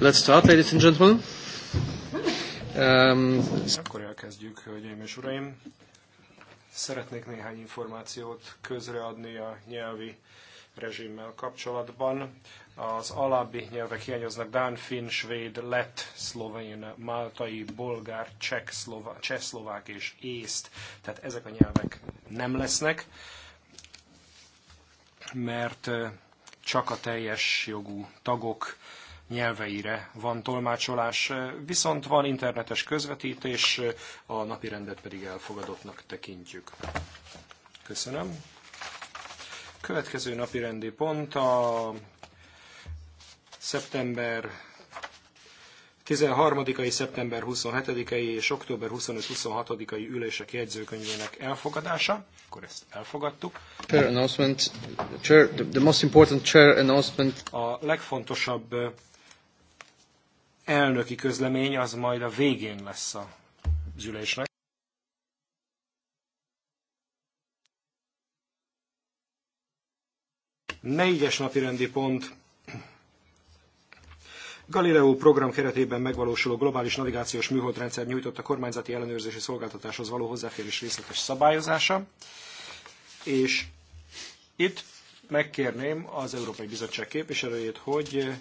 Let's start, ladies and gentlemen. Um, Akkor elkezdjük, hölgyeim és uraim. Szeretnék néhány információt közreadni a nyelvi rezsimmel kapcsolatban. Az alábbi nyelvek hiányoznak Dán, Finn, Svéd, Lett, Szlovén, Máltai, Bolgár, Cseh, Szlová, Csehszlovák és Észt. Tehát ezek a nyelvek nem lesznek, mert csak a teljes jogú tagok nyelveire van tolmácsolás, viszont van internetes közvetítés, a napi rendet pedig elfogadottnak tekintjük. Köszönöm. Következő napi rendi pont a szeptember 13-ai, szeptember 27-ei és október 25-26-ai ülések jegyzőkönyvének elfogadása. Akkor ezt elfogadtuk. Chair announcement. Chair, the the most important chair announcement. A legfontosabb elnöki közlemény az majd a végén lesz a ülésnek. Négyes napi rendi pont. Galileo program keretében megvalósuló globális navigációs műholdrendszer nyújtott a kormányzati ellenőrzési szolgáltatáshoz való hozzáférés részletes szabályozása. És itt megkérném az Európai Bizottság képviselőjét, hogy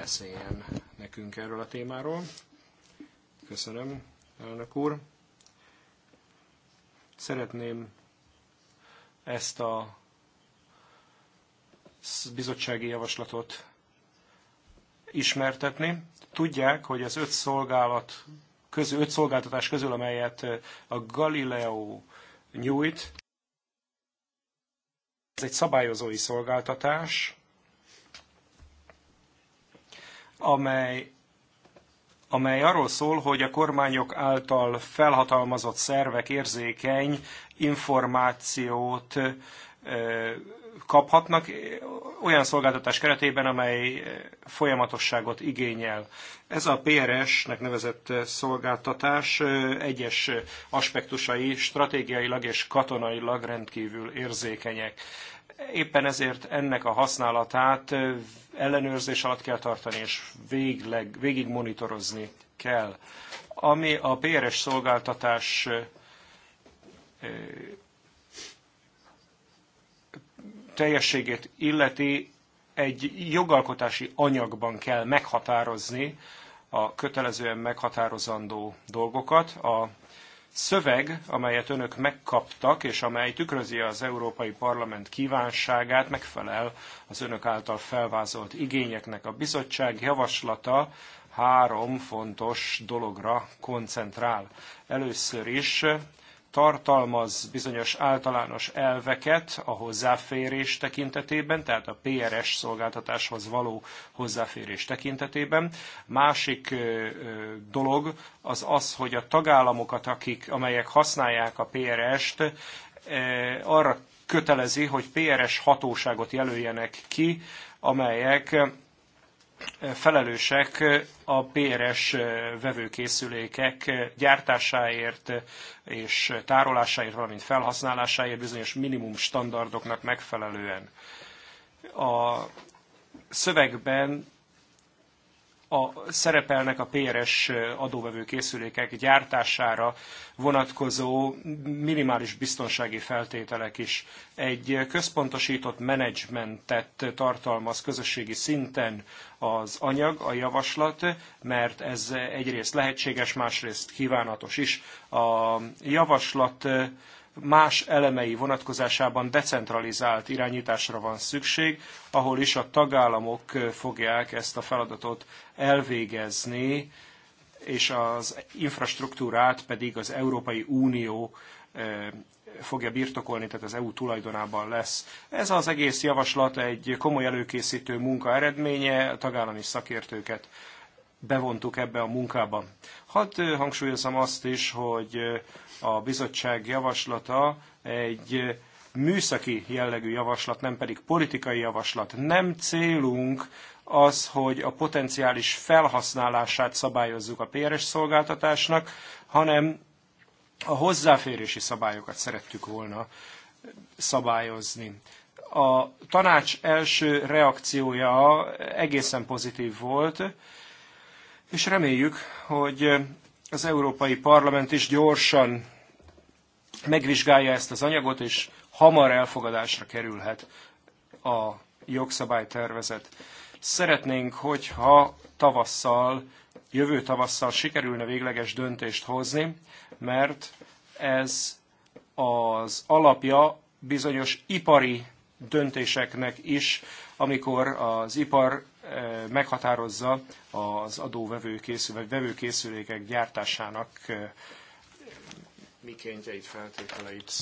beszéljen nekünk erről a témáról. Köszönöm, elnök úr. Szeretném ezt a bizottsági javaslatot ismertetni. Tudják, hogy az öt szolgálat közül, öt szolgáltatás közül, amelyet a Galileo nyújt, ez egy szabályozói szolgáltatás, amely amely arról szól, hogy a kormányok által felhatalmazott szervek érzékeny információt kaphatnak olyan szolgáltatás keretében, amely folyamatosságot igényel. Ez a PRS-nek nevezett szolgáltatás egyes aspektusai stratégiailag és katonailag rendkívül érzékenyek. Éppen ezért ennek a használatát ellenőrzés alatt kell tartani, és végleg, végig monitorozni kell. Ami a PRS szolgáltatás teljességét illeti, egy jogalkotási anyagban kell meghatározni a kötelezően meghatározandó dolgokat. A szöveg, amelyet önök megkaptak, és amely tükrözi az Európai Parlament kívánságát, megfelel az önök által felvázolt igényeknek. A bizottság javaslata három fontos dologra koncentrál. Először is tartalmaz bizonyos általános elveket a hozzáférés tekintetében, tehát a PRS szolgáltatáshoz való hozzáférés tekintetében. Másik dolog az az, hogy a tagállamokat, akik, amelyek használják a PRS-t, arra kötelezi, hogy PRS hatóságot jelöljenek ki, amelyek felelősek a BRS vevőkészülékek gyártásáért és tárolásáért, valamint felhasználásáért bizonyos minimum standardoknak megfelelően. A szövegben a, szerepelnek a PRS adóvevő készülékek gyártására vonatkozó minimális biztonsági feltételek is. Egy központosított menedzsmentet tartalmaz közösségi szinten az anyag, a javaslat, mert ez egyrészt lehetséges, másrészt kívánatos is. A javaslat más elemei vonatkozásában decentralizált irányításra van szükség, ahol is a tagállamok fogják ezt a feladatot elvégezni, és az infrastruktúrát pedig az Európai Unió fogja birtokolni, tehát az EU tulajdonában lesz. Ez az egész javaslat egy komoly előkészítő munka eredménye, a tagállami szakértőket bevontuk ebbe a munkába. Hadd hangsúlyozom azt is, hogy a bizottság javaslata egy műszaki jellegű javaslat, nem pedig politikai javaslat. Nem célunk az, hogy a potenciális felhasználását szabályozzuk a PRS szolgáltatásnak, hanem a hozzáférési szabályokat szerettük volna szabályozni. A tanács első reakciója egészen pozitív volt, és reméljük, hogy az Európai Parlament is gyorsan megvizsgálja ezt az anyagot, és hamar elfogadásra kerülhet a jogszabálytervezet. Szeretnénk, hogyha tavasszal, jövő tavasszal sikerülne végleges döntést hozni, mert ez az alapja bizonyos ipari döntéseknek is, amikor az ipar Eh, meghatározza az adóvevőkészül, vagy vevőkészülékek gyártásának eh, mikéntjeit, feltételeit.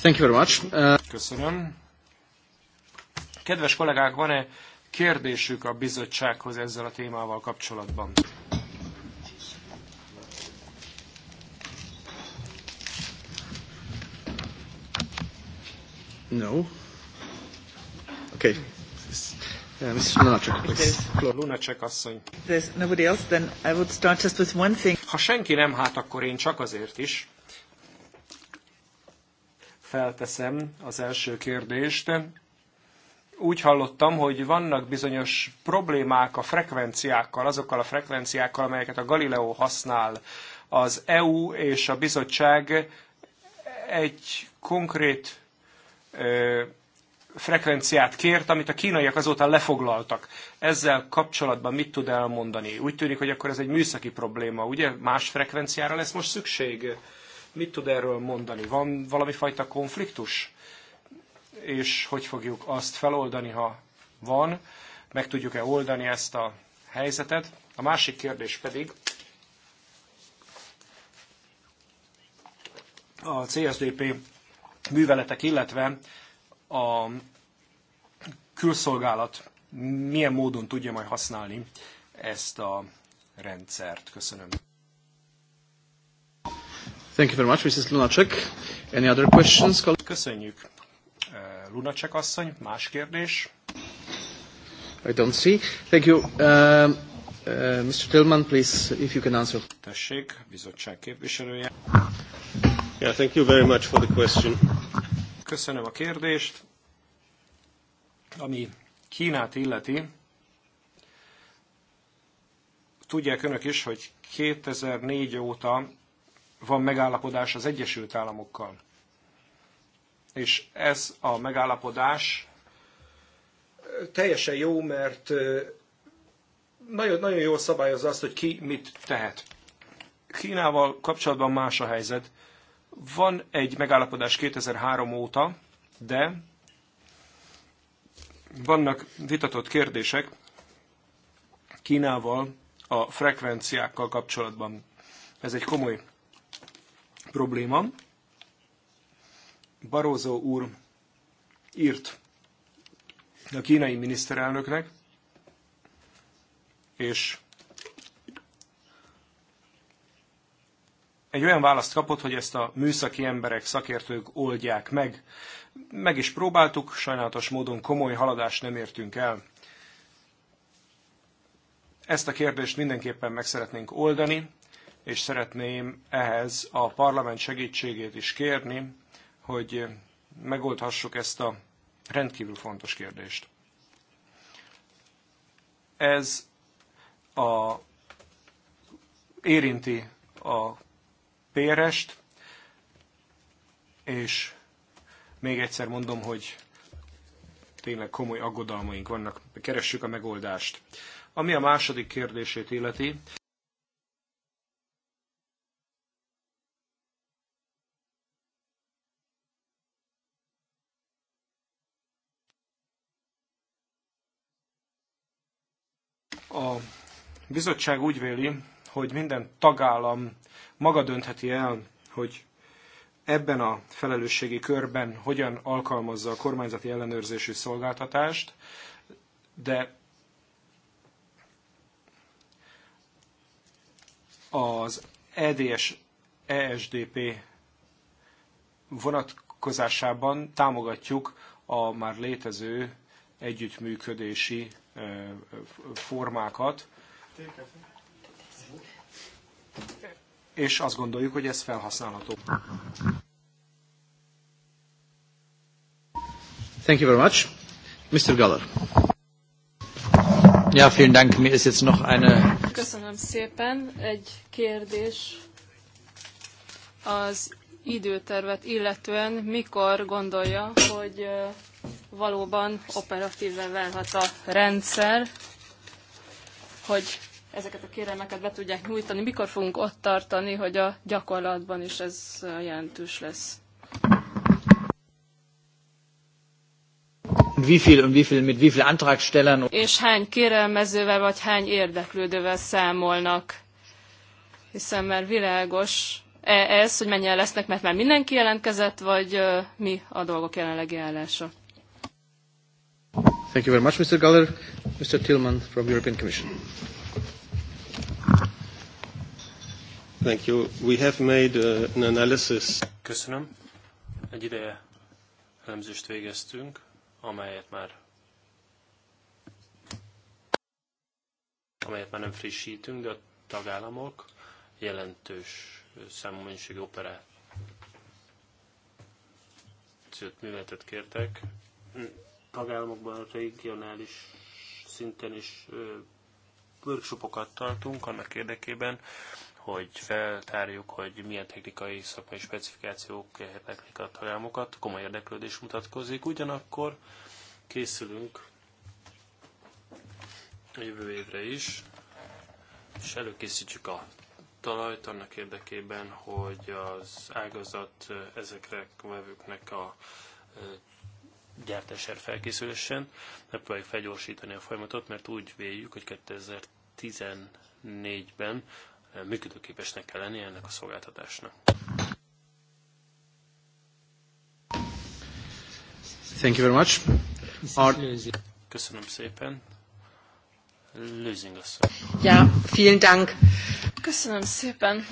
Thank you very much. Uh... Köszönöm. Kedves kollégák, van-e kérdésük a bizottsághoz ezzel a témával kapcsolatban? No. Okay. Yeah, Mrs. Lunacek, please. Lunacek asszony. There's nobody else, then I would start just with one thing. Ha senki nem, hát akkor én csak azért is felteszem az első kérdést. Úgy hallottam, hogy vannak bizonyos problémák a frekvenciákkal, azokkal a frekvenciákkal, amelyeket a Galileo használ. Az EU és a bizottság egy konkrét frekvenciát kért, amit a kínaiak azóta lefoglaltak. Ezzel kapcsolatban mit tud elmondani? Úgy tűnik, hogy akkor ez egy műszaki probléma, ugye? Más frekvenciára lesz most szükség. Mit tud erről mondani? Van valami fajta konfliktus? És hogy fogjuk azt feloldani, ha van? Meg tudjuk-e oldani ezt a helyzetet? A másik kérdés pedig, a CSDP műveletek, illetve a külszolgálat milyen módon tudja majd használni ezt a rendszert. Köszönöm. Thank you very much, Mrs. Lunacek. Any other questions? Köszönjük. Eh, Lunacek asszony, más kérdés? I don't see. Thank you. Um, uh, uh, Mr. Tillman, please, if you can answer. Tessék, bizottság képviselője. Yeah, thank you very much for the question. Köszönöm a kérdést. Ami Kínát illeti, tudják önök is, hogy 2004 óta van megállapodás az Egyesült Államokkal. És ez a megállapodás teljesen jó, mert nagyon, nagyon jól szabályozza azt, hogy ki mit tehet. Kínával kapcsolatban más a helyzet. Van egy megállapodás 2003 óta, de vannak vitatott kérdések Kínával a frekvenciákkal kapcsolatban. Ez egy komoly probléma. Barózó úr írt a kínai miniszterelnöknek, és egy olyan választ kapott, hogy ezt a műszaki emberek, szakértők oldják meg. Meg is próbáltuk, sajnálatos módon komoly haladást nem értünk el. Ezt a kérdést mindenképpen meg szeretnénk oldani, és szeretném ehhez a parlament segítségét is kérni, hogy megoldhassuk ezt a rendkívül fontos kérdést. Ez a, érinti a Pérest, és még egyszer mondom, hogy tényleg komoly aggodalmaink vannak, keressük a megoldást. Ami a második kérdését illeti, A bizottság úgy véli, hogy minden tagállam maga döntheti el, hogy ebben a felelősségi körben hogyan alkalmazza a kormányzati ellenőrzési szolgáltatást, de az EDS, ESDP vonatkozásában támogatjuk a már létező együttműködési eh, formákat és azt gondoljuk, hogy ez felhasználható. Thank you very much. Mr. Galler. Ja, vielen Dank. Mir ist jetzt noch eine... Köszönöm szépen. Egy kérdés az időtervet illetően, mikor gondolja, hogy valóban operatíven válhat a rendszer, hogy ezeket a kérelmeket be tudják nyújtani. Mikor fogunk ott tartani, hogy a gyakorlatban is ez jelentős lesz? Wie viel und wie viel, mit wie viel Antragstellern? És hány kérelmezővel vagy hány érdeklődővel számolnak? Hiszen már világos -e ez, hogy mennyien lesznek, mert már mindenki jelentkezett, vagy mi a dolgok jelenlegi állása? Thank you very much, Mr. Galler. Mr. Tillman from European Commission. Thank you. We have made uh, an analysis. Köszönöm. Egy ideje elemzést végeztünk, amelyet már amelyet már nem frissítünk, de a tagállamok jelentős számú mennyiségű operát műveletet kértek. Tagállamokban regionális szinten is workshopokat tartunk annak érdekében, hogy feltárjuk, hogy milyen technikai szakmai specifikációk érhetnek a tagállamokat. Komoly érdeklődés mutatkozik. Ugyanakkor készülünk a jövő évre is, és előkészítjük a talajt annak érdekében, hogy az ágazat ezekre a vevőknek a gyártására felkészülessen. Megpróbáljuk felgyorsítani a folyamatot, mert úgy véljük, hogy 2014-ben eh, működőképesnek kell lennie ennek a szolgáltatásnak. Thank you very much. Our... Köszönöm szépen. Lőzing Ja, vielen Dank. Köszönöm szépen.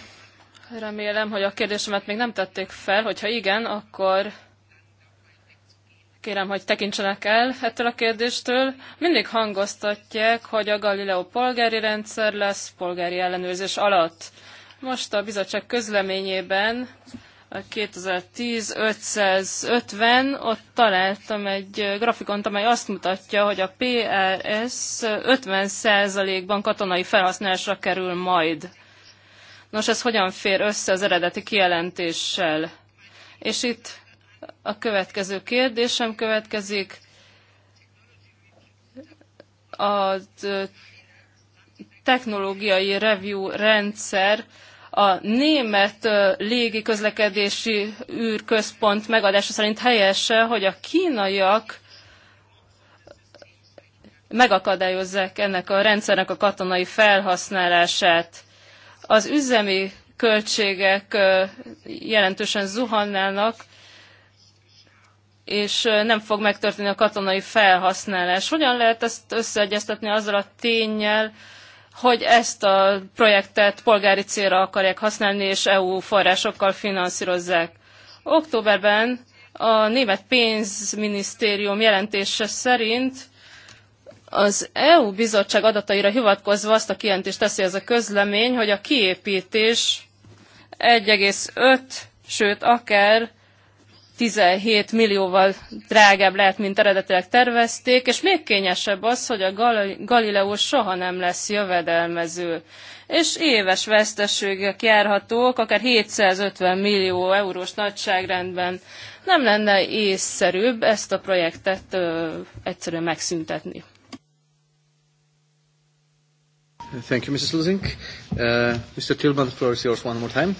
Remélem, hogy a kérdésemet még nem tették fel, hogyha igen, akkor kérem, hogy tekintsenek el ettől a kérdéstől. Mindig hangoztatják, hogy a Galileo polgári rendszer lesz polgári ellenőrzés alatt. Most a bizottság közleményében a 2010 550, ott találtam egy grafikont, amely azt mutatja, hogy a PRS 50%-ban katonai felhasználásra kerül majd. Nos, ez hogyan fér össze az eredeti kijelentéssel? És itt a következő kérdésem következik. A technológiai review rendszer a német légi közlekedési űrközpont megadása szerint helyese, hogy a kínaiak megakadályozzák ennek a rendszernek a katonai felhasználását. Az üzemi költségek jelentősen zuhannának, és nem fog megtörténni a katonai felhasználás. Hogyan lehet ezt összeegyeztetni azzal a tényel, hogy ezt a projektet polgári célra akarják használni, és EU forrásokkal finanszírozzák. Októberben a német pénzminisztérium jelentése szerint az EU bizottság adataira hivatkozva azt a kijelentést teszi ez a közlemény, hogy a kiépítés 1,5, sőt akár 17 millióval drágább lehet, mint eredetileg tervezték, és még kényesebb az, hogy a Galileo soha nem lesz jövedelmező. És éves veszteségek járhatók, akár 750 millió eurós nagyságrendben. Nem lenne észszerűbb ezt a projektet ö, egyszerűen megszüntetni. Thank you, Mrs. Lusink. Uh, Mr. Tilman, floor is yours one more time.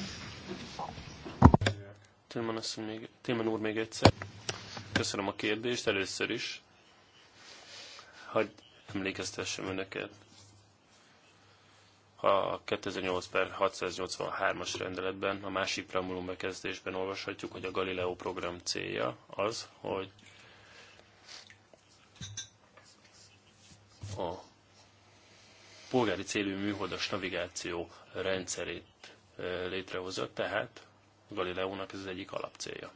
Tilman, még, Tilman úr még egyszer. Köszönöm a kérdést először is. Hogy emlékeztessem önöket a 2008 per 683-as rendeletben, a másik preambulum bekezdésben olvashatjuk, hogy a Galileo program célja az, hogy a polgári célű műholdas navigáció rendszerét eh, létrehozott, tehát Galileónak ez az egyik alapcélja.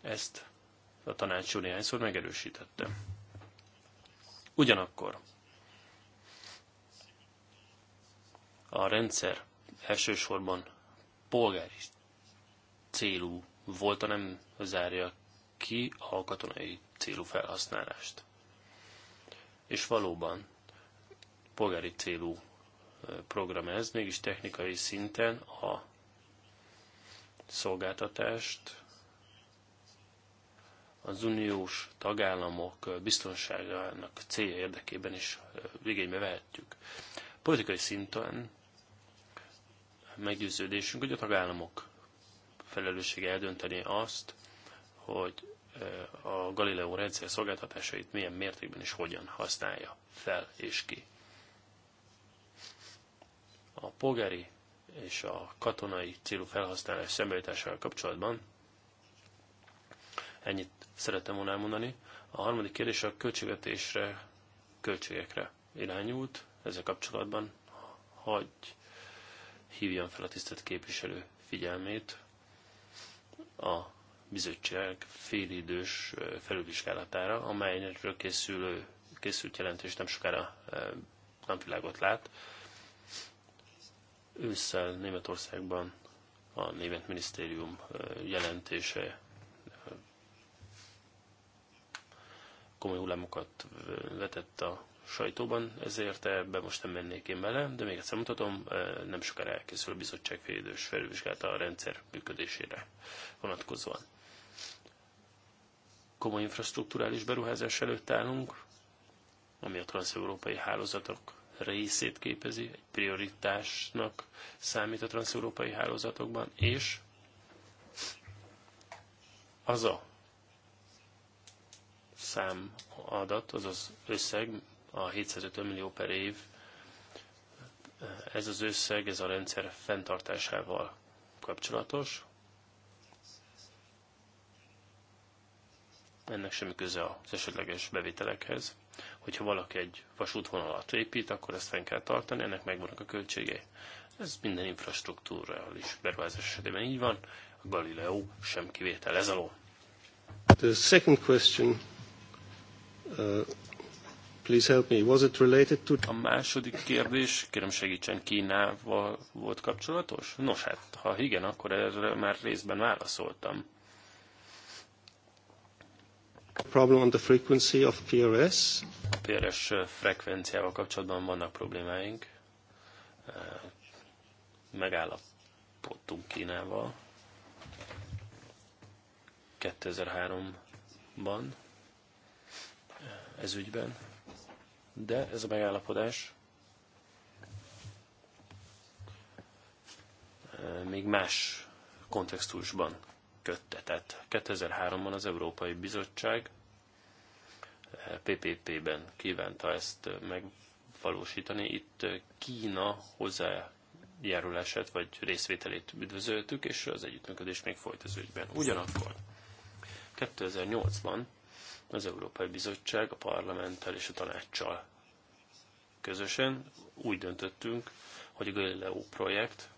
Ezt a tanácsú néhányszor megerősítette. Ugyanakkor a rendszer elsősorban polgári célú volt, nem zárja ki a katonai célú felhasználást. És valóban polgári célú program ez, mégis technikai szinten a szolgáltatást az uniós tagállamok biztonságának célja érdekében is igénybe vehetjük. Politikai szinten meggyőződésünk, hogy a tagállamok felelőssége eldönteni azt, hogy a Galileo rendszer szolgáltatásait milyen mértékben és hogyan használja fel és ki. A polgári és a katonai célú felhasználás szembeállításával kapcsolatban. Ennyit szerettem volna elmondani. A harmadik kérdés a költségvetésre, költségekre irányult. Ezzel kapcsolatban hagy hívjam fel a tisztelt képviselő figyelmét a bizottság félidős felülvizsgálatára, amelyről készülő, készült jelentés nem sokára napvilágot lát. Ősszel Németországban a Német Minisztérium jelentése komoly hullámokat vetett a sajtóban, ezért ebbe most nem mennék én bele, de még egyszer mutatom, nem sokára elkészül a bizottság félidős felülvizsgálata a rendszer működésére vonatkozóan. Komoly infrastruktúrális beruházás előtt állunk, ami a transzeurópai hálózatok részét képezi, egy prioritásnak számít a transzeurópai hálózatokban, és az a szám adat, az az összeg, a 750 millió per év, ez az összeg, ez a rendszer fenntartásával kapcsolatos. Ennek semmi köze az esetleges bevételekhez hogyha valaki egy vasútvonalat épít, akkor ezt fenn kell tartani, ennek megvannak a költségei. Ez minden infrastruktúrális beruházás esetében így van, a Galileo sem kivétel ez alól. The second question, uh, please help me, was it related to... A második kérdés, kérem segítsen, Kínával volt kapcsolatos? Nos hát, ha igen, akkor erre már részben válaszoltam. Problem on the frequency of PRS. PRS eh, frekvenciával kapcsolatban vannak problémáink. Eh, megállapodtunk Kínával 2003-ban eh, ez ügyben, de ez a megállapodás még más kontextusban köttetett. 2003-ban az Európai Bizottság PPP-ben kívánta ezt megvalósítani. Itt Kína hozzájárulását vagy részvételét üdvözöltük, és az együttműködés még folyt az ügyben. Ugyanakkor 2008-ban az Európai Bizottság a parlamenttel és a tanácssal közösen úgy döntöttünk, hogy a Galileo projekt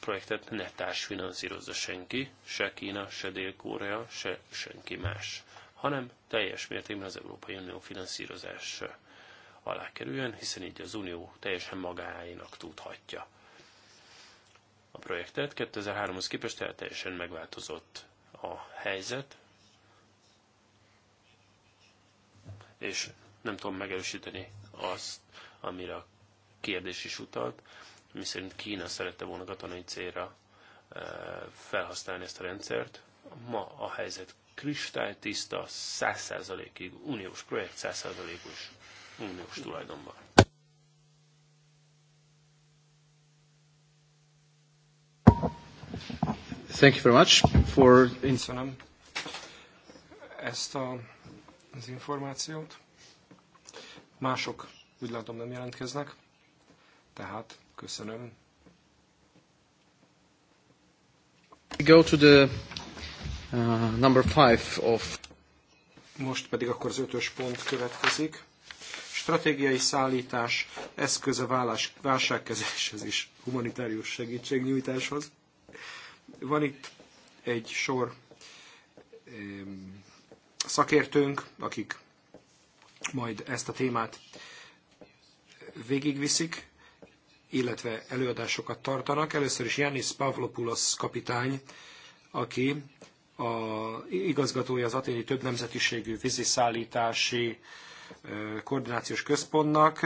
projektet ne társfinanszírozza senki, se Kína, se Dél-Korea, se senki más, hanem teljes mértékben az Európai Unió finanszírozás alá kerüljön, hiszen így az Unió teljesen magáénak tudhatja. A projektet 2003-hoz képest tehát teljesen megváltozott a helyzet, és nem tudom megerősíteni azt, amire a kérdés is utalt, miszerint Kína szerette volna katonai célra eh, felhasználni ezt a rendszert. Ma a helyzet kristálytiszta, 100%-ig uniós projekt, 100%-os uniós tulajdonban. Thank you very much for... Köszönöm ezt a, az információt. Mások úgy látom nem jelentkeznek, tehát Köszönöm. Go to the uh, number five of... Most pedig akkor az ötös pont következik. Stratégiai szállítás eszköze válás, válságkezeléshez és humanitárius segítségnyújtáshoz. Van itt egy sor um, szakértőnk, akik majd ezt a témát végigviszik illetve előadásokat tartanak. Először is Janis Pavlopoulos kapitány, aki a igazgatója az aténi több nemzetiségű víziszállítási koordinációs központnak,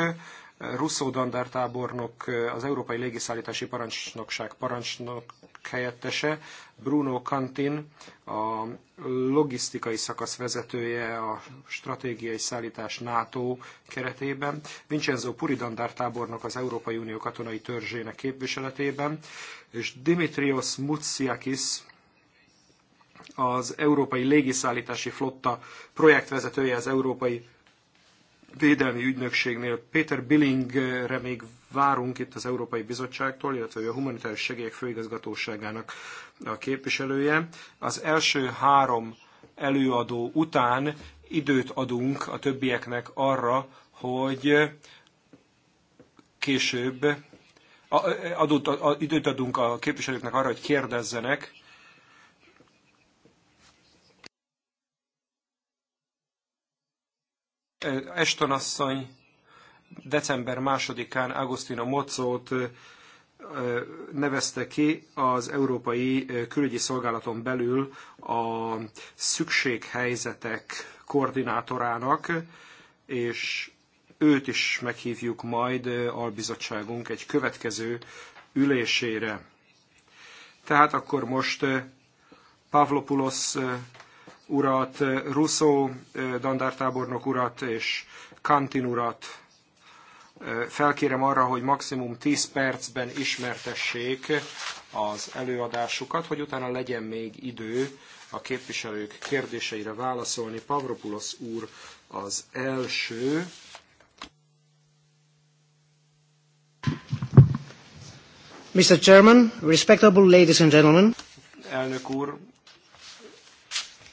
Russo Dandár tábornok, az Európai Légiszállítási Parancsnokság parancsnok helyettese, Bruno Kantin, a logisztikai szakasz vezetője a stratégiai szállítás NATO keretében, Vincenzo Puridandár tábornok az Európai Unió katonai törzsének képviseletében, és Dimitrios Mutsiakis, az Európai Légiszállítási Flotta projektvezetője az Európai Védelmi Ügynökségnél. Péter Billingre még várunk itt az Európai Bizottságtól, illetve a Humanitárius Segélyek Főigazgatóságának a képviselője. Az első három előadó után időt adunk a többieknek arra, hogy később adott, időt adunk a képviselőknek arra, hogy kérdezzenek, Eh, Eston asszony december másodikán Agostino Mozzót eh, eh, nevezte ki az Európai Külügyi Szolgálaton belül a szükséghelyzetek koordinátorának, és őt is meghívjuk majd albizottságunk egy következő ülésére. Tehát akkor most Pavlopoulos urat, Russo eh, dandártábornok urat és Kantin urat eh, felkérem arra, hogy maximum 10 percben ismertessék az előadásukat, hogy utána legyen még idő a képviselők kérdéseire válaszolni. Pavropulos úr az első. Mr. Chairman, respectable ladies and gentlemen. Elnök úr,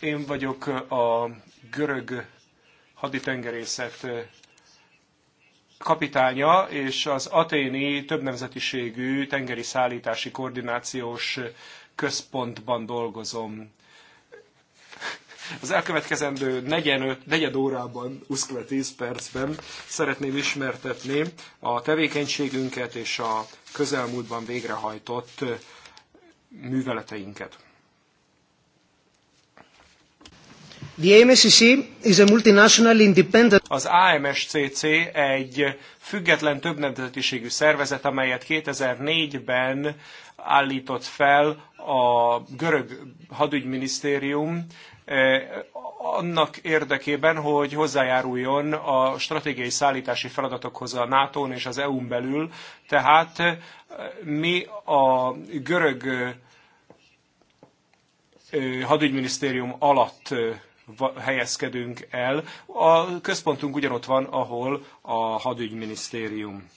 én vagyok a görög haditengerészet kapitánya, és az aténi többnemzetiségű tengeri szállítási koordinációs központban dolgozom. Az elkövetkezendő negyenöt, negyed órában, 20 percben szeretném ismertetni a tevékenységünket és a közelmúltban végrehajtott műveleteinket. The AMSCC is a multinational independent... Az AMSCC egy független nemzetiségű szervezet, amelyet 2004-ben állított fel a görög hadügyminisztérium eh, annak érdekében, hogy hozzájáruljon a stratégiai szállítási feladatokhoz a nato és az EU-n belül. Tehát eh, mi a görög eh, hadügyminisztérium alatt helyezkedünk el. A központunk ugyanott van, ahol a hadügyminisztérium.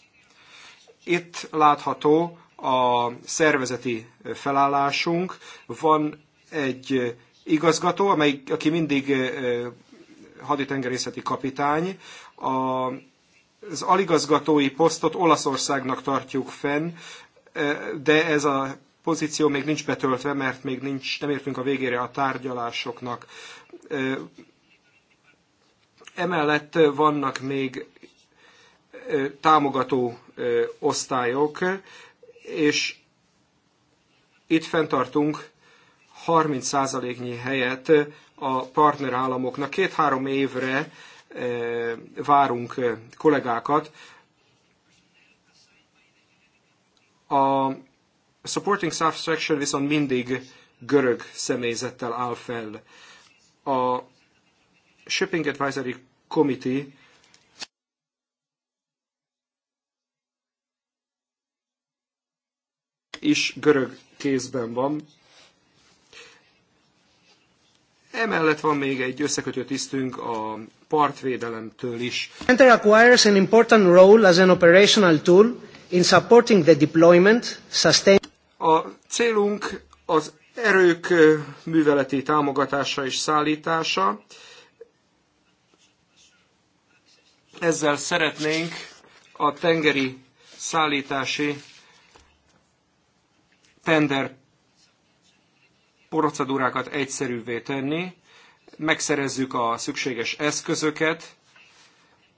Itt látható a szervezeti felállásunk. Van egy igazgató, amely, aki mindig haditengerészeti kapitány. A, az aligazgatói posztot Olaszországnak tartjuk fenn, de ez a pozíció még nincs betöltve, mert még nincs, nem értünk a végére a tárgyalásoknak. Emellett vannak még támogató osztályok, és itt fenntartunk 30%-nyi helyet a partnerállamoknak. Két-három évre várunk kollégákat. A a supporting staff section viszont mindig görög személyzettel áll fel. A Shipping Advisory Committee is görög kézben van. Emellett van még egy összekötő tisztünk a partvédelemtől is. Center acquires an important role as an operational tool in supporting the deployment, sustain a célunk az erők műveleti támogatása és szállítása. Ezzel szeretnénk a tengeri szállítási tender procedúrákat egyszerűvé tenni, megszerezzük a szükséges eszközöket,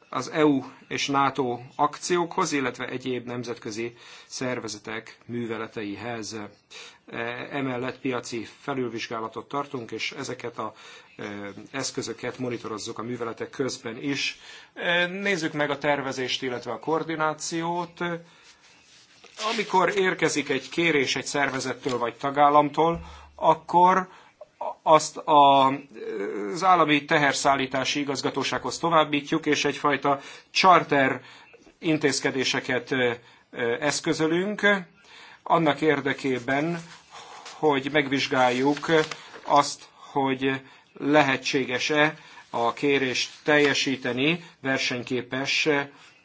az EU és NATO akciókhoz, illetve egyéb nemzetközi szervezetek műveleteihez. E, emellett piaci felülvizsgálatot tartunk, és ezeket a e, eszközöket monitorozzuk a műveletek közben is. E, nézzük meg a tervezést, illetve a koordinációt. Amikor érkezik egy kérés egy szervezettől vagy tagállamtól, akkor azt a, az állami teherszállítási igazgatósághoz továbbítjuk, és egyfajta charter intézkedéseket eszközölünk annak érdekében, hogy megvizsgáljuk azt, hogy lehetséges-e a kérést teljesíteni versenyképes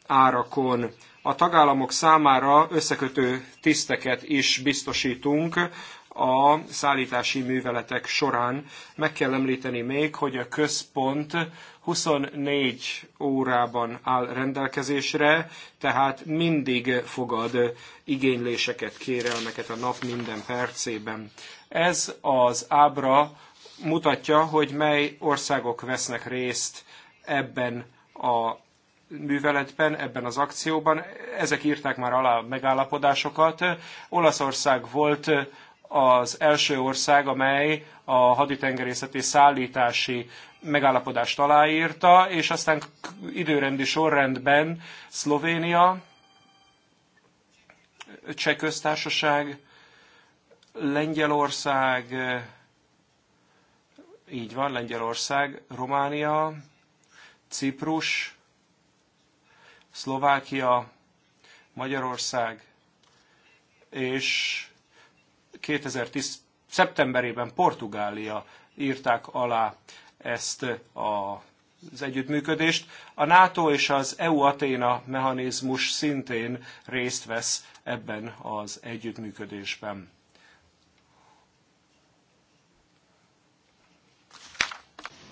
árakon. A tagállamok számára összekötő tiszteket is biztosítunk a szállítási műveletek során. Meg kell említeni még, hogy a központ 24 órában áll rendelkezésre, tehát mindig fogad igényléseket, kérelmeket a nap minden percében. Ez az ábra mutatja, hogy mely országok vesznek részt ebben a műveletben, ebben az akcióban. Ezek írták már alá megállapodásokat. Olaszország volt az első ország, amely a haditengerészeti szállítási megállapodást aláírta, és aztán időrendi sorrendben Szlovénia, Cseh köztársaság, Lengyelország, így van, Lengyelország, Románia, Ciprus, Szlovákia, Magyarország és 2010 szeptemberében Portugália írták alá ezt a az együttműködést. A NATO és az EU-Aténa mechanizmus szintén részt vesz ebben az együttműködésben.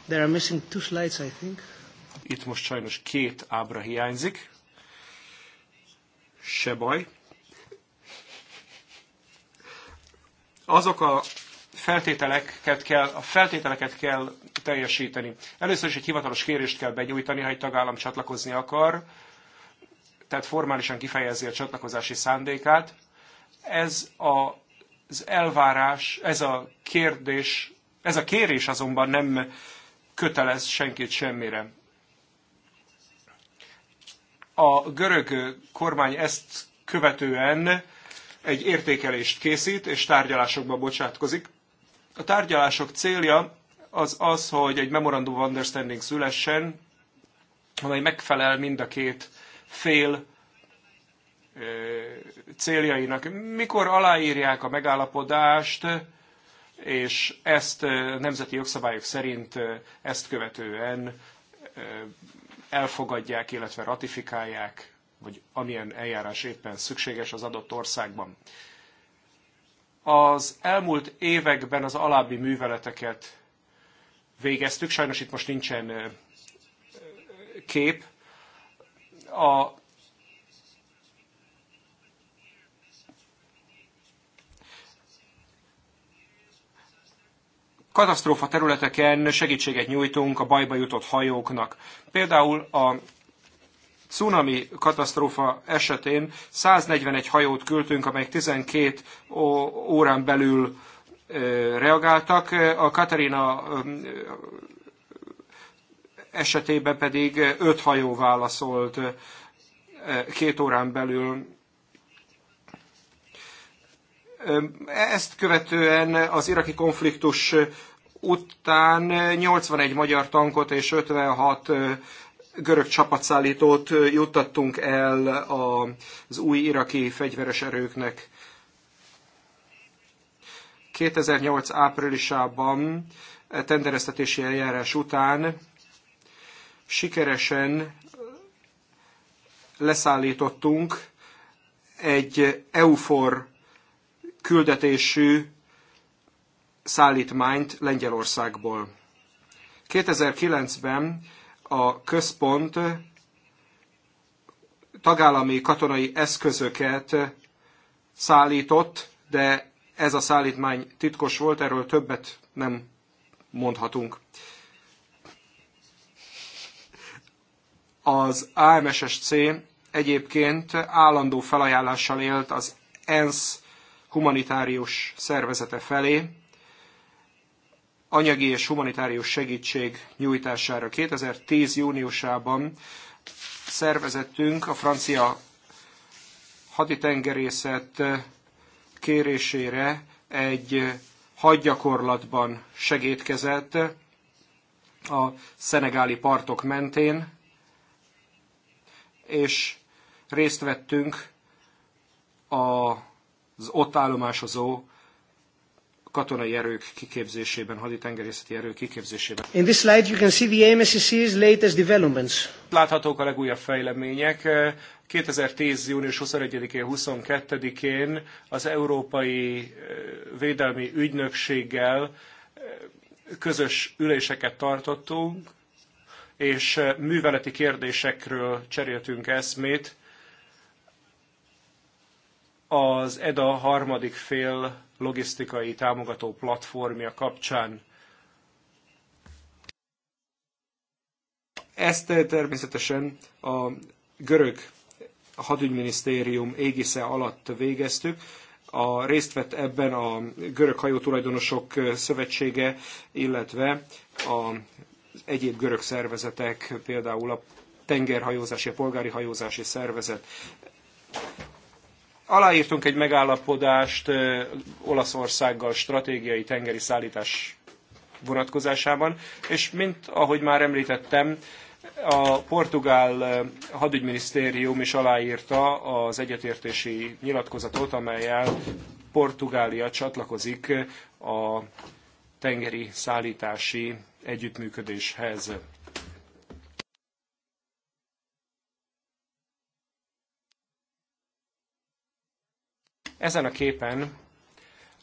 There are missing two slides, I think. Itt most sajnos két ábra hiányzik. Se baj. azok a feltételeket kell, a feltételeket kell teljesíteni. Először is egy hivatalos kérést kell benyújtani, ha egy tagállam csatlakozni akar, tehát formálisan kifejezi a csatlakozási szándékát. Ez a, az elvárás, ez a kérdés, ez a kérés azonban nem kötelez senkit semmire. A görög kormány ezt követően egy értékelést készít, és tárgyalásokba bocsátkozik. A tárgyalások célja az az, hogy egy Memorandum of Understanding szülessen, amely megfelel mind a két fél céljainak. Mikor aláírják a megállapodást, és ezt nemzeti jogszabályok szerint ezt követően elfogadják, illetve ratifikálják vagy amilyen eljárás éppen szükséges az adott országban. Az elmúlt években az alábbi műveleteket végeztük, sajnos itt most nincsen kép. A katasztrófa területeken segítséget nyújtunk a bajba jutott hajóknak. Például a cunami katasztrófa esetén 141 hajót küldtünk, amelyek 12 órán belül reagáltak. A Katarina esetében pedig 5 hajó válaszolt két órán belül. Ezt követően az iraki konfliktus után 81 magyar tankot és 56 görög csapatszállítót juttattunk el az új iraki fegyveres erőknek. 2008 áprilisában e, tendereztetési eljárás után sikeresen leszállítottunk egy EUFOR küldetésű szállítmányt Lengyelországból. 2009-ben a központ tagállami katonai eszközöket szállított, de ez a szállítmány titkos volt, erről többet nem mondhatunk. Az AMSSC egyébként állandó felajánlással élt az ENSZ humanitárius szervezete felé, anyagi és humanitárius segítség nyújtására. 2010. júniusában szervezettünk a francia haditengerészet kérésére egy hadgyakorlatban segédkezett a szenegáli partok mentén, és részt vettünk az ott állomásozó katonai erők kiképzésében, haditengerészeti erők kiképzésében. In this slide you can see the MSCC's latest developments. Láthatók a legújabb fejlemények. 2010. június 21-én, 22-én az Európai eh, Védelmi Ügynökséggel eh, közös üléseket tartottunk, és eh, műveleti kérdésekről cseréltünk eszmét. Az EDA harmadik fél logisztikai támogató platformja kapcsán. Ezt eh, természetesen a görög hadügyminisztérium égisze alatt végeztük. A részt vett ebben a Görög Hajótulajdonosok eh, Szövetsége, illetve az egyéb görög szervezetek, például a tengerhajózási, a polgári hajózási szervezet. Aláírtunk egy megállapodást Olaszországgal stratégiai tengeri szállítás vonatkozásában, és mint ahogy már említettem, a portugál hadügyminisztérium is aláírta az egyetértési nyilatkozatot, amelyel Portugália csatlakozik a tengeri szállítási együttműködéshez. Ezen a képen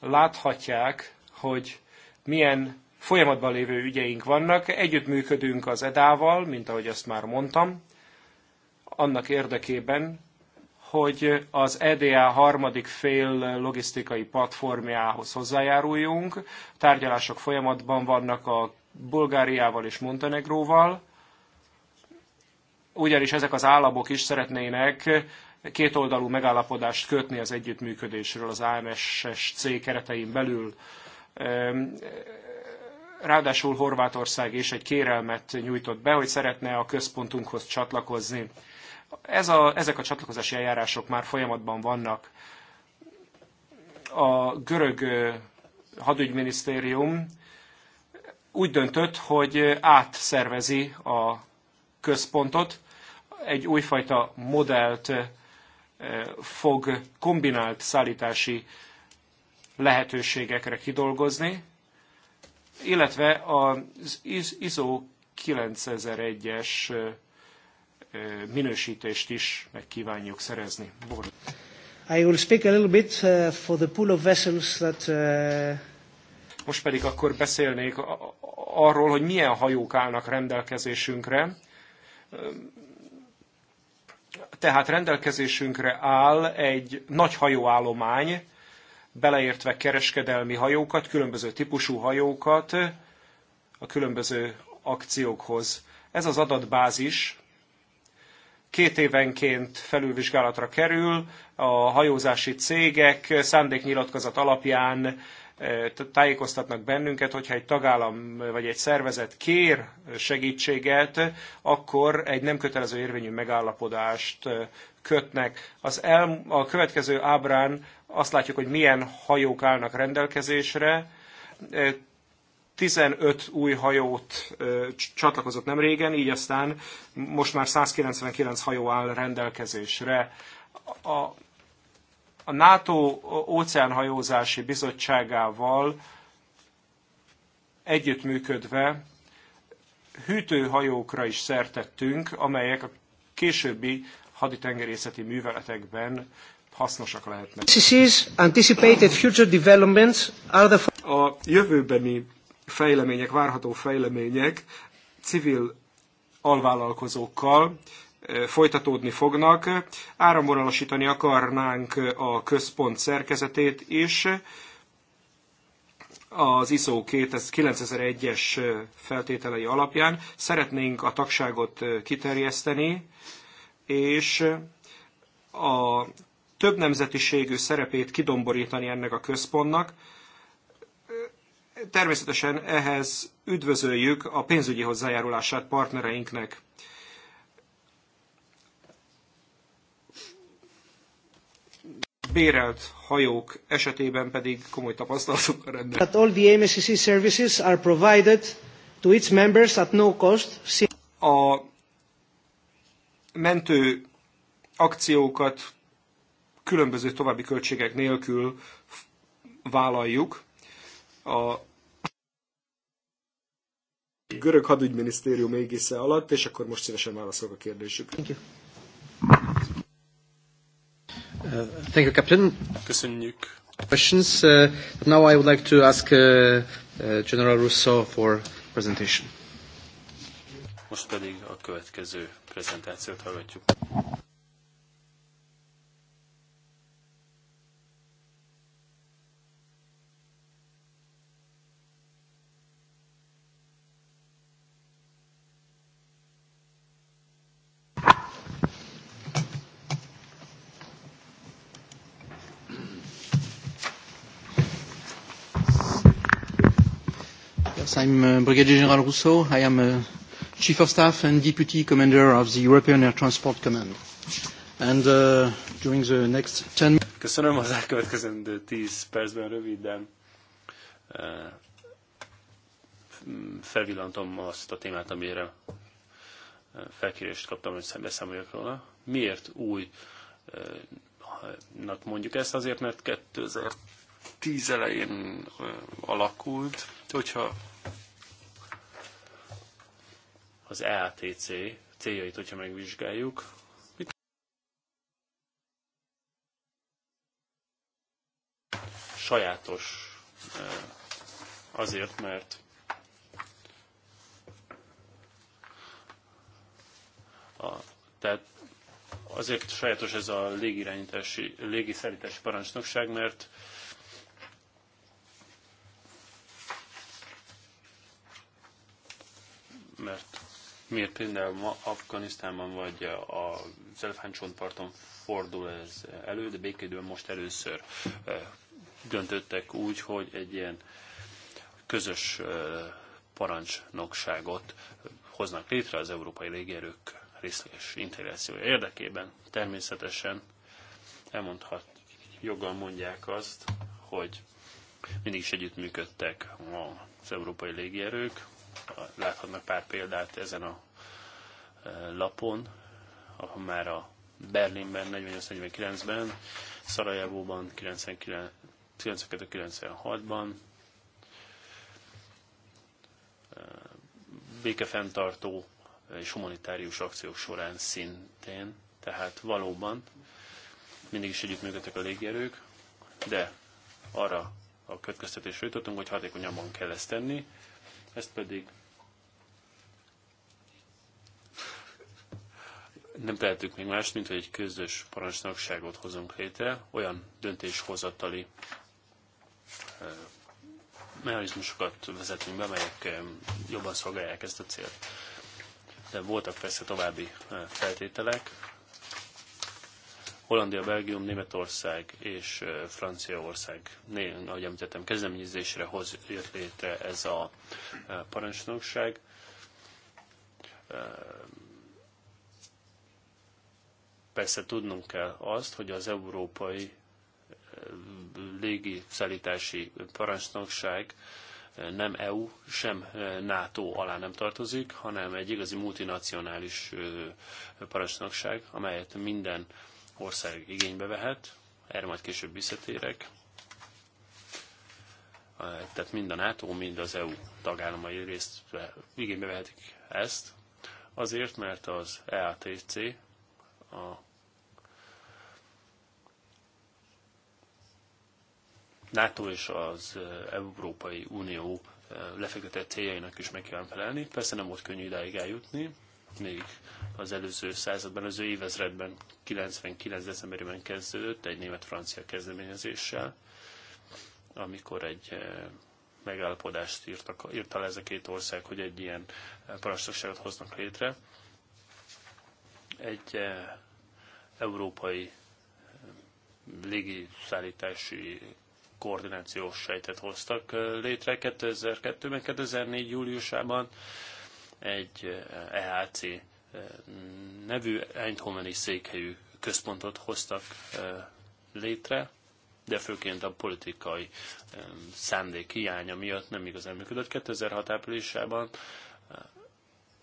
láthatják, hogy milyen folyamatban lévő ügyeink vannak. Együttműködünk az EDÁ-val, mint ahogy azt már mondtam, annak érdekében, hogy az EDA harmadik fél logisztikai platformjához hozzájáruljunk. Tárgyalások folyamatban vannak a Bulgáriával és Montenegróval, ugyanis ezek az államok is szeretnének kétoldalú megállapodást kötni az együttműködésről az AMSC keretein belül. Ehm, ráadásul Horvátország is egy kérelmet nyújtott be, hogy szeretne a központunkhoz csatlakozni. Ez a, ezek a csatlakozási eljárások már folyamatban vannak. A görög hadügyminisztérium úgy döntött, hogy átszervezi a központot, egy újfajta modellt fog kombinált szállítási lehetőségekre kidolgozni, illetve az ISO 9001-es minősítést is meg kívánjuk szerezni. Bor. I will speak a little bit uh, for the pool of vessels that uh, most pedig akkor beszélnék arról, hogy milyen hajók állnak rendelkezésünkre. Tehát rendelkezésünkre áll egy nagy hajóállomány, beleértve kereskedelmi hajókat, különböző típusú hajókat a különböző akciókhoz. Ez az adatbázis két évenként felülvizsgálatra kerül, a hajózási cégek szándéknyilatkozat alapján tájékoztatnak bennünket, hogyha egy tagállam vagy egy szervezet kér segítséget, akkor egy nem kötelező érvényű megállapodást kötnek. Az el, a következő ábrán azt látjuk, hogy milyen hajók állnak rendelkezésre. 15 új hajót csatlakozott nem régen, így aztán most már 199 hajó áll rendelkezésre. A a NATO óceánhajózási bizottságával együttműködve hűtőhajókra is szertettünk, amelyek a későbbi haditengerészeti műveletekben hasznosak lehetnek. A jövőbeni fejlemények, várható fejlemények civil alvállalkozókkal, folytatódni fognak. Áramvonalasítani akarnánk a központ szerkezetét is. Az ISO 9001-es feltételei alapján szeretnénk a tagságot kiterjeszteni, és a több nemzetiségű szerepét kidomborítani ennek a központnak. Természetesen ehhez üdvözöljük a pénzügyi hozzájárulását partnereinknek. bérelt hajók esetében pedig komoly tapasztalatokkal rendelkezik. That all the MSC services are provided to its members at no cost. A mentő akciókat különböző további költségek nélkül vállaljuk. A görög hadügyminisztérium égisze alatt, és akkor most szívesen válaszolok a kérdésükre. Thank you. Uh, thank you, Captain. Köszönjük. Questions. Uh, but now I would like to ask uh, uh, General for presentation. Most pedig a következő prezentációt hallgatjuk. Yes, I'm uh, Brigadier General Rousseau. I am uh, Chief of Staff and Deputy Commander of the European Air Transport Command. And uh, during the next 10 Köszönöm az elkövetkezendő 10 percben röviden. Uh, felvillantom azt a témát, amire uh, felkérést kaptam, hogy beszámoljak róla. Miért újnak uh, mondjuk ezt? Azért, mert 2000 tíz elején alakult, hogyha az EATC céljait, hogyha megvizsgáljuk, sajátos azért, mert a, tehát azért sajátos ez a légirányítási, légiszállítási parancsnokság, mert mert miért például ma Afganisztánban vagy a elefántcsontparton fordul ez elő, de békédőben most először eh, döntöttek úgy, hogy egy ilyen közös eh, parancsnokságot hoznak létre az európai légierők részleges integrációja érdekében. Természetesen elmondhat, joggal mondják azt, hogy mindig is együttműködtek az európai légierők, láthatnak pár példát ezen a e, lapon, ahol már a Berlinben 48-49-ben, Szarajevóban 92-96-ban, e, békefenntartó és humanitárius akciók során szintén, tehát valóban mindig is együttműködtek a légierők, de arra a következtetésre jutottunk, hogy hatékonyabban kell ezt tenni, ezt pedig nem tehetünk még más, mint hogy egy közös parancsnokságot hozunk létre, olyan döntéshozatali mechanizmusokat vezetünk be, melyek jobban szolgálják ezt a célt. De voltak persze további feltételek, Hollandia, Belgium, Németország és Franciaország, ahogy említettem, kezdeményezésre hoz jött létre ez a parancsnokság. Persze tudnunk kell azt, hogy az európai légi szállítási parancsnokság nem EU, sem NATO alá nem tartozik, hanem egy igazi multinacionális parancsnokság, amelyet minden ország igénybe vehet, erre majd később visszatérek. Tehát mind a NATO, mind az EU tagállamai részt igénybe vehetik ezt, azért, mert az EATC, a NATO és az Európai Unió lefektetett céljainak is meg kell felelni. Persze nem volt könnyű idáig eljutni, még az előző században, az előző évezredben, 99. decemberében kezdődött egy német-francia kezdeményezéssel, amikor egy eh, megállapodást írtak, írt alá ez a két ország, hogy egy ilyen eh, parancsnokságot hoznak létre. Egy eh, európai légiszállítási koordinációs sejtet hoztak létre 2002-ben, 2004. júliusában egy EHC nevű Eindhoveni székhelyű központot hoztak létre, de főként a politikai szándék hiánya miatt nem igazán működött. 2006 áprilisában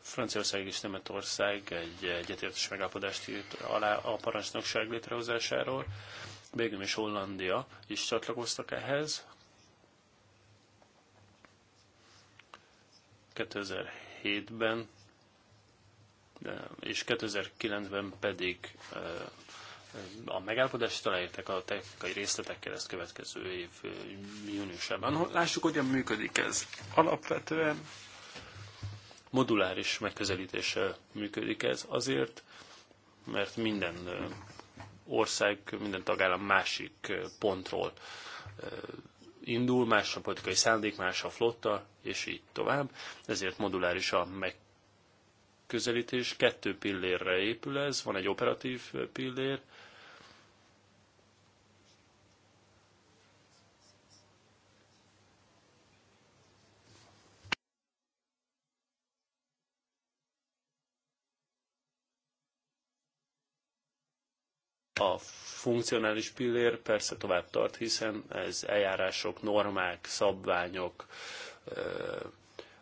Franciaország és Németország egy egyetértes megállapodást írt alá a parancsnokság létrehozásáról. Végül is Hollandia is csatlakoztak ehhez. 2007-ben és 2009-ben pedig a megállapodást aláírták a technikai részletekkel ezt következő év júniusában. Lássuk, hogyan működik ez. Alapvetően moduláris megközelítéssel működik ez azért, mert minden ország, minden tagállam másik pontról indul, más a politikai szándék, más a flotta, és így tovább. Ezért moduláris a megközelítés. Kettő pillérre épül ez, van egy operatív pillér, A funkcionális pillér persze tovább tart, hiszen ez eljárások, normák, szabványok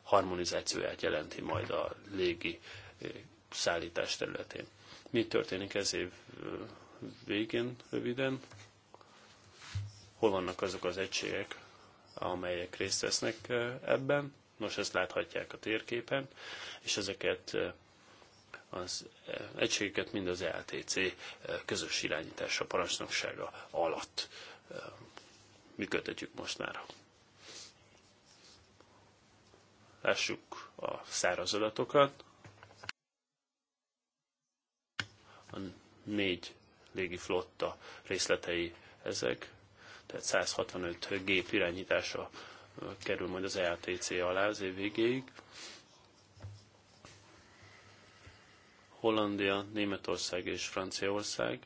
harmonizációját jelenti majd a légi szállítás területén. Mi történik ez év végén röviden? Hol vannak azok az egységek, amelyek részt vesznek ebben? Nos, ezt láthatják a térképen, és ezeket az eh, egységeket mind az e LTC eh, közös irányítása parancsnoksága alatt eh, működtetjük most már. Lássuk a száraz adatokat. A négy légiflotta részletei ezek, tehát 165 gép irányítása kerül majd az e LTC alá az év végéig. Hollandia, Németország és Franciaország.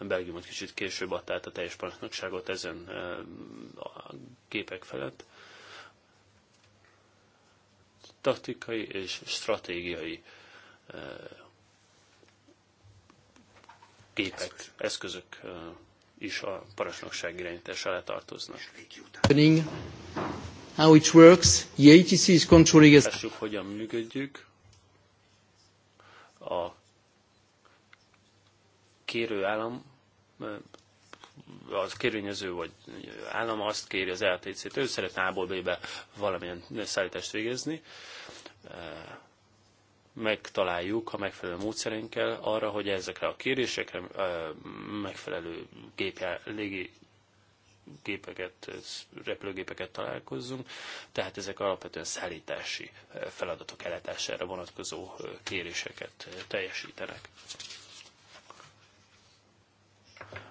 Belgiumot kicsit később adta át a teljes parancsnokságot ezen a képek felett. Taktikai és stratégiai képek, eszközök is a parancsnokság irányítás alá tartoznak. How it works, the ATC is controlling us. Lássuk, hogyan működjük a kérő állam, az kérvényező vagy állam azt kéri az LTC-t, ő szeretne A-ból B-be valamilyen szállítást végezni, megtaláljuk a megfelelő módszerénkkel arra, hogy ezekre a kérésekre eh, megfelelő gépjá, légi gépeket, repülőgépeket találkozzunk, tehát ezek alapvetően szállítási eh, feladatok ellátására vonatkozó eh, kéréseket eh, teljesítenek.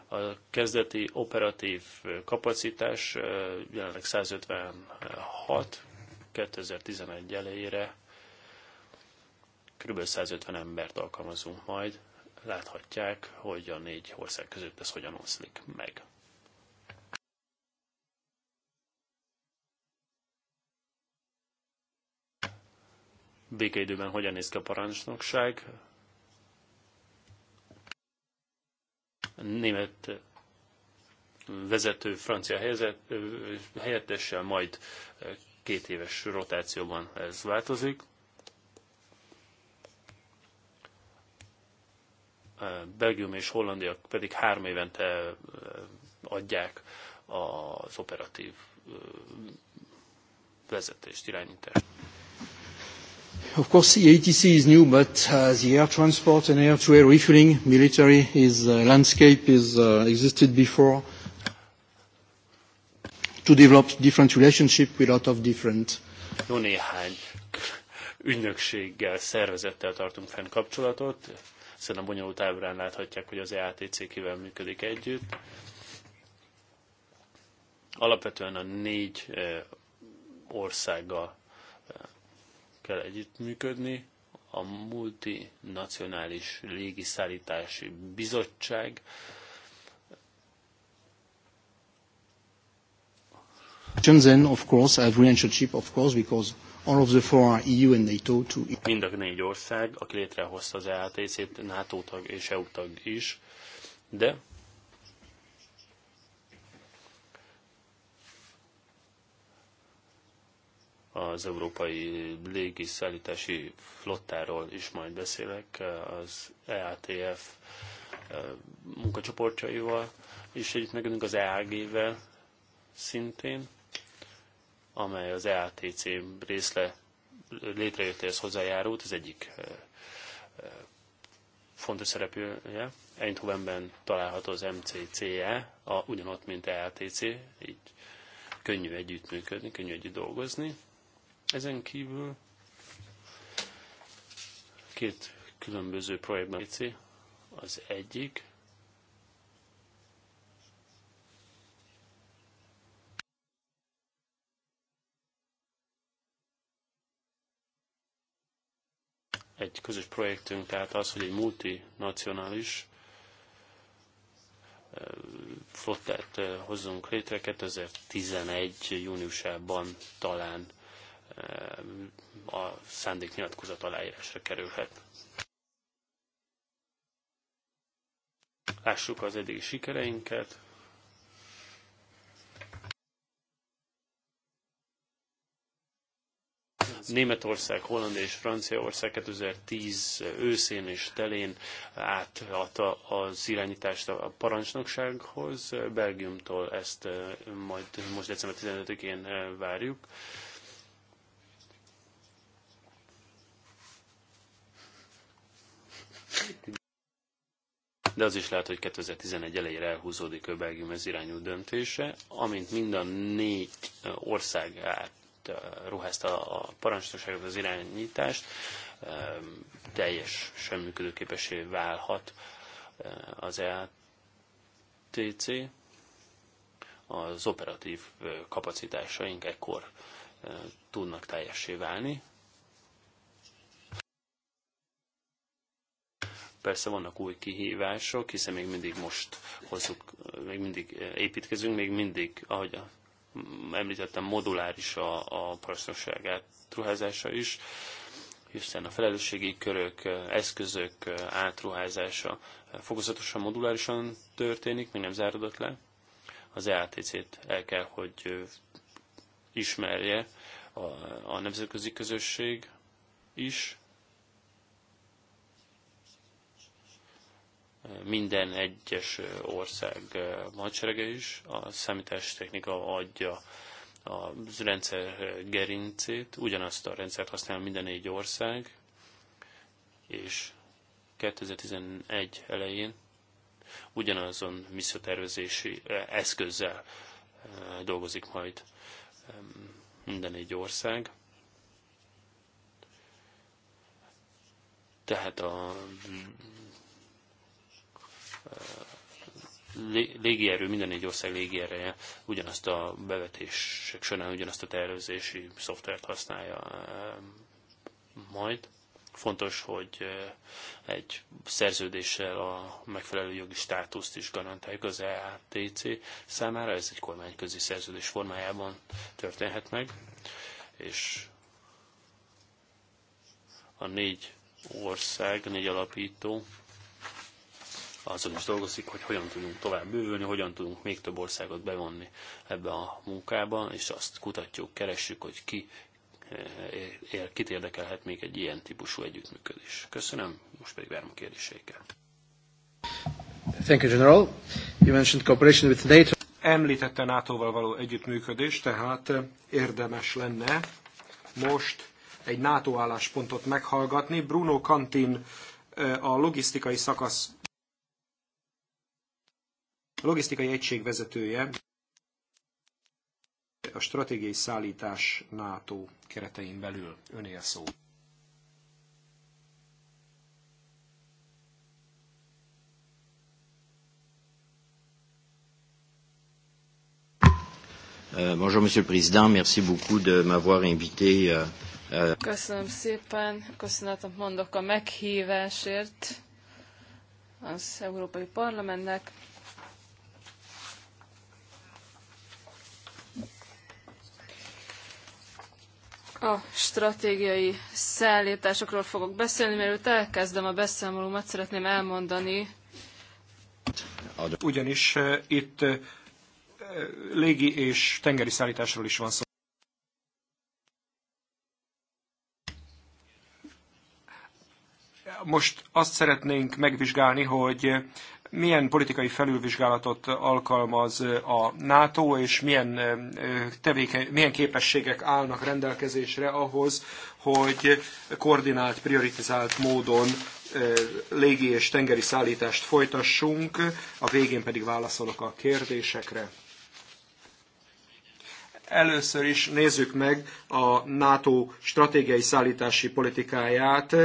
A kezdeti operatív kapacitás jelenleg 156, 2011 elejére kb. 150 embert alkalmazunk majd. Láthatják, hogy a négy ország között ez hogyan oszlik meg. békeidőben hogyan néz ki a parancsnokság. német vezető francia helyzet, helyettessel majd két éves rotációban ez változik. Belgium és Hollandia pedig három évente adják az operatív vezetést, irányítást. Of course, the ATC is new, but uh, the air transport and air-to-air refueling military is, uh, landscape is uh, existed before to develop different relationship with a lot of different. Jó néhány ügynökséggel, szervezettel tartunk fenn kapcsolatot. Szerintem bonyolult ábrán láthatják, hogy az EATC kivel működik együtt. Alapvetően a négy eh, országgal kell együttműködni. A multinacionális légiszállítási bizottság Then, of course, have relationship, of course, because all of the four are EU and NATO To... Mind a négy ország, aki létrehozta az EATC-t, NATO tag és EU tag is, de az európai szállítási flottáról is majd beszélek, az EATF munkacsoportjaival, és együtt megyünk az EAG-vel szintén, amely az EATC részle létrejöttéhez hozzájárult, az egyik fontos szereplője. Eindhovenben található az MCCE, a, ugyanott, mint EATC, így könnyű együttműködni, könnyű együtt dolgozni. Ezen kívül két különböző projektben az egyik egy közös projektünk, tehát az, hogy egy multinacionális flottát hozzunk létre 2011. júniusában talán a szándéknyilatkozat aláírásra kerülhet. Lássuk az eddigi sikereinket. Németország, Hollandia és Franciaország 2010 őszén és telén átadta az irányítást a parancsnoksághoz. Belgiumtól ezt majd most december 15-én várjuk. de az is lehet, hogy 2011 elejére elhúzódik a Belgium ez irányú döntése, amint mind a négy ország át ruházta a parancsnokságot, az irányítást, teljes sem működőképessé válhat az EATC, az operatív kapacitásaink ekkor tudnak teljessé válni, Persze vannak új kihívások, hiszen még mindig most hozzuk, még mindig eh, építkezünk, még mindig, ahogy említettem, moduláris a, a parasztosság átruházása is, hiszen a felelősségi körök, eh, eszközök eh, átruházása fokozatosan, modulárisan történik, még nem zárodott le. Az EATC-t el kell, hogy ismerje a, a nemzetközi közösség is, minden egyes ország hadserege is, a számítástechnika adja a rendszer gerincét, ugyanazt a rendszert használ minden négy ország, és 2011 elején ugyanazon visszatervezési eszközzel dolgozik majd minden négy ország. Tehát a légierő, minden egy ország légiereje ugyanazt a bevetések során ugyanazt a tervezési szoftvert használja eh, majd. Fontos, hogy eh, egy szerződéssel a megfelelő jogi státuszt is garantáljuk az EATC számára, ez egy kormányközi szerződés formájában történhet meg, és a négy ország, a négy alapító azon is dolgozik, hogy hogyan tudunk tovább bővülni, hogyan tudunk még több országot bevonni ebbe a munkába, és azt kutatjuk, keressük, hogy ki eh, ér, kit érdekelhet még egy ilyen típusú együttműködés. Köszönöm, most pedig várom a kérdéseiket. Thank you, General. You mentioned cooperation with NATO. Említette NATO-val való együttműködés, tehát érdemes lenne most egy NATO álláspontot meghallgatni. Bruno Kantin eh, a logisztikai szakasz a logisztikai egység vezetője a stratégiai szállítás NATO keretein belül önél szó. Euh, bonjour, Monsieur le Président. Merci beaucoup de m'avoir invité. Euh, euh, Köszönöm szépen, köszönetet mondok a meghívásért az Európai Parlamentnek. a stratégiai szállításokról fogok beszélni, mielőtt elkezdem a beszámolómat, szeretném elmondani. Ugyanis eh, itt eh, légi és tengeri szállításról is van szó. Most azt szeretnénk megvizsgálni, hogy milyen politikai felülvizsgálatot alkalmaz a NATO, és milyen, tevékeny, milyen képességek állnak rendelkezésre ahhoz, hogy koordinált, prioritizált módon légi és tengeri szállítást folytassunk, a végén pedig válaszolok a kérdésekre. Először is nézzük meg a NATO stratégiai szállítási politikáját.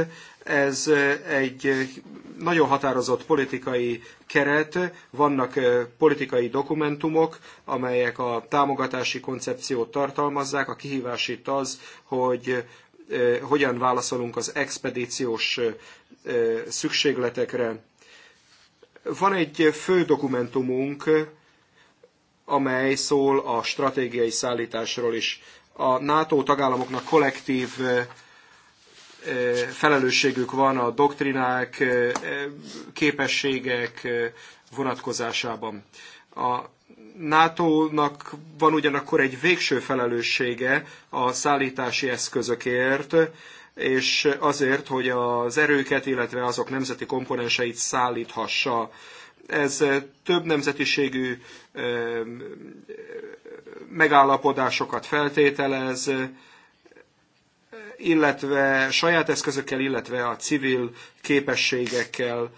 Ez egy nagyon határozott politikai keret, vannak politikai dokumentumok, amelyek a támogatási koncepciót tartalmazzák. A kihívás itt az, hogy hogyan válaszolunk az expedíciós szükségletekre. Van egy fő dokumentumunk, amely szól a stratégiai szállításról is. A NATO tagállamoknak kollektív felelősségük van a doktrinák, képességek vonatkozásában. A NATO-nak van ugyanakkor egy végső felelőssége a szállítási eszközökért, és azért, hogy az erőket, illetve azok nemzeti komponenseit szállíthassa ez több nemzetiségű megállapodásokat feltételez, illetve saját eszközökkel, illetve a civil képességekkel,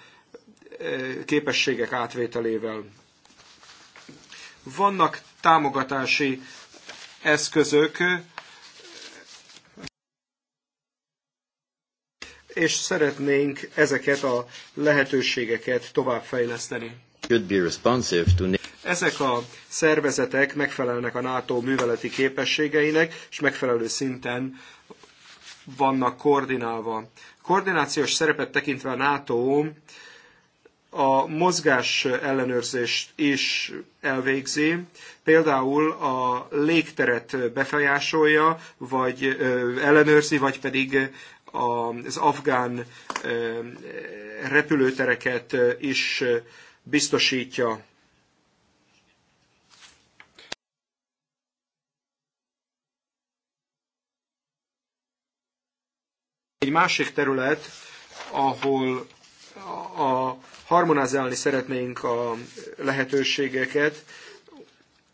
képességek átvételével. Vannak támogatási eszközök, és szeretnénk ezeket a lehetőségeket továbbfejleszteni. Ezek a szervezetek megfelelnek a NATO műveleti képességeinek, és megfelelő szinten vannak koordinálva. Koordinációs szerepet tekintve a NATO a mozgás ellenőrzést is elvégzi, például a légteret befolyásolja, vagy ellenőrzi, vagy pedig az afgán repülőtereket is biztosítja. Egy másik terület, ahol a harmonizálni szeretnénk a lehetőségeket,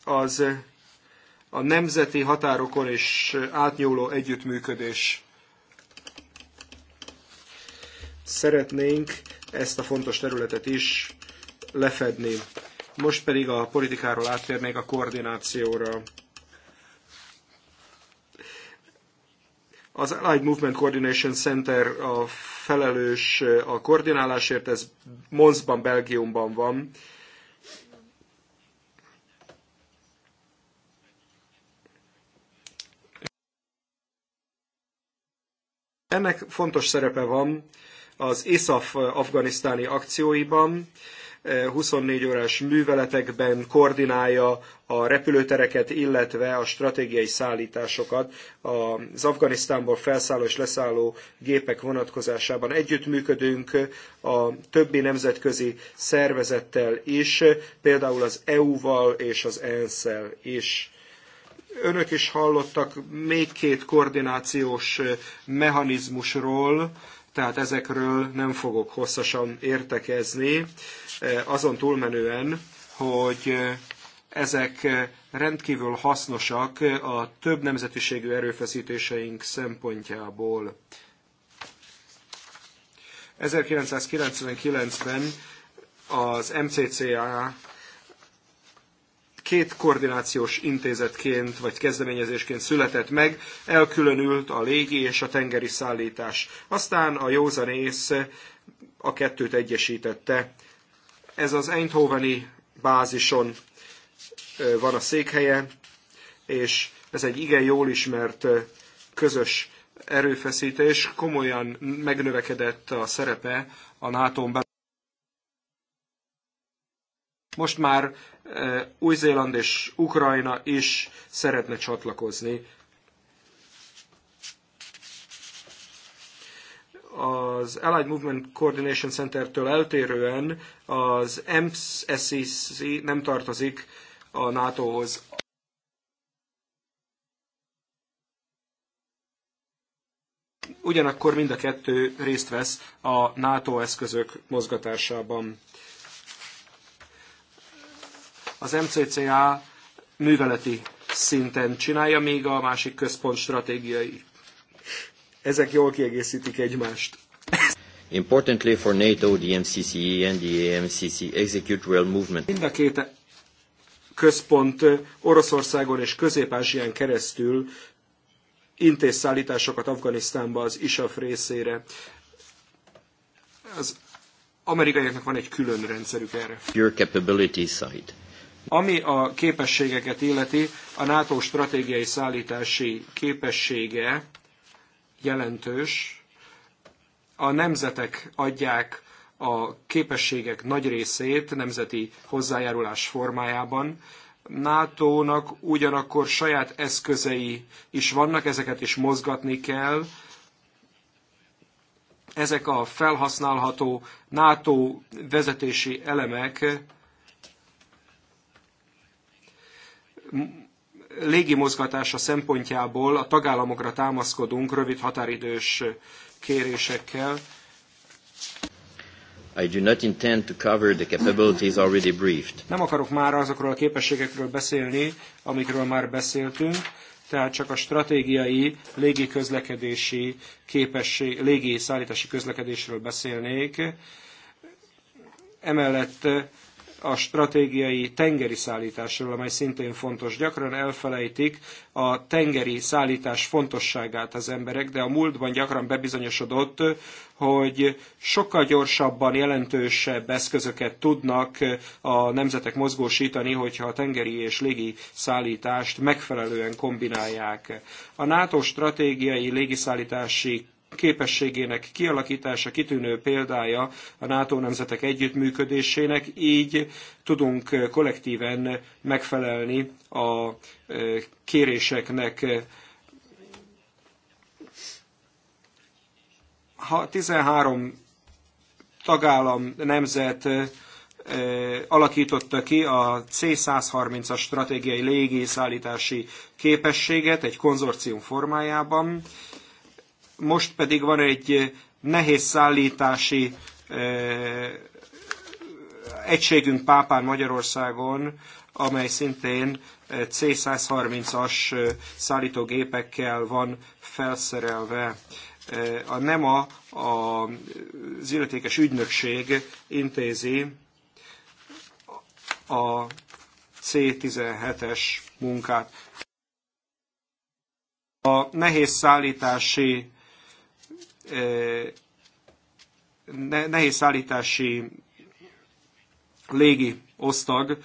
az a nemzeti határokon is átnyúló együttműködés. Szeretnénk ezt a fontos területet is lefedni. Most pedig a politikáról áttérnék a koordinációra. Az Allied Movement Coordination Center a felelős a koordinálásért, ez Monsban, Belgiumban van. Ennek fontos szerepe van az ISAF afganisztáni akcióiban, 24 eh, órás műveletekben koordinálja a repülőtereket, illetve a stratégiai szállításokat az Afganisztánból felszálló és leszálló gépek vonatkozásában. Együttműködünk a többi nemzetközi szervezettel is, például az EU-val és az ENSZ-el is. Önök is hallottak még két koordinációs mechanizmusról, tehát ezekről nem fogok hosszasan értekezni, eh, azon túlmenően, hogy eh, ezek eh, rendkívül hasznosak a több nemzetiségű erőfeszítéseink szempontjából. 1999-ben az MCCA két koordinációs intézetként vagy kezdeményezésként született meg, elkülönült a légi és a tengeri szállítás. Aztán a józanész a kettőt egyesítette. Ez az Eindhoveni bázison van a székhelye, és ez egy igen jól ismert közös erőfeszítés, komolyan megnövekedett a szerepe a NATO-n belül. Most már Új-Zéland és Ukrajna is szeretne csatlakozni az Allied Movement Coordination Center-től eltérően az MSCC nem tartozik a NATO-hoz. Ugyanakkor mind a kettő részt vesz a NATO eszközök mozgatásában. Az MCCA műveleti szinten csinálja, még a másik központ stratégiai. Ezek jól kiegészítik egymást. Importantly for NATO, the MCCE and the AMCC execute real movement. Mind a két központ Oroszországon és Közép-Ázsián keresztül intézszállításokat Afganisztánba az ISAF részére. Az amerikaiaknak van egy külön rendszerük erre. Your capability side. Ami a képességeket illeti, a NATO stratégiai szállítási képessége jelentős. A nemzetek adják a képességek nagy részét nemzeti hozzájárulás formájában. NATO-nak ugyanakkor saját eszközei is vannak, ezeket is mozgatni kell. Ezek a felhasználható NATO vezetési elemek légimozgatása szempontjából a tagállamokra támaszkodunk rövid határidős kérésekkel. I do not intend to cover the capabilities already briefed. Nem akarok már azokról a képességekről beszélni, amikről már beszéltünk, tehát csak a stratégiai légiközlekedési képesség, légi szállítási közlekedésről beszélnék. Emellett a stratégiai tengeri szállításról, amely szintén fontos. Gyakran elfelejtik a tengeri szállítás fontosságát az emberek, de a múltban gyakran bebizonyosodott, hogy sokkal gyorsabban, jelentősebb eszközöket tudnak a nemzetek mozgósítani, hogyha a tengeri és légi szállítást megfelelően kombinálják. A NATO stratégiai légiszállítási képességének kialakítása kitűnő példája a NATO nemzetek együttműködésének, így tudunk kollektíven megfelelni a e, kéréseknek. Ha 13 tagállam nemzet e, alakította ki a C-130-as stratégiai légiszállítási képességet egy konzorcium formájában, most pedig van egy eh, nehéz szállítási eh, egységünk Pápán Magyarországon, amely szintén eh, C-130-as szállítógépekkel van felszerelve. A NEMA az illetékes ügynökség intézi a C-17-es munkát. A nehéz szállítási nehéz szállítási légi osztag,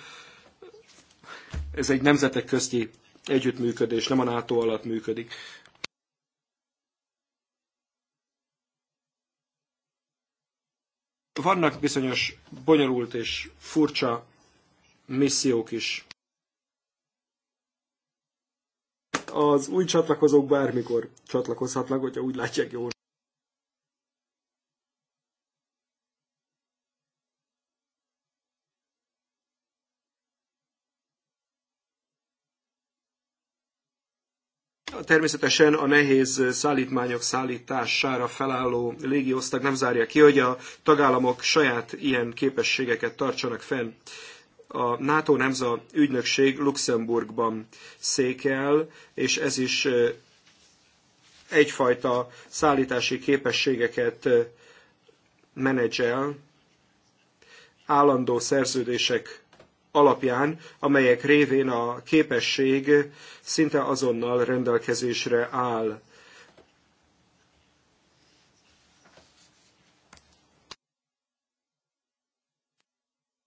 ez egy nemzetek közti együttműködés, nem a NATO alatt működik. Vannak bizonyos bonyolult és furcsa missziók is. Az új csatlakozók bármikor csatlakozhatnak, hogyha úgy látják jól. Természetesen a nehéz szállítmányok szállítására felálló légiosztag nem zárja ki, hogy a tagállamok saját ilyen képességeket tartsanak fenn. A NATO nemza ügynökség Luxemburgban székel, és ez is egyfajta szállítási képességeket menedzsel, állandó szerződések alapján, amelyek révén a képesség szinte azonnal rendelkezésre áll.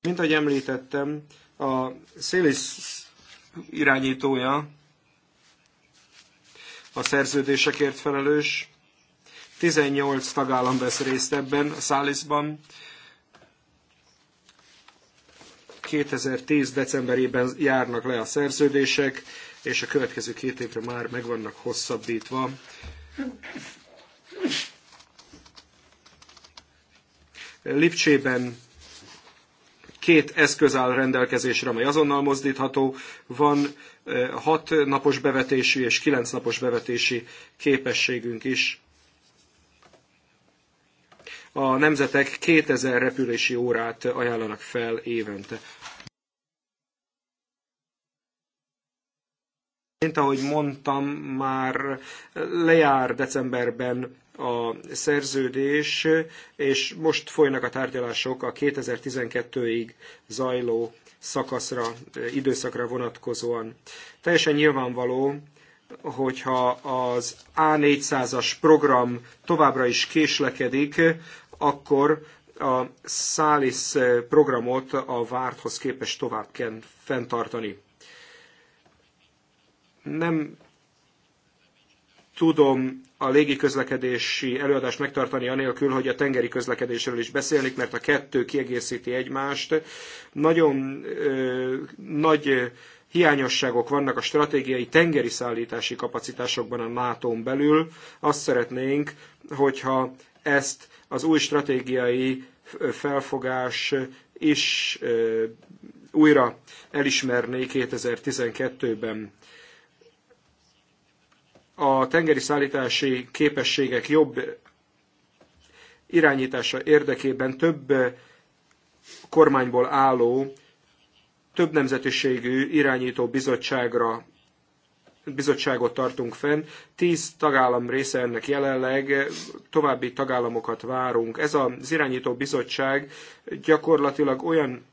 Mint ahogy említettem, a Szélis irányítója a szerződésekért felelős, 18 tagállam vesz részt ebben a szálliszban. 2010. decemberében járnak le a szerződések, és a következő két évre már meg vannak hosszabbítva. Lipcsében két eszköz áll rendelkezésre, amely azonnal mozdítható. Van hat napos bevetési és kilenc napos bevetési képességünk is. A nemzetek 2000 repülési órát ajánlanak fel évente. Mint ahogy mondtam, már lejár decemberben a szerződés, és most folynak a tárgyalások a 2012-ig zajló szakaszra, időszakra vonatkozóan. Teljesen nyilvánvaló, hogyha az A400-as program továbbra is késlekedik, akkor a Szális programot a várthoz képest tovább kell fenntartani nem tudom a légiközlekedési előadást megtartani anélkül, hogy a tengeri közlekedésről is beszélnék, mert a kettő kiegészíti egymást. Nagyon ö, nagy hiányosságok vannak a stratégiai tengeri szállítási kapacitásokban a nato belül. Azt szeretnénk, hogyha ezt az új stratégiai felfogás is újra elismerné 2012-ben a tengeri szállítási képességek jobb irányítása érdekében több kormányból álló, több nemzetiségű irányító bizottságra bizottságot tartunk fenn. Tíz tagállam része ennek jelenleg, további tagállamokat várunk. Ez az irányító bizottság gyakorlatilag olyan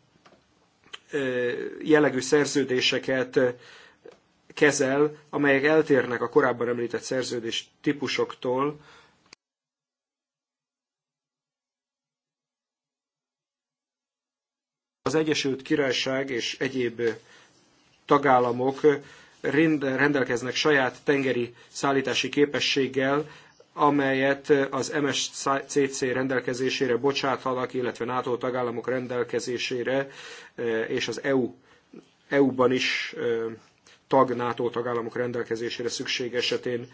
jellegű szerződéseket kezel, amelyek eltérnek a korábban említett szerződés típusoktól, az Egyesült Királyság és egyéb tagállamok rendelkeznek saját tengeri szállítási képességgel, amelyet az MSCC rendelkezésére bocsáthatnak, illetve NATO tagállamok rendelkezésére, eh, és az EU, EU-ban is eh, tag NATO tagállamok rendelkezésére szükség esetén.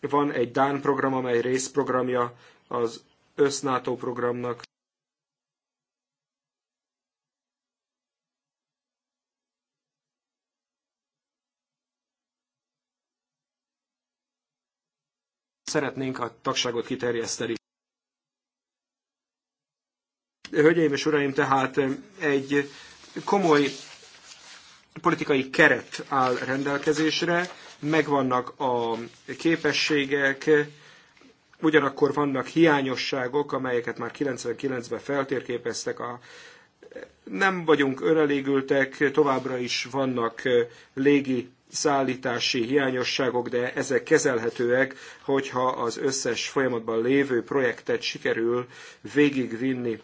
Van egy Dán program, amely részprogramja az össz NATO programnak. Szeretnénk a tagságot kiterjeszteni. Hölgyeim és uraim, tehát egy komoly politikai keret áll rendelkezésre, megvannak a képességek, ugyanakkor vannak hiányosságok, amelyeket már 99-ben feltérképeztek a nem vagyunk önelégültek, továbbra is vannak légi szállítási hiányosságok, de ezek kezelhetőek, hogyha az összes folyamatban lévő projektet sikerül végigvinni.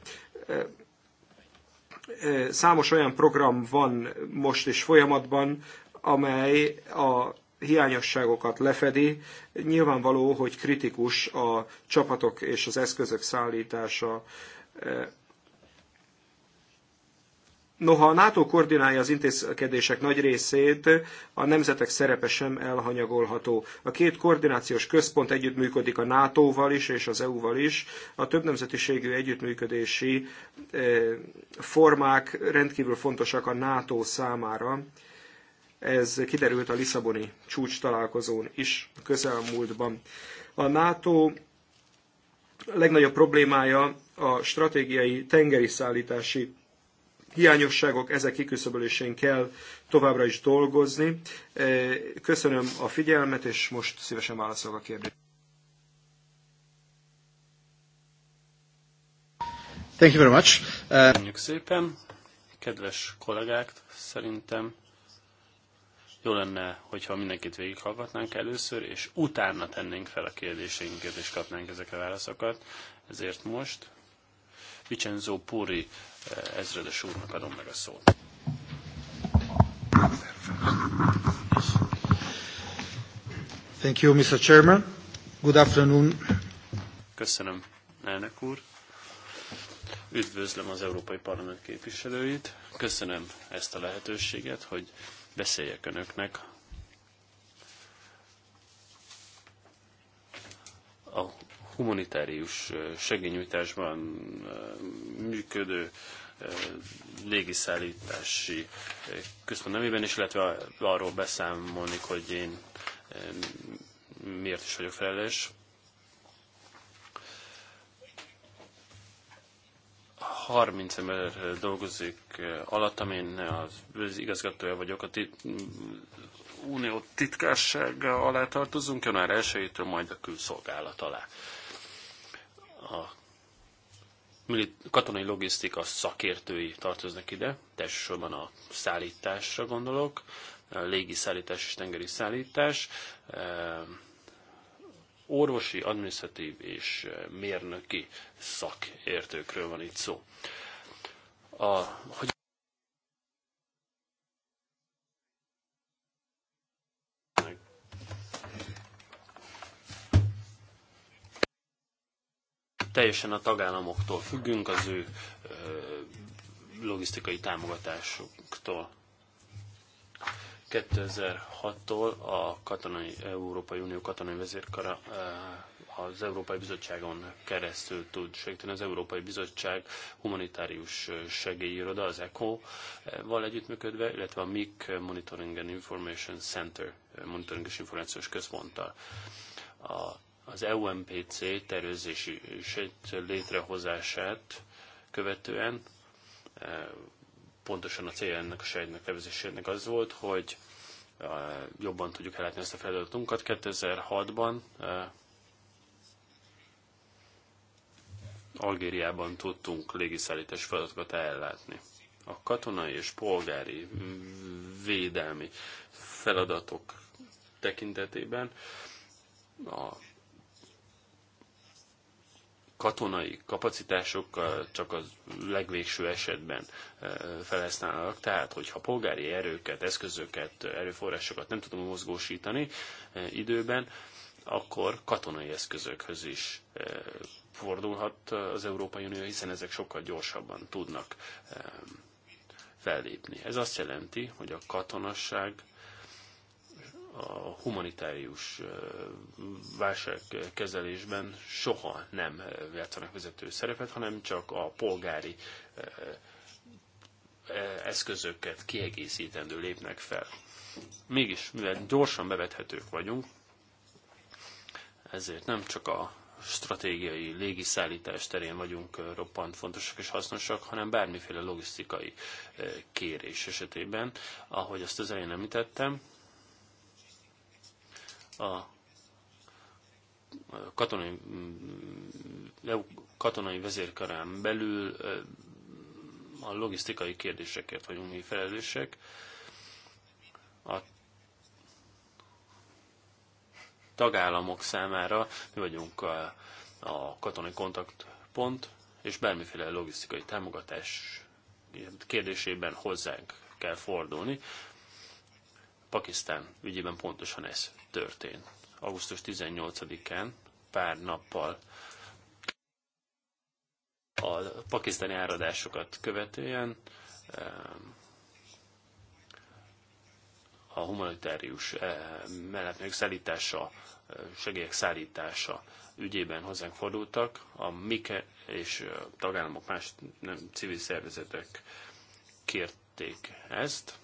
Számos olyan program van most is folyamatban, amely a hiányosságokat lefedi. Nyilvánvaló, hogy kritikus a csapatok és az eszközök szállítása Noha a NATO koordinálja az intézkedések nagy részét, a nemzetek szerepe sem elhanyagolható. A két koordinációs központ együttműködik a NATO-val is és az EU-val is. A több nemzetiségű együttműködési eh, formák rendkívül fontosak a NATO számára. Ez kiderült a Lisszaboni csúcs találkozón is közelmúltban. A NATO legnagyobb problémája a stratégiai tengeri szállítási hiányosságok, ezek kiküszöbölésén kell továbbra is dolgozni. E, köszönöm a figyelmet, és most szívesen válaszolok a kérdést. Thank you very much. Uh, Köszönjük uh... szépen, kedves kollégák, szerintem jó lenne, hogyha mindenkit végighallgatnánk először, és utána tennénk fel a kérdéseinket, és kapnánk ezekre a válaszokat. Ezért most Vicenzo Puri eh, ezredes úrnak adom meg a szót. Thank you, Mr. Chairman. Good afternoon. Köszönöm, elnök úr. Üdvözlöm az Európai Parlament képviselőit. Köszönöm ezt a lehetőséget, hogy beszéljek önöknek a humanitárius segényújtásban működő légiszállítási központ nevében is, illetve arról beszámolni, hogy én miért is vagyok felelős. Harminc ember dolgozik alatt, amin az igazgatója vagyok, a tit- unió titkársága alá tartozunk, január 1-től majd a külszolgálat alá a katonai logisztika szakértői tartoznak ide, elsősorban a szállításra gondolok, légi szállítás és tengeri szállítás, orvosi, administratív és mérnöki szakértőkről van itt szó. A, hogy Teljesen a tagállamoktól függünk, az ő logisztikai támogatásuktól. 2006-tól a katonai, Európai Unió katonai vezérkara az Európai Bizottságon keresztül tud segíteni. Az Európai Bizottság humanitárius segélyiroda, az ECHO-val együttműködve, illetve a MIC Monitoring and Information Center, Monitoring és Információs Központtal. A az EUMPC tervezési létrehozását követően eh, pontosan a célja ennek a sejtnek tervezésének az volt, hogy eh, jobban tudjuk ellátni ezt a feladatunkat. 2006-ban eh, Algériában tudtunk légiszállítás feladatokat ellátni. A katonai és polgári mm, védelmi feladatok tekintetében a katonai kapacitásokkal csak az legvégső esetben felhasználnak. Tehát, hogyha polgári erőket, eszközöket, erőforrásokat nem tudom mozgósítani időben, akkor katonai eszközökhöz is fordulhat az Európai Unió, hiszen ezek sokkal gyorsabban tudnak fellépni. Ez azt jelenti, hogy a katonasság a humanitárius válságkezelésben soha nem játszanak vezető szerepet, hanem csak a polgári eszközöket kiegészítendő lépnek fel. Mégis, mivel gyorsan bevethetők vagyunk, ezért nem csak a stratégiai légiszállítás terén vagyunk roppant fontosak és hasznosak, hanem bármiféle logisztikai kérés esetében. Ahogy azt az elején említettem, a katonai, katonai vezérkarán belül a logisztikai kérdésekért vagyunk mi felelősek. A tagállamok számára mi vagyunk a, a katonai kontaktpont, és bármiféle logisztikai támogatás kérdésében hozzánk kell fordulni. Pakisztán ügyében pontosan ez történt. Augusztus 18-án, pár nappal a pakisztáni áradásokat követően a humanitárius menekülők szállítása, segélyek szállítása ügyében hozzánk fordultak. A MIKE és a tagállamok más nem, civil szervezetek kérték ezt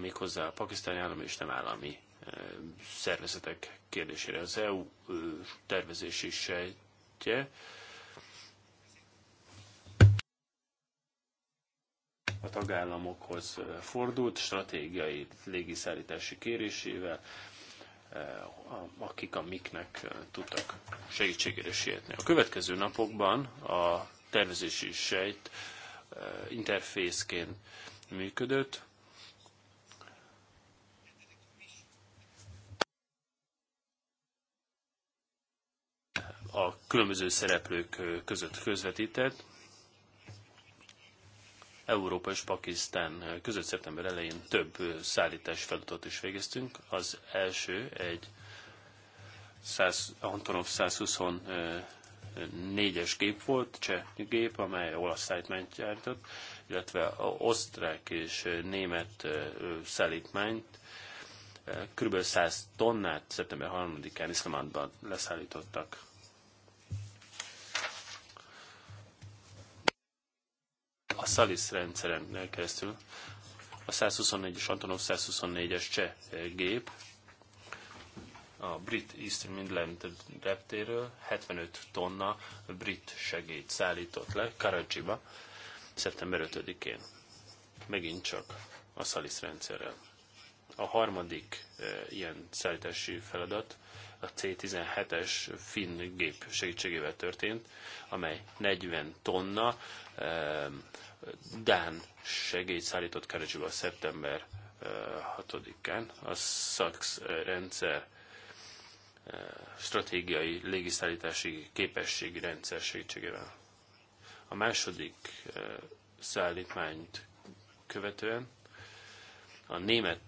méghozzá a pakisztáni állami és nem állami eh, szervezetek kérdésére. Az EU eh, tervezési sejtje a tagállamokhoz eh, fordult stratégiai légiszállítási kérésével, akik a miknek tudtak segítségére sietni. A következő napokban a tervezési sejt interfészként működött, a különböző szereplők között közvetített. Európa és Pakisztán között szeptember elején több szállítás feladatot is végeztünk. Az első egy 100, Antonov 124-es gép volt, cseh gép, amely olasz szállítmányt gyártott, illetve a osztrák és német szállítmányt, kb. 100 tonnát szeptember 3-án Iszlamátban leszállítottak a Salis rendszeren keresztül a 124 es Antonov 124-es cseh gép a brit East Midland reptéről 75 tonna brit segélyt szállított le Karadzsiba szeptember 5-én. Megint csak a Salis rendszerrel. A harmadik e, ilyen szállítási feladat a C-17-es finn gép segítségével történt, amely 40 tonna Dán segélyt szállított Karadzsiba szeptember 6-án. Eh, a SAX eh, rendszer eh, stratégiai légiszállítási képességi rendszer segítségével. A második szállítmányt követően a német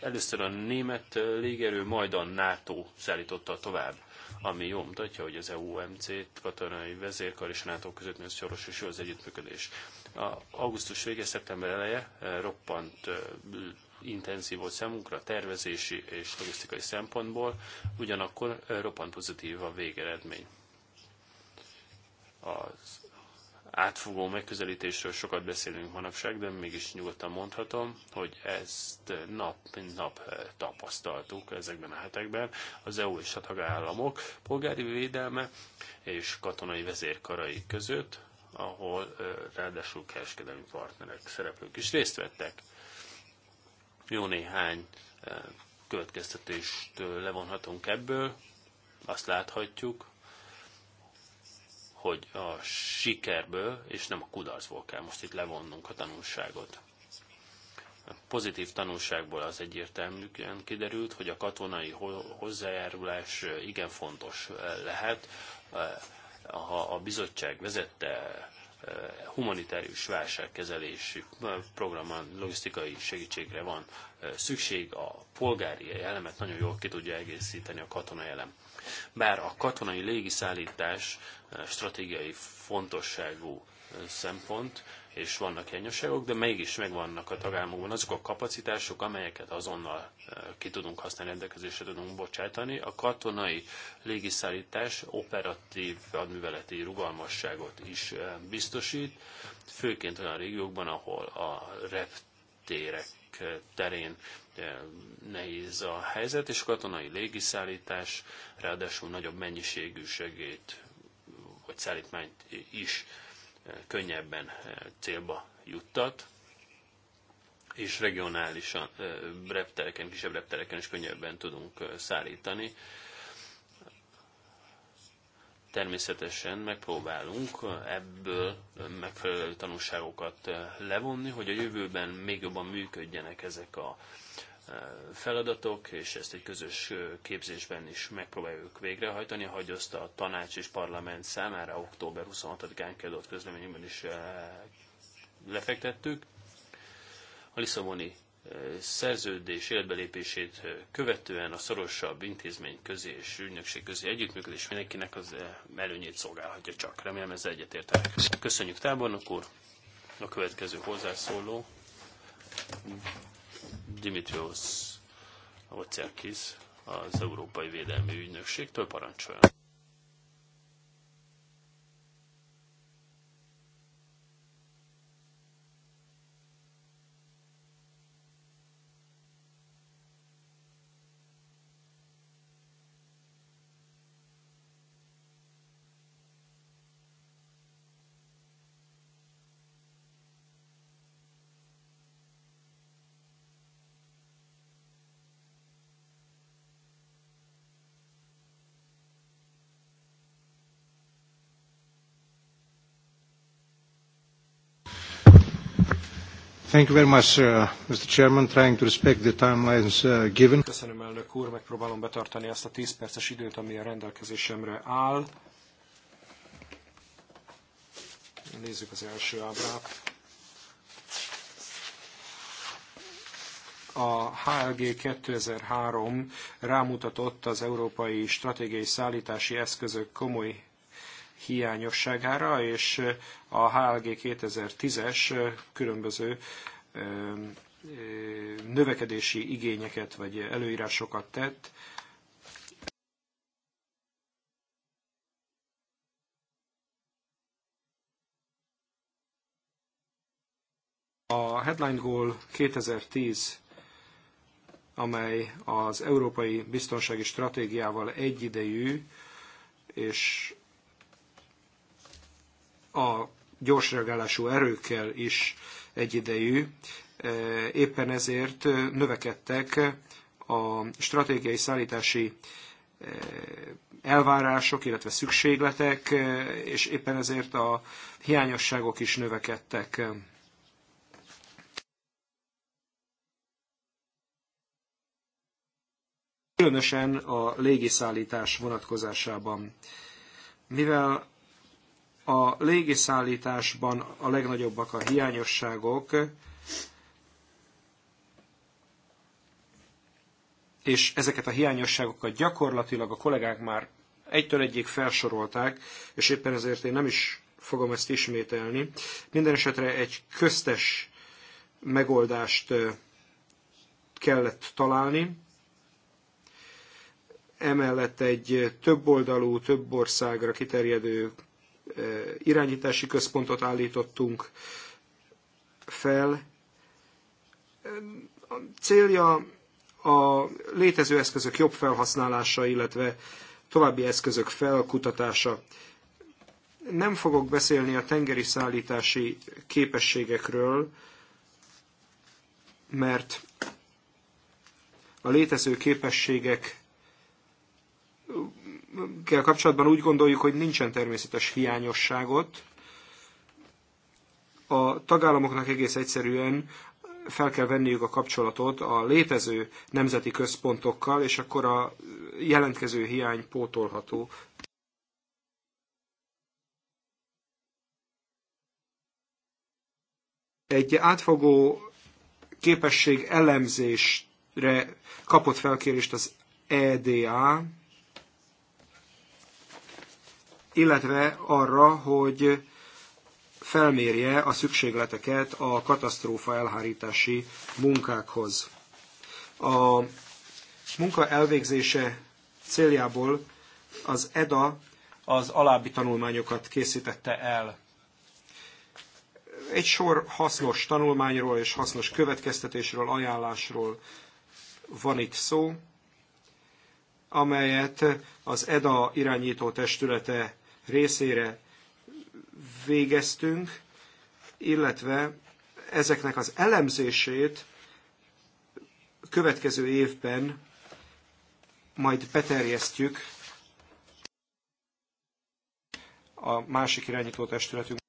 először a német légerő, majd a NATO szállította tovább ami jól mutatja, hogy az EUMC katonai vezérkar és NATO között nagyon szoros és jó az együttműködés. A augusztus vége, szeptember eleje eh, roppant eh, intenzív volt számunkra tervezési és logisztikai szempontból, ugyanakkor eh, roppant pozitív a végeredmény. Az átfogó megközelítésről sokat beszélünk manapság, de mégis nyugodtan mondhatom, hogy ezt nap mint nap eh, tapasztaltuk ezekben a hetekben. Az EU és a tagállamok polgári védelme és katonai vezérkarai között, ahol eh, ráadásul kereskedelmi partnerek, szereplők is részt vettek. Jó néhány eh, következtetést levonhatunk ebből. Azt láthatjuk, hogy a sikerből és nem a kudarcból kell most itt levonnunk a tanulságot. A pozitív tanulságból az egyértelműen kiderült, hogy a katonai hozzájárulás igen fontos lehet. Ha a bizottság vezette e, humanitárius válságkezelési programon logisztikai segítségre van e, szükség, a polgári elemet nagyon jól ki tudja egészíteni a katonai elem. Bár a katonai légiszállítás eh, stratégiai fontosságú eh, szempont, és vannak hiányosságok, de mégis megvannak a tagállamokban azok a kapacitások, amelyeket azonnal eh, ki tudunk használni, rendelkezésre tudunk bocsátani. A katonai légiszállítás operatív adműveleti rugalmasságot is biztosít, főként olyan régiókban, ahol a reptérek terén nehéz a helyzet, és katonai légiszállítás ráadásul nagyobb mennyiségű segét vagy szállítmányt is eh, könnyebben eh, célba juttat, és regionálisan eh, repteleken kisebb reptereken is könnyebben tudunk szállítani természetesen megpróbálunk ebből megfelelő tanulságokat levonni, hogy a jövőben még jobban működjenek ezek a e, feladatok, és ezt egy közös képzésben is megpróbáljuk végrehajtani, ahogy azt a tanács és parlament számára október 26-án kiadott közleményben is e, lefektettük. A Lisszaboni szerződés életbelépését követően a szorosabb intézmény közé és ügynökség közé együttműködés mindenkinek az előnyét szolgálhatja csak. Remélem ez egyetértek. Köszönjük tábornok úr! A következő hozzászóló Dimitrios Ocerkis az Európai Védelmi Ügynökségtől parancsoljon. Thank you very much, uh, Mr. Chairman, trying to respect the timelines uh, given. Köszönöm, elnök úr, megpróbálom betartani azt a 10 perces időt, ami a rendelkezésemre áll. Nézzük az első ábrát. a HLG 2003 rámutatott az európai stratégiai szállítási eszközök komoly hiányosságára, és a HLG 2010-es különböző növekedési igényeket vagy előírásokat tett, A Headline Goal 2010, amely az Európai Biztonsági Stratégiával egyidejű, és a gyors erőkkel is egyidejű. E, éppen ezért növekedtek a stratégiai szállítási e, elvárások, illetve szükségletek, e, és éppen ezért a hiányosságok is növekedtek. Különösen a légiszállítás vonatkozásában. Mivel a légiszállításban a legnagyobbak a hiányosságok, és ezeket a hiányosságokat gyakorlatilag a kollégák már egytől egyik felsorolták, és éppen ezért én nem is fogom ezt ismételni. Minden esetre egy köztes megoldást kellett találni, emellett egy többoldalú, több országra kiterjedő irányítási központot állítottunk fel. A célja a létező eszközök jobb felhasználása, illetve további eszközök felkutatása. Nem fogok beszélni a tengeri szállítási képességekről, mert a létező képességek kell kapcsolatban úgy gondoljuk, hogy nincsen természetes hiányosságot. A tagállamoknak egész egyszerűen fel kell venniük a kapcsolatot a létező nemzeti központokkal, és akkor a jelentkező hiány pótolható. Egy átfogó képesség elemzésre kapott felkérést az EDA, illetve arra, hogy felmérje a szükségleteket a katasztrófa elhárítási munkákhoz. A munka elvégzése céljából az EDA az alábbi tanulmányokat készítette el. Egy sor hasznos tanulmányról és hasznos következtetésről, ajánlásról van itt szó, amelyet az EDA irányító testülete részére végeztünk, illetve ezeknek az elemzését következő évben majd beterjesztjük a másik irányító testületünk.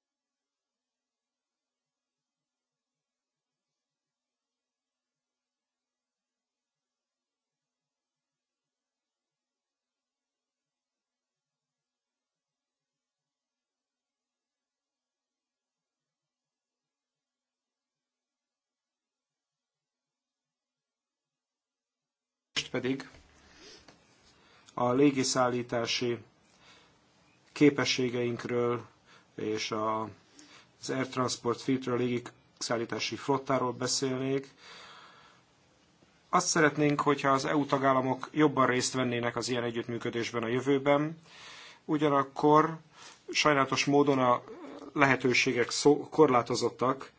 pedig a légiszállítási képességeinkről és a, az Air Transport Filter légiszállítási flottáról beszélnék. Azt szeretnénk, hogyha az EU tagállamok jobban részt vennének az ilyen együttműködésben a jövőben, ugyanakkor sajnálatos módon a lehetőségek korlátozottak,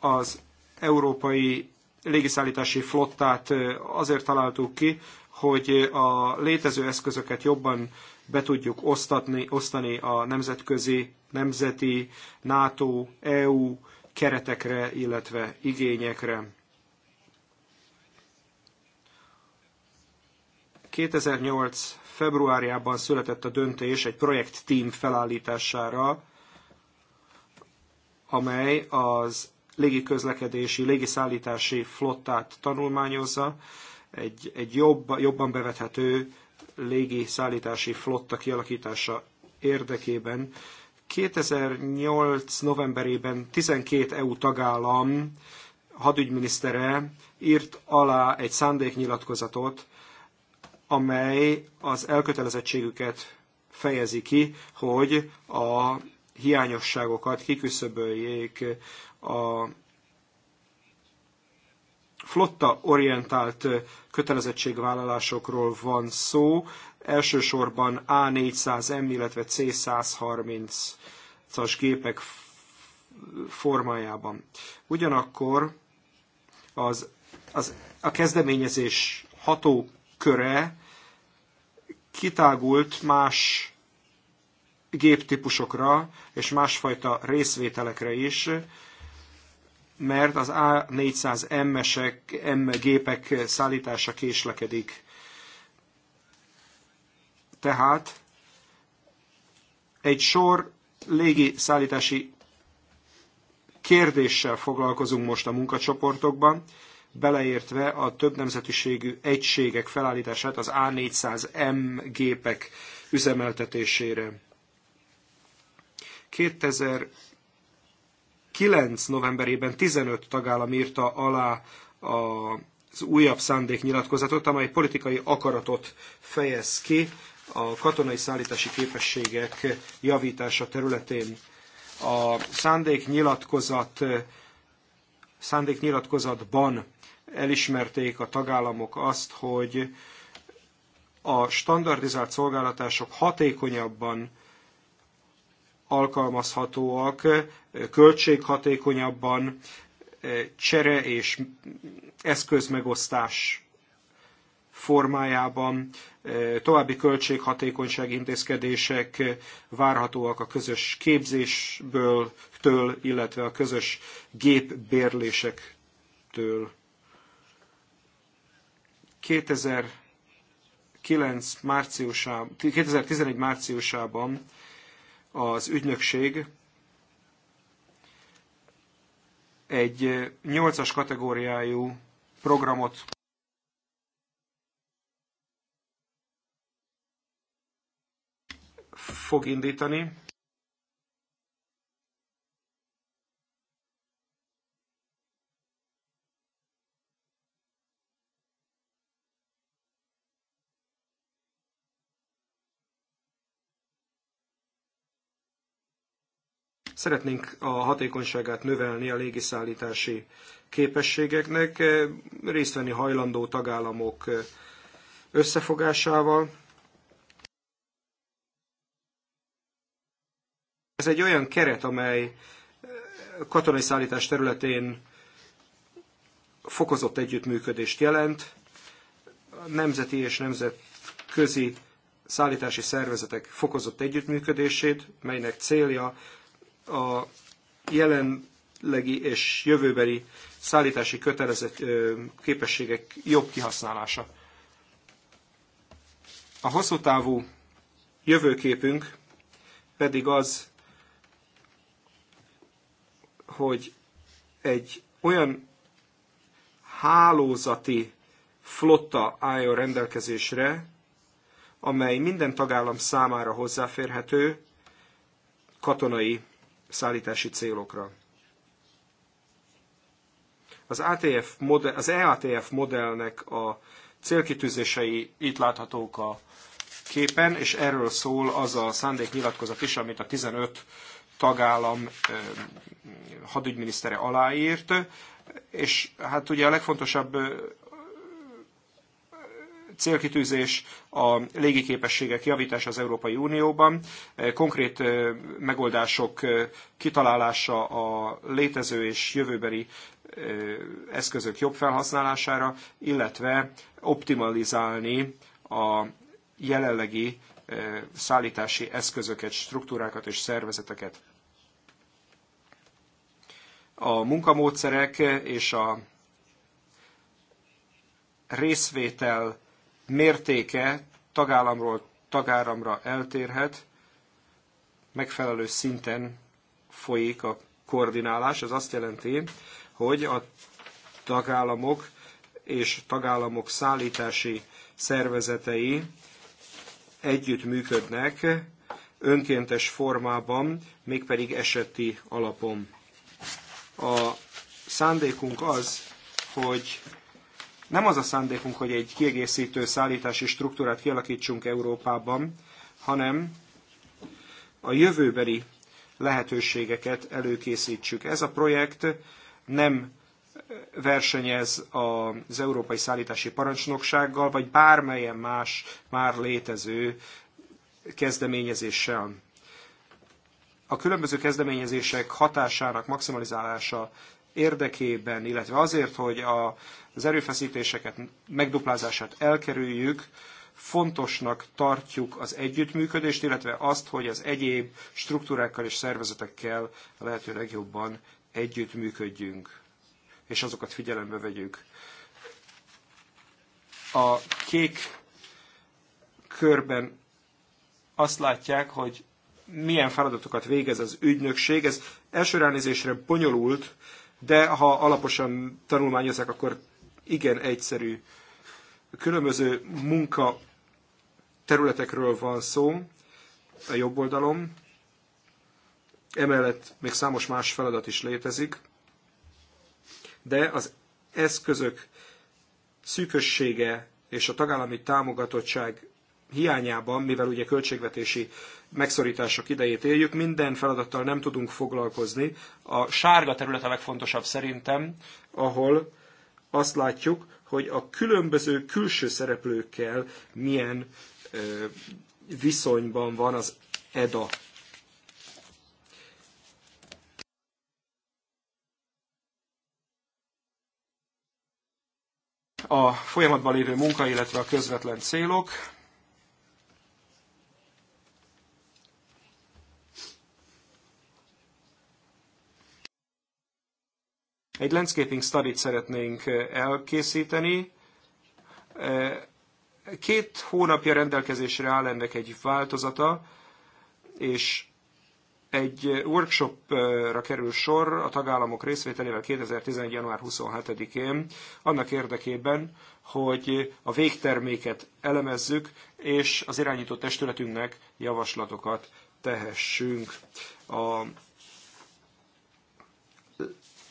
az európai légiszállítási flottát azért találtuk ki, hogy a létező eszközöket jobban be tudjuk osztatni, osztani a nemzetközi, nemzeti, NATO, EU keretekre, illetve igényekre. 2008. februárjában született a döntés egy projektteam felállítására, amely az légiközlekedési, légiszállítási flottát tanulmányozza, egy, egy jobb, jobban bevethető légiszállítási flotta kialakítása érdekében. 2008. novemberében 12 EU tagállam hadügyminisztere írt alá egy szándéknyilatkozatot, amely az elkötelezettségüket fejezi ki, hogy a hiányosságokat kiküszöböljék a flotta orientált kötelezettségvállalásokról van szó, elsősorban A400M, illetve C130-as gépek formájában. Ugyanakkor az, az, a kezdeményezés hatóköre kitágult más géptípusokra és másfajta részvételekre is, mert az A400M-esek, M gépek szállítása késlekedik. Tehát egy sor légi szállítási kérdéssel foglalkozunk most a munkacsoportokban, beleértve a több nemzetiségű egységek felállítását az A400M gépek üzemeltetésére. 2009. novemberében 15 tagállam írta alá az újabb szándéknyilatkozatot, amely politikai akaratot fejez ki a katonai szállítási képességek javítása területén. A szándéknyilatkozat, szándéknyilatkozatban elismerték a tagállamok azt, hogy a standardizált szolgáltatások hatékonyabban alkalmazhatóak költséghatékonyabban, csere és eszközmegosztás formájában. További költséghatékonyság intézkedések várhatóak a közös képzésből, től, illetve a közös gépbérlésektől. 2009 márciusában, 2011 márciusában az ügynökség egy nyolcas kategóriájú programot fog indítani, Szeretnénk a hatékonyságát növelni a légiszállítási képességeknek, eh, részt venni hajlandó tagállamok eh, összefogásával. Ez egy olyan keret, amely eh, katonai szállítás területén fokozott együttműködést jelent. A nemzeti és nemzetközi szállítási szervezetek fokozott együttműködését, melynek célja a jelenlegi és jövőbeli szállítási kötelezett képességek jobb kihasználása. A hosszú távú jövőképünk pedig az, hogy egy olyan hálózati flotta álljon rendelkezésre, amely minden tagállam számára hozzáférhető katonai szállítási célokra. Az, ATF modell, az EATF modellnek a célkitűzései itt láthatók a képen, és erről szól az a szándéknyilatkozat is, amit a 15 tagállam hadügyminisztere aláírt, és hát ugye a legfontosabb célkitűzés a légiképességek javítása az Európai Unióban, eh, konkrét eh, megoldások eh, kitalálása a létező és jövőbeli eszközök jobb felhasználására, illetve optimalizálni a jelenlegi szállítási eszközöket, struktúrákat és szervezeteket. A munkamódszerek és a részvétel mértéke tagállamról tagáramra eltérhet, megfelelő szinten folyik a koordinálás. Ez azt jelenti, hogy a tagállamok és tagállamok szállítási szervezetei együtt működnek önkéntes formában, mégpedig eseti alapon. A szándékunk az, hogy nem az a szándékunk, hogy egy kiegészítő szállítási struktúrát kialakítsunk Európában, hanem a jövőbeli lehetőségeket előkészítsük. Ez a projekt nem versenyez az Európai Szállítási Parancsnoksággal, vagy bármelyen más már létező kezdeményezéssel. A különböző kezdeményezések hatásának maximalizálása érdekében, illetve azért, hogy a, az erőfeszítéseket, megduplázását elkerüljük, fontosnak tartjuk az együttműködést, illetve azt, hogy az egyéb struktúrákkal és szervezetekkel a lehető legjobban együttműködjünk, és azokat figyelembe vegyük. A kék körben azt látják, hogy milyen feladatokat végez az ügynökség. Ez első ránézésre bonyolult, de ha alaposan tanulmányozzák, akkor igen egyszerű. Különböző munka területekről van szó a jobb oldalon, emellett még számos más feladat is létezik, de az eszközök szűkössége és a tagállami támogatottság hiányában, mivel ugye költségvetési megszorítások idejét éljük, minden feladattal nem tudunk foglalkozni. A sárga terület a legfontosabb szerintem, ahol azt látjuk, hogy a különböző külső szereplőkkel milyen viszonyban van az EDA. A folyamatban lévő munka, illetve a közvetlen célok. Egy landscaping study szeretnénk eh, elkészíteni. Eh, két hónapja rendelkezésre áll ennek egy változata, és egy eh, workshopra kerül sor a tagállamok részvételével 2011. január 27-én, annak érdekében, hogy a végterméket elemezzük, és az irányító testületünknek javaslatokat tehessünk. A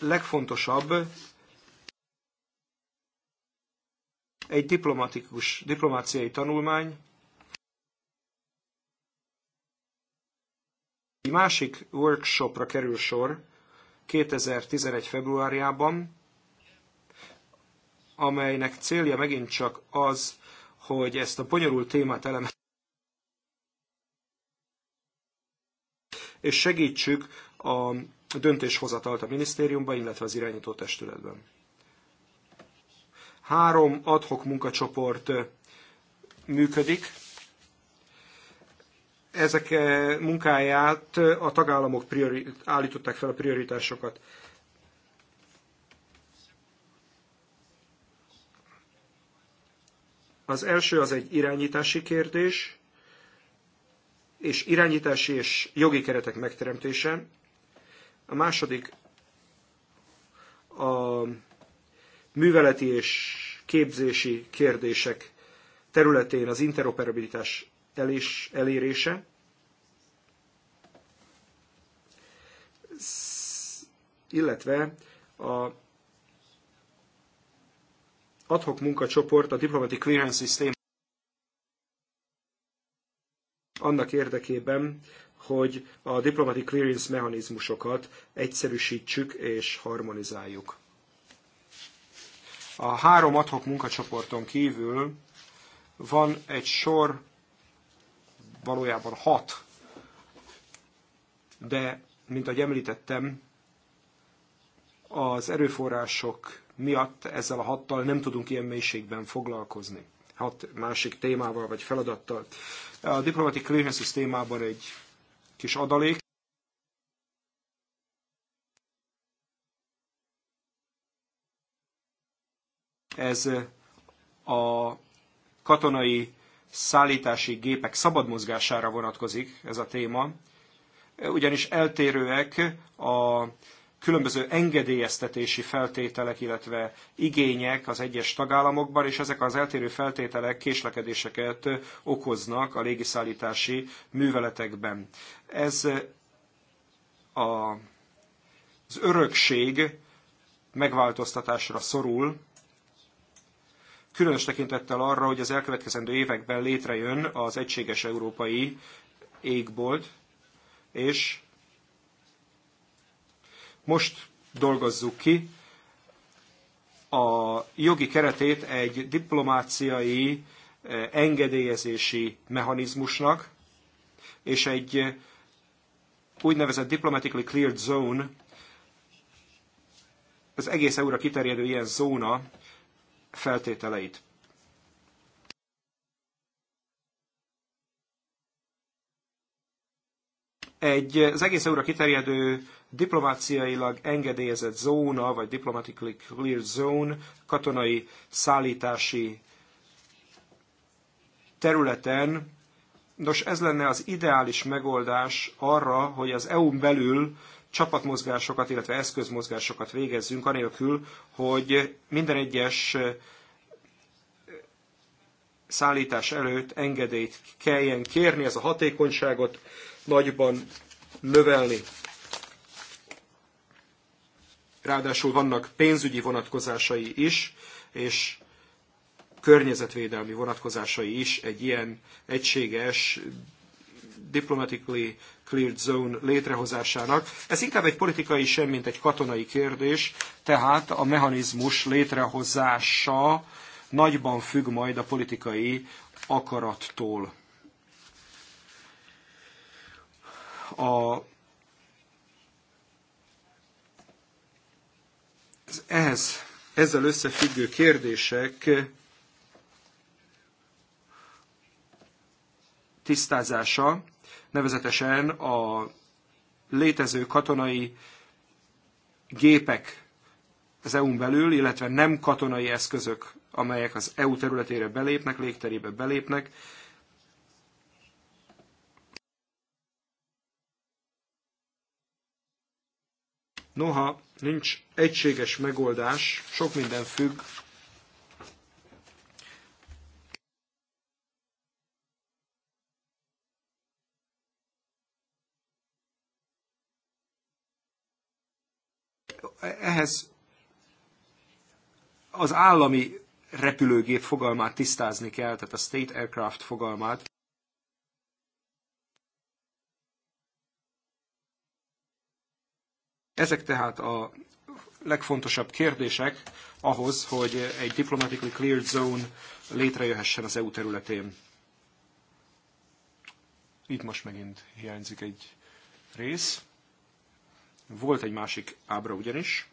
legfontosabb egy diplomatikus, diplomáciai tanulmány, egy másik workshopra kerül sor 2011. februárjában, amelynek célja megint csak az, hogy ezt a bonyolult témát elemezzük, és segítsük a döntéshozatalt a minisztériumban, illetve az irányító testületben. Három adhok munkacsoport működik. Ezek munkáját a tagállamok priori- állították fel a prioritásokat. Az első az egy irányítási kérdés, és irányítási és jogi keretek megteremtése. A második a műveleti és képzési kérdések területén az interoperabilitás elés, elérése. Illetve a adhok munkacsoport a Diplomatic Clearance System annak érdekében, hogy a diplomatic clearance mechanizmusokat egyszerűsítsük és harmonizáljuk. A három adhok munkacsoporton kívül van egy sor, valójában hat, de, mint ahogy említettem, az erőforrások miatt ezzel a hattal nem tudunk ilyen mélységben foglalkozni. Hat másik témával vagy feladattal. A diplomatic clearance témában egy kis adalék. Ez eh, a katonai szállítási gépek szabad mozgására vonatkozik ez a téma, eh, ugyanis eltérőek a különböző engedélyeztetési feltételek, illetve igények az egyes tagállamokban, és ezek az eltérő feltételek késlekedéseket okoznak a légiszállítási műveletekben. Ez eh, a, az örökség megváltoztatásra szorul, különös tekintettel arra, hogy az elkövetkezendő években létrejön az egységes európai égbolt, és most dolgozzuk ki a jogi keretét egy diplomáciai eh, engedélyezési mechanizmusnak, és egy eh, úgynevezett diplomatically cleared zone, az egész EU-ra kiterjedő ilyen zóna feltételeit. Egy eh, az egész EU-ra kiterjedő diplomáciailag engedélyezett zóna, vagy diplomatically clear zone, katonai szállítási területen. Nos, ez lenne az ideális megoldás arra, hogy az EU-n belül csapatmozgásokat, illetve eszközmozgásokat végezzünk, anélkül, hogy minden egyes szállítás előtt engedélyt kelljen kérni, ez a hatékonyságot nagyban növelni ráadásul vannak pénzügyi vonatkozásai is, és környezetvédelmi vonatkozásai is egy ilyen egységes diplomatically cleared zone létrehozásának. Ez inkább egy politikai sem, mint egy katonai kérdés, tehát a mechanizmus létrehozása nagyban függ majd a politikai akarattól. A Az ehhez, ezzel összefüggő kérdések tisztázása, nevezetesen a létező katonai gépek az EU-n belül, illetve nem katonai eszközök, amelyek az EU területére belépnek, légterébe belépnek, Noha Nincs egységes megoldás, sok minden függ ehhez az állami repülőgép fogalmát tisztázni kell, tehát a state aircraft fogalmát. Ezek tehát a legfontosabb kérdések ahhoz, hogy egy diplomatically cleared zone létrejöhessen az EU területén. Itt most megint hiányzik egy rész. Volt egy másik ábra ugyanis.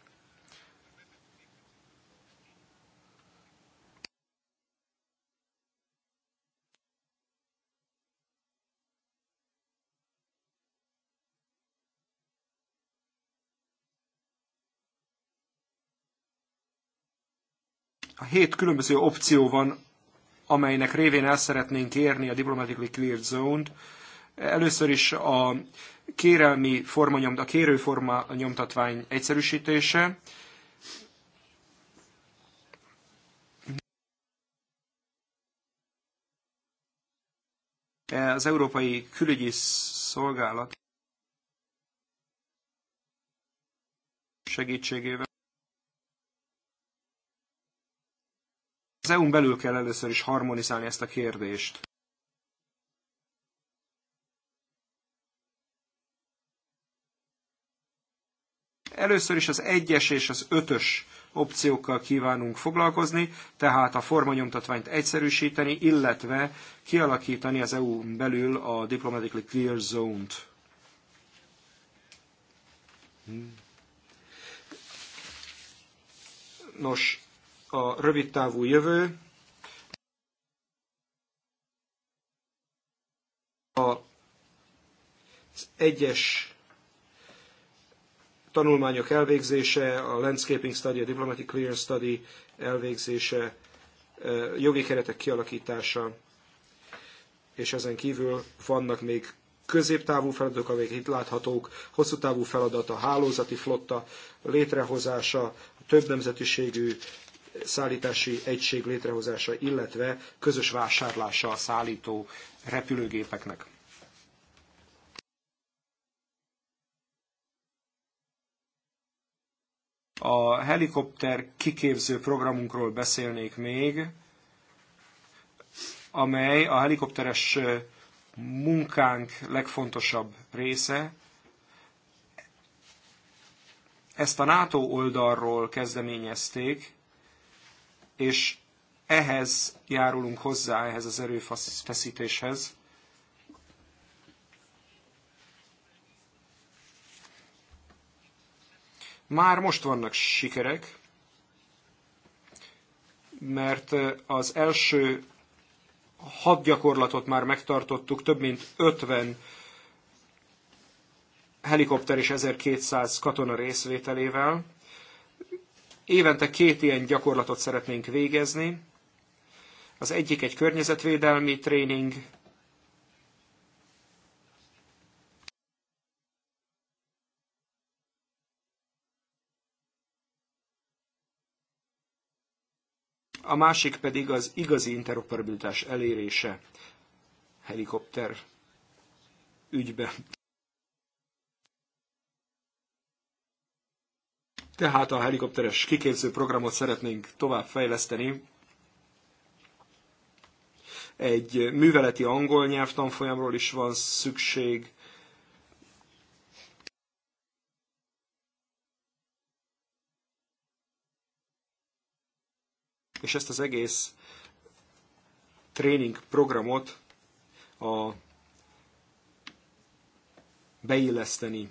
hét különböző opció van, amelynek révén el szeretnénk érni a diplomatically cleared zone-t. Először is a kérelmi formanyomta, a kérőforma nyomtatvány egyszerűsítése, az Európai Külügyi Szolgálat segítségével. Az EU-n belül kell először is harmonizálni ezt a kérdést. Először is az egyes és az ötös opciókkal kívánunk foglalkozni, tehát a formanyomtatványt egyszerűsíteni, illetve kialakítani az eu belül a diplomatically clear zone-t. Hmm. Nos, a rövidtávú jövő, az egyes tanulmányok elvégzése, a Landscaping Study, a Diplomatic Clearance Study elvégzése, jogi keretek kialakítása, és ezen kívül vannak még középtávú feladatok, amelyek itt láthatók, hosszú távú feladat, a hálózati flotta létrehozása, a több nemzetiségű szállítási egység létrehozása, illetve közös vásárlása a szállító repülőgépeknek. A helikopter kiképző programunkról beszélnék még, amely a helikopteres munkánk legfontosabb része. Ezt a NATO oldalról kezdeményezték, és ehhez járulunk hozzá, ehhez az erőfeszítéshez. Már most vannak sikerek, mert az első gyakorlatot már megtartottuk, több mint 50 helikopter és 1200 katona részvételével. Évente két ilyen gyakorlatot szeretnénk végezni. Az egyik egy környezetvédelmi tréning, a másik pedig az igazi interoperabilitás elérése helikopter ügyben. Tehát a helikopteres kiképző programot szeretnénk tovább fejleszteni egy műveleti angol nyelvtanfolyamról is van szükség. És ezt az egész tréning programot a beilleszteni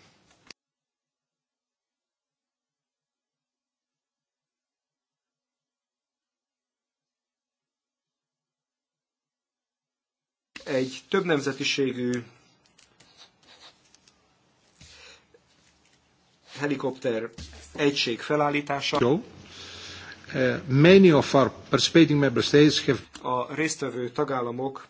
egy több nemzetiségű helikopter egység felállítása. Jó. Eh, many of our participating member states have... A résztvevő tagállamok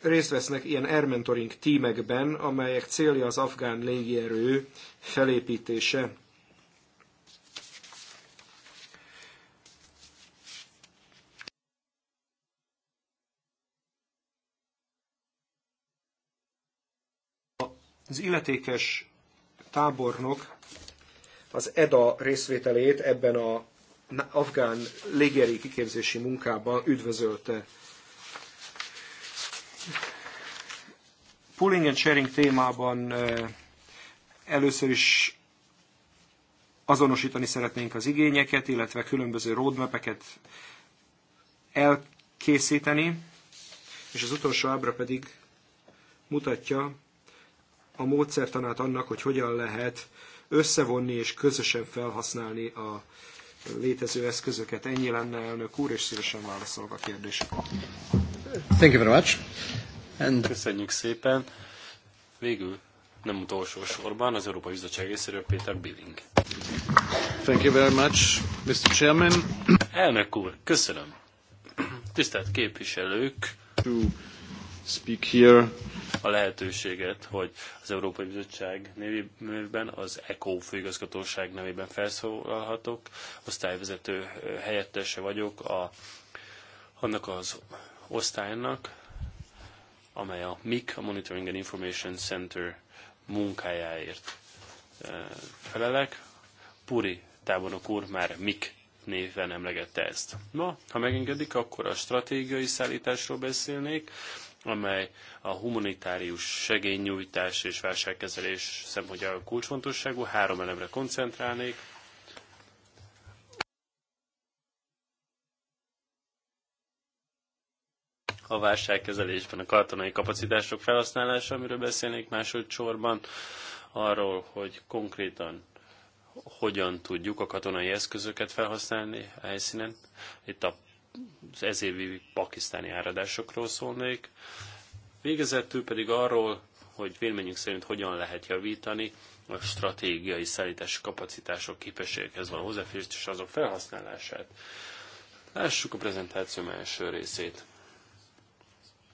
részt vesznek ilyen air mentoring tímekben, amelyek célja az afgán légierő felépítése. illetékes tábornok az EDA részvételét ebben a afgán légierő kiképzési munkában üdvözölte. Pulling and sharing témában először is azonosítani szeretnénk az igényeket, illetve különböző roadmapeket elkészíteni, és az utolsó ábra pedig mutatja, a módszertanát annak, hogy hogyan lehet összevonni és közösen felhasználni a létező eszközöket. Ennyi lenne, elnök úr, és szívesen válaszolok a kérdésekre. Thank you very much. And... Köszönjük szépen. Végül nem utolsó sorban az Európai Bizottság részéről Péter Billing. Thank you very much, Mr. Chairman. Elnök úr, köszönöm. Tisztelt képviselők. To speak here a lehetőséget, hogy az Európai Bizottság nevében, az ECO főigazgatóság nevében felszólalhatok, osztályvezető helyettese vagyok a, annak az osztálynak, amely a MIC, a Monitoring and Information Center munkájáért e, felelek. Puri tábornok úr már MiC néven emlegette ezt. Ma, ha megengedik, akkor a stratégiai szállításról beszélnék, amely a humanitárius segélynyújtás és válságkezelés szempontjából kulcsfontosságú. Három elemre koncentrálnék. A válságkezelésben a katonai kapacitások felhasználása, amiről beszélnék másodszorban, arról, hogy konkrétan hogyan tudjuk a katonai eszközöket felhasználni a helyszínen. Itt a az ezévi pakisztáni áradásokról szólnék, végezetül pedig arról, hogy véleményünk szerint hogyan lehet javítani a stratégiai szállítási kapacitások képességekhez való hozzáférést és azok felhasználását. Lássuk a prezentáció első részét.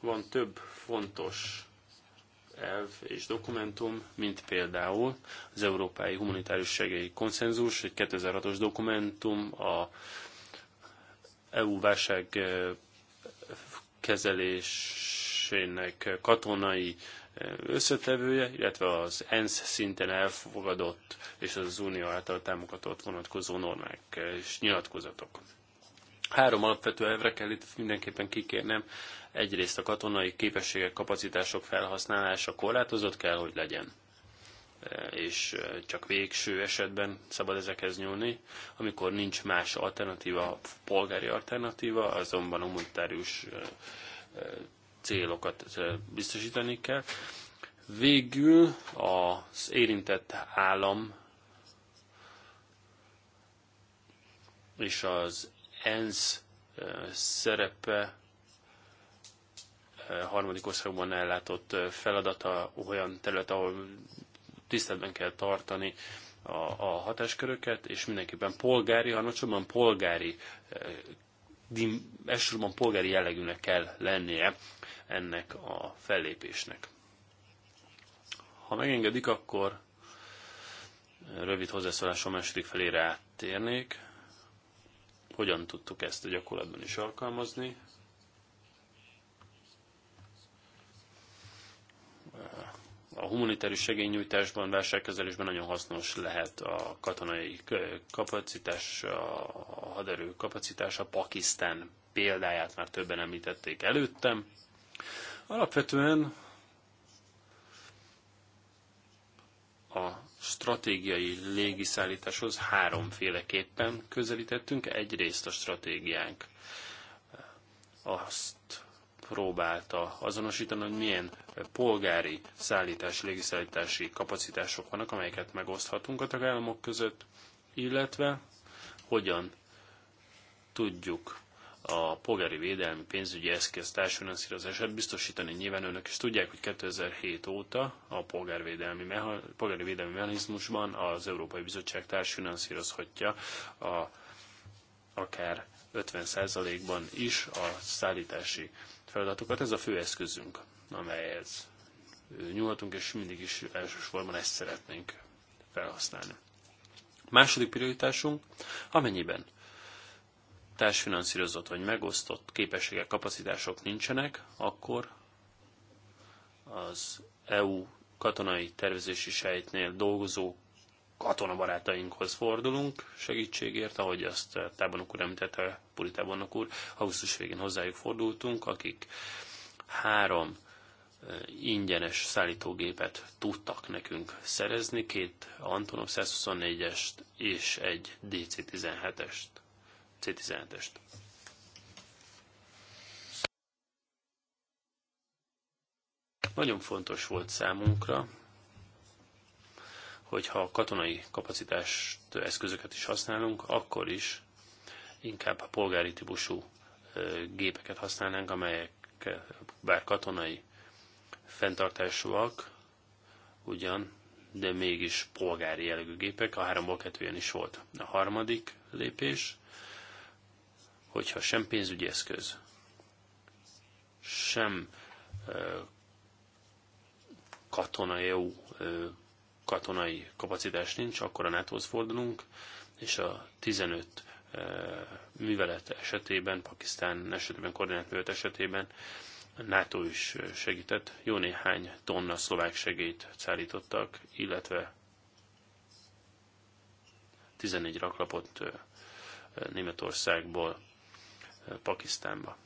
Van több fontos elv és dokumentum, mint például az Európai Humanitárius Segély Konszenzus, egy 2006-os dokumentum, a EU e, kezelésének katonai e, összetevője, illetve az ENSZ szinten elfogadott és az Unió által támogatott vonatkozó normák és nyilatkozatok. Három alapvető elvre kell itt mindenképpen kikérnem. Egyrészt a katonai képességek, kapacitások felhasználása korlátozott kell, hogy legyen. Eh, és eh, csak végső esetben szabad ezekhez nyúlni, amikor nincs más alternatíva, polgári alternatíva, azonban humanitárius eh, célokat biztosítani kell. Végül az érintett állam és az ENSZ szerepe harmadik országban ellátott feladata olyan terület, ahol tiszteletben kell tartani a, a hatásköröket, és mindenképpen polgári, hanem polgári eh, elsősorban polgári jellegűnek kell lennie ennek a fellépésnek. Ha megengedik, akkor rövid hozzászólásom második felére áttérnék. Hogyan tudtuk ezt a gyakorlatban is alkalmazni? a humanitárius segélynyújtásban, válságkezelésben nagyon hasznos lehet a katonai kapacitás, a haderő kapacitása. Pakisztán példáját már többen említették előttem. Alapvetően a stratégiai légiszállításhoz háromféleképpen közelítettünk. Egyrészt a stratégiánk azt próbálta azonosítani, hogy milyen polgári szállítási, légiszállítási kapacitások vannak, amelyeket megoszthatunk a tagállamok között, illetve hogyan tudjuk a polgári védelmi pénzügyi eszköz társfinanszírozását biztosítani. Nyilván önök is tudják, hogy 2007 óta a polgárvédelmi, meha, polgári védelmi mechanizmusban az Európai Bizottság társfinanszírozhatja a, akár 50%-ban is a szállítási feladatokat. Ez a fő eszközünk, amelyhez nyúlhatunk, és mindig is elsősorban ezt szeretnénk felhasználni. Második prioritásunk, amennyiben társfinanszírozott vagy megosztott képességek, kapacitások nincsenek, akkor az EU katonai tervezési sejtnél dolgozó katonabarátainkhoz fordulunk segítségért, ahogy azt tábornok úr említette, Puri tábornok úr, augusztus végén hozzájuk fordultunk, akik három eh, ingyenes szállítógépet tudtak nekünk szerezni, két Antonov 124-est és egy DC-17-est. C-17-est. Nagyon fontos volt számunkra, hogyha a katonai kapacitást, eszközöket is használunk, akkor is inkább a polgári típusú gépeket használnánk, amelyek bár katonai fenntartásúak, ugyan, de mégis polgári jellegű gépek, a háromból kettő ilyen is volt. A harmadik lépés, hogyha sem pénzügyi eszköz, sem katonai EU katonai kapacitás nincs, akkor a NATO-hoz fordulunk, és a 15 e, művelet esetében, Pakisztán esetében, művelet esetében a NATO is segített. Jó néhány tonna szlovák segélyt szállítottak, illetve 14 raklapot e, Németországból e, Pakisztánba.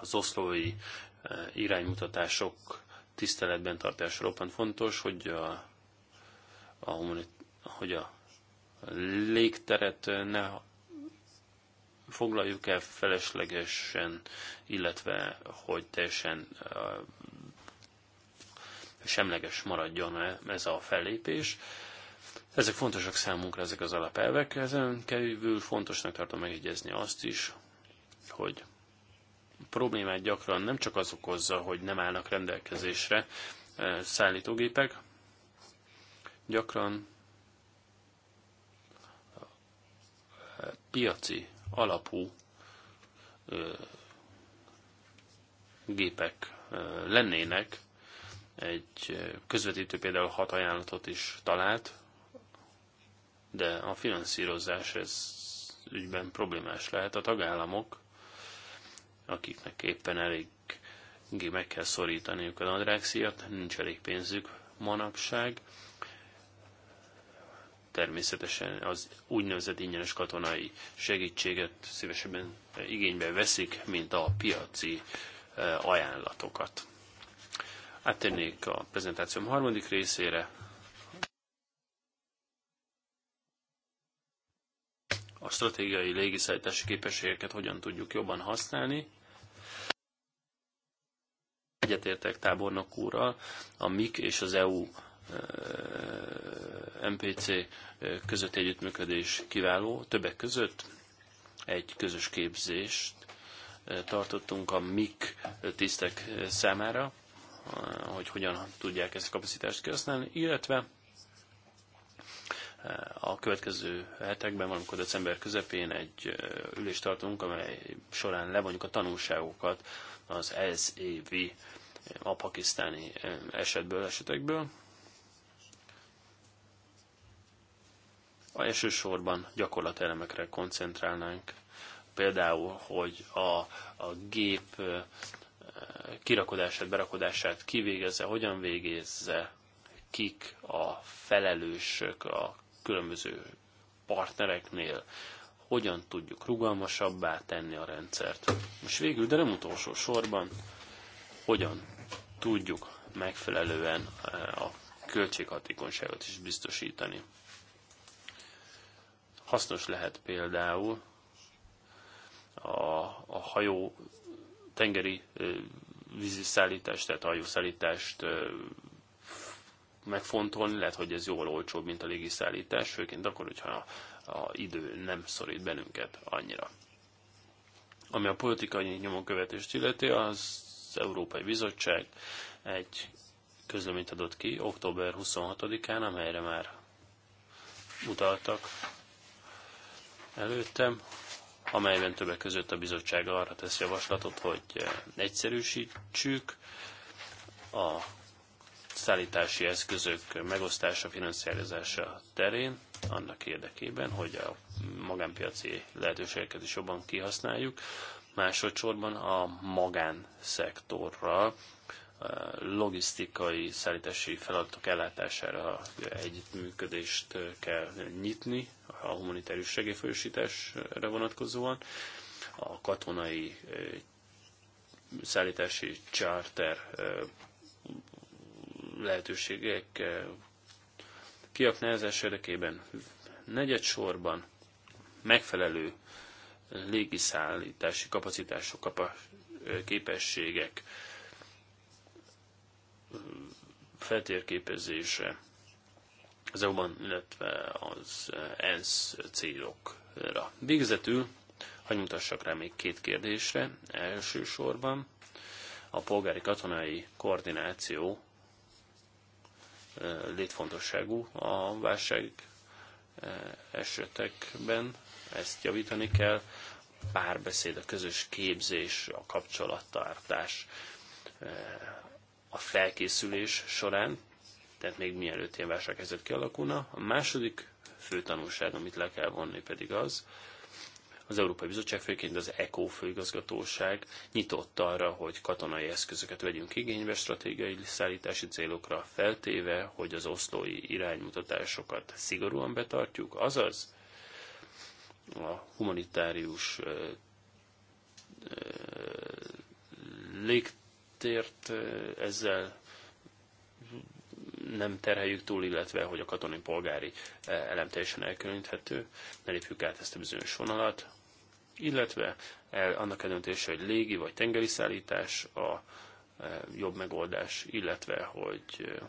az oszlói eh, iránymutatások tiszteletben tartása roppant fontos, hogy a, a, hogy a légteret eh, ne foglaljuk el feleslegesen, illetve hogy teljesen eh, semleges maradjon e, ez a fellépés. Ezek fontosak számunkra, ezek az alapelvek. Ezen kívül fontosnak tartom megjegyezni azt is, hogy problémát gyakran nem csak az okozza, hogy nem állnak rendelkezésre eh, szállítógépek, gyakran eh, piaci alapú eh, gépek lennének. Egy közvetítő például hat ajánlatot is talált, de a finanszírozás ez ügyben problémás lehet. A tagállamok akiknek éppen elég meg kell szorítaniuk a nadrágszíjat, nincs elég pénzük manapság. Természetesen az úgynevezett ingyenes katonai segítséget szívesebben igénybe veszik, mint a piaci e, ajánlatokat. Áttérnék a prezentációm harmadik részére. A stratégiai légiszállítási képességeket hogyan tudjuk jobban használni. Egyetértek tábornok úrral, a MIK és az EU eh, MPC eh, közötti együttműködés kiváló. Többek között egy közös képzést eh, tartottunk a MIK tisztek számára, hogy hogyan tudják ezt a kapacitást kihasználni, illetve a következő hetekben, valamikor december közepén egy ülést tartunk, amely során levonjuk a tanulságokat az ez évi a pakisztáni esetből, esetekből. A elsősorban gyakorlatelemekre koncentrálnánk. Például, hogy a, a gép kirakodását, berakodását kivégezze, hogyan végezze, kik a felelősök, a különböző partnereknél, hogyan tudjuk rugalmasabbá tenni a rendszert. És végül, de nem utolsó sorban, hogyan tudjuk megfelelően eh, a költséghatékonyságot is biztosítani. Hasznos lehet például a, a hajó tengeri eh, víziszállítást, tehát hajószállítást eh, megfontolni, lehet, hogy ez jól olcsóbb, mint a légiszállítás, főként akkor, hogyha a, a idő nem szorít bennünket annyira. Ami a politikai követést illeti, az Európai Bizottság egy közleményt adott ki október 26-án, amelyre már utaltak előttem, amelyben többek között a bizottság arra tesz javaslatot, hogy egyszerűsítsük a szállítási eszközök megosztása, finanszírozása terén, annak érdekében, hogy a magánpiaci lehetőségeket is jobban kihasználjuk. Másodszorban a magánszektorra, logisztikai szállítási feladatok ellátására együttműködést kell nyitni a humanitárius segélyfolyósításra vonatkozóan. A katonai eh, szállítási charter eh, lehetőségek eh, kiaknázás érdekében negyed sorban megfelelő légiszállítási kapacitások, eh, képességek feltérképezése az EU-ban, illetve az eh, ENSZ célokra. Végezetül, hagyj mutassak rá még két kérdésre. Elsősorban a polgári katonai koordináció létfontosságú a válság e, esetekben, ezt javítani kell, párbeszéd, a közös képzés, a kapcsolattartás, e, a felkészülés során, tehát még mielőtt ilyen kezdett kialakulna. A második fő tanulság, amit le kell vonni pedig az, az Európai Bizottság, főként az ECO főigazgatóság nyitott arra, hogy katonai eszközöket vegyünk igénybe stratégiai szállítási célokra, feltéve, hogy az oszlói iránymutatásokat szigorúan betartjuk, azaz a humanitárius légtért ezzel nem terheljük túl, illetve hogy a katonai polgári eh, elem teljesen elkülöníthető, ne lépjük át ezt a bizonyos vonalat, illetve el, eh, annak eldöntése, hogy légi vagy tengeri szállítás a eh, jobb megoldás, illetve hogy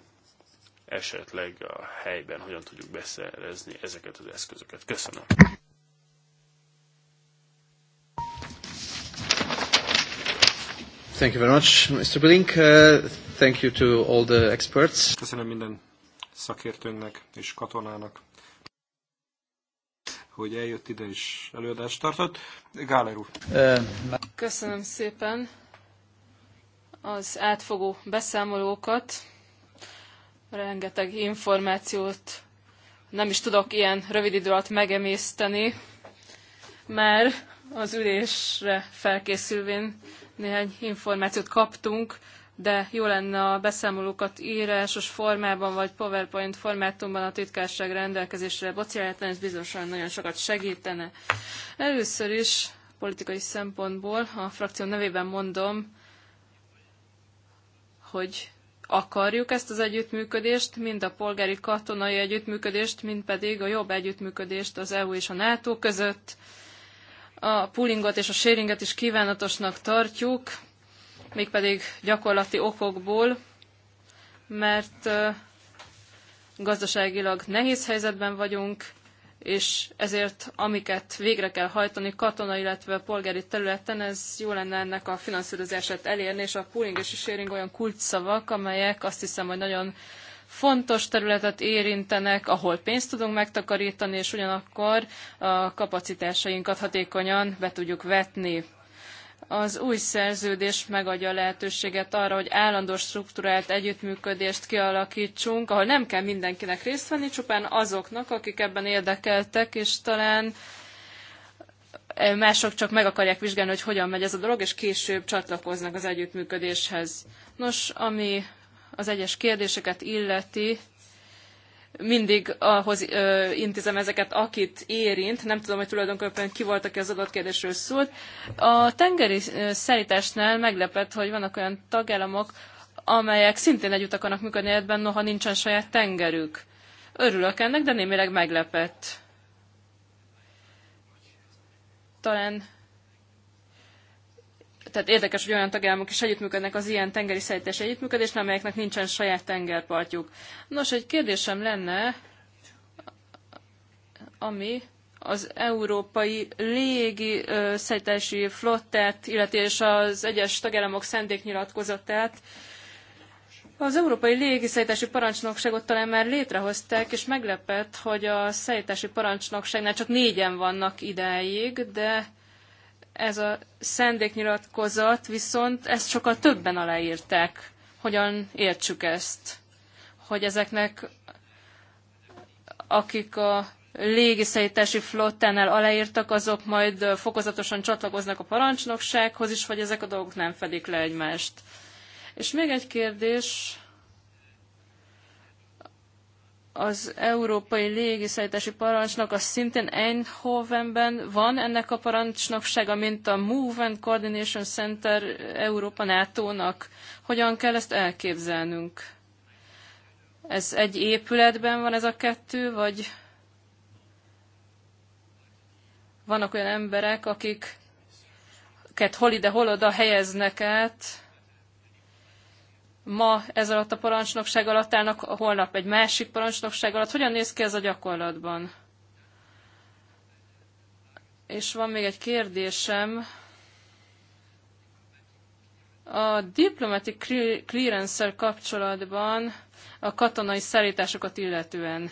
esetleg a helyben hogyan tudjuk beszerezni ezeket az eszközöket. Köszönöm. Thank you very much, Mr. Blink. Uh, thank you to all the experts. Köszönöm minden szakértőnek és katonának, hogy eljött ide és előadást tartott. Gáler úr. Köszönöm szépen az átfogó beszámolókat. Rengeteg információt nem is tudok ilyen rövid idő alatt megemészteni, mert az ülésre felkészülvén néhány információt kaptunk, de jó lenne a beszámolókat írásos formában, vagy PowerPoint formátumban a titkárság rendelkezésre bocsájátani, ez bizonyosan nagyon sokat segítene. Először is politikai szempontból a frakció nevében mondom, hogy akarjuk ezt az együttműködést, mind a polgári katonai együttműködést, mind pedig a jobb együttműködést az EU és a NATO között. A poolingot és a sharinget is kívánatosnak tartjuk, mégpedig gyakorlati okokból, mert gazdaságilag nehéz helyzetben vagyunk, és ezért amiket végre kell hajtani katona, illetve polgári területen, ez jó lenne ennek a finanszírozását elérni, és a pooling és a sharing olyan kulcsszavak, amelyek azt hiszem, hogy nagyon fontos területet érintenek, ahol pénzt tudunk megtakarítani, és ugyanakkor a kapacitásainkat hatékonyan be tudjuk vetni. Az új szerződés megadja a lehetőséget arra, hogy állandó struktúrált együttműködést kialakítsunk, ahol nem kell mindenkinek részt venni, csupán azoknak, akik ebben érdekeltek, és talán eh, mások csak meg akarják vizsgálni, hogy hogyan megy ez a dolog, és később csatlakoznak az együttműködéshez. Nos, ami az egyes kérdéseket illeti, mindig ahhoz ö, intézem ezeket, akit érint. Nem tudom, hogy tulajdonképpen ki volt, aki az adott kérdésről szólt. A tengeri szerításnál meglepett, hogy vannak olyan tagállamok, amelyek szintén együtt akarnak működni ebben, noha nincsen saját tengerük. Örülök ennek, de némileg meglepett. Talán tehát érdekes, hogy olyan tagállamok is együttműködnek az ilyen tengeri szállítás együttműködésnél, amelyeknek nincsen saját tengerpartjuk. Nos, egy kérdésem lenne, ami az európai légi szállítási flottát, illetve és az egyes tagállamok szendéknyilatkozatát. Az Európai Légiszállítási Parancsnokságot talán már létrehozták, és meglepett, hogy a szállítási parancsnokságnál csak négyen vannak idáig, de ez a szendéknyilatkozat viszont ezt sokkal többen aláírták. Hogyan értsük ezt? Hogy ezeknek, akik a légiszállítási flottánál aláírtak, azok majd fokozatosan csatlakoznak a parancsnoksághoz is, vagy ezek a dolgok nem fedik le egymást. És még egy kérdés, az Európai Légiszállítási Parancsnok az szintén Eindhovenben van ennek a parancsnoksága, mint a Move and Coordination Center Európa NATO-nak. Hogyan kell ezt elképzelnünk? Ez egy épületben van ez a kettő, vagy vannak olyan emberek, akiket hol ide, hol oda helyeznek át, ma ez alatt a parancsnokság alatt állnak, holnap egy másik parancsnokság alatt. Hogyan néz ki ez a gyakorlatban? És van még egy kérdésem. A diplomatic clearance kapcsolatban a katonai szállításokat illetően.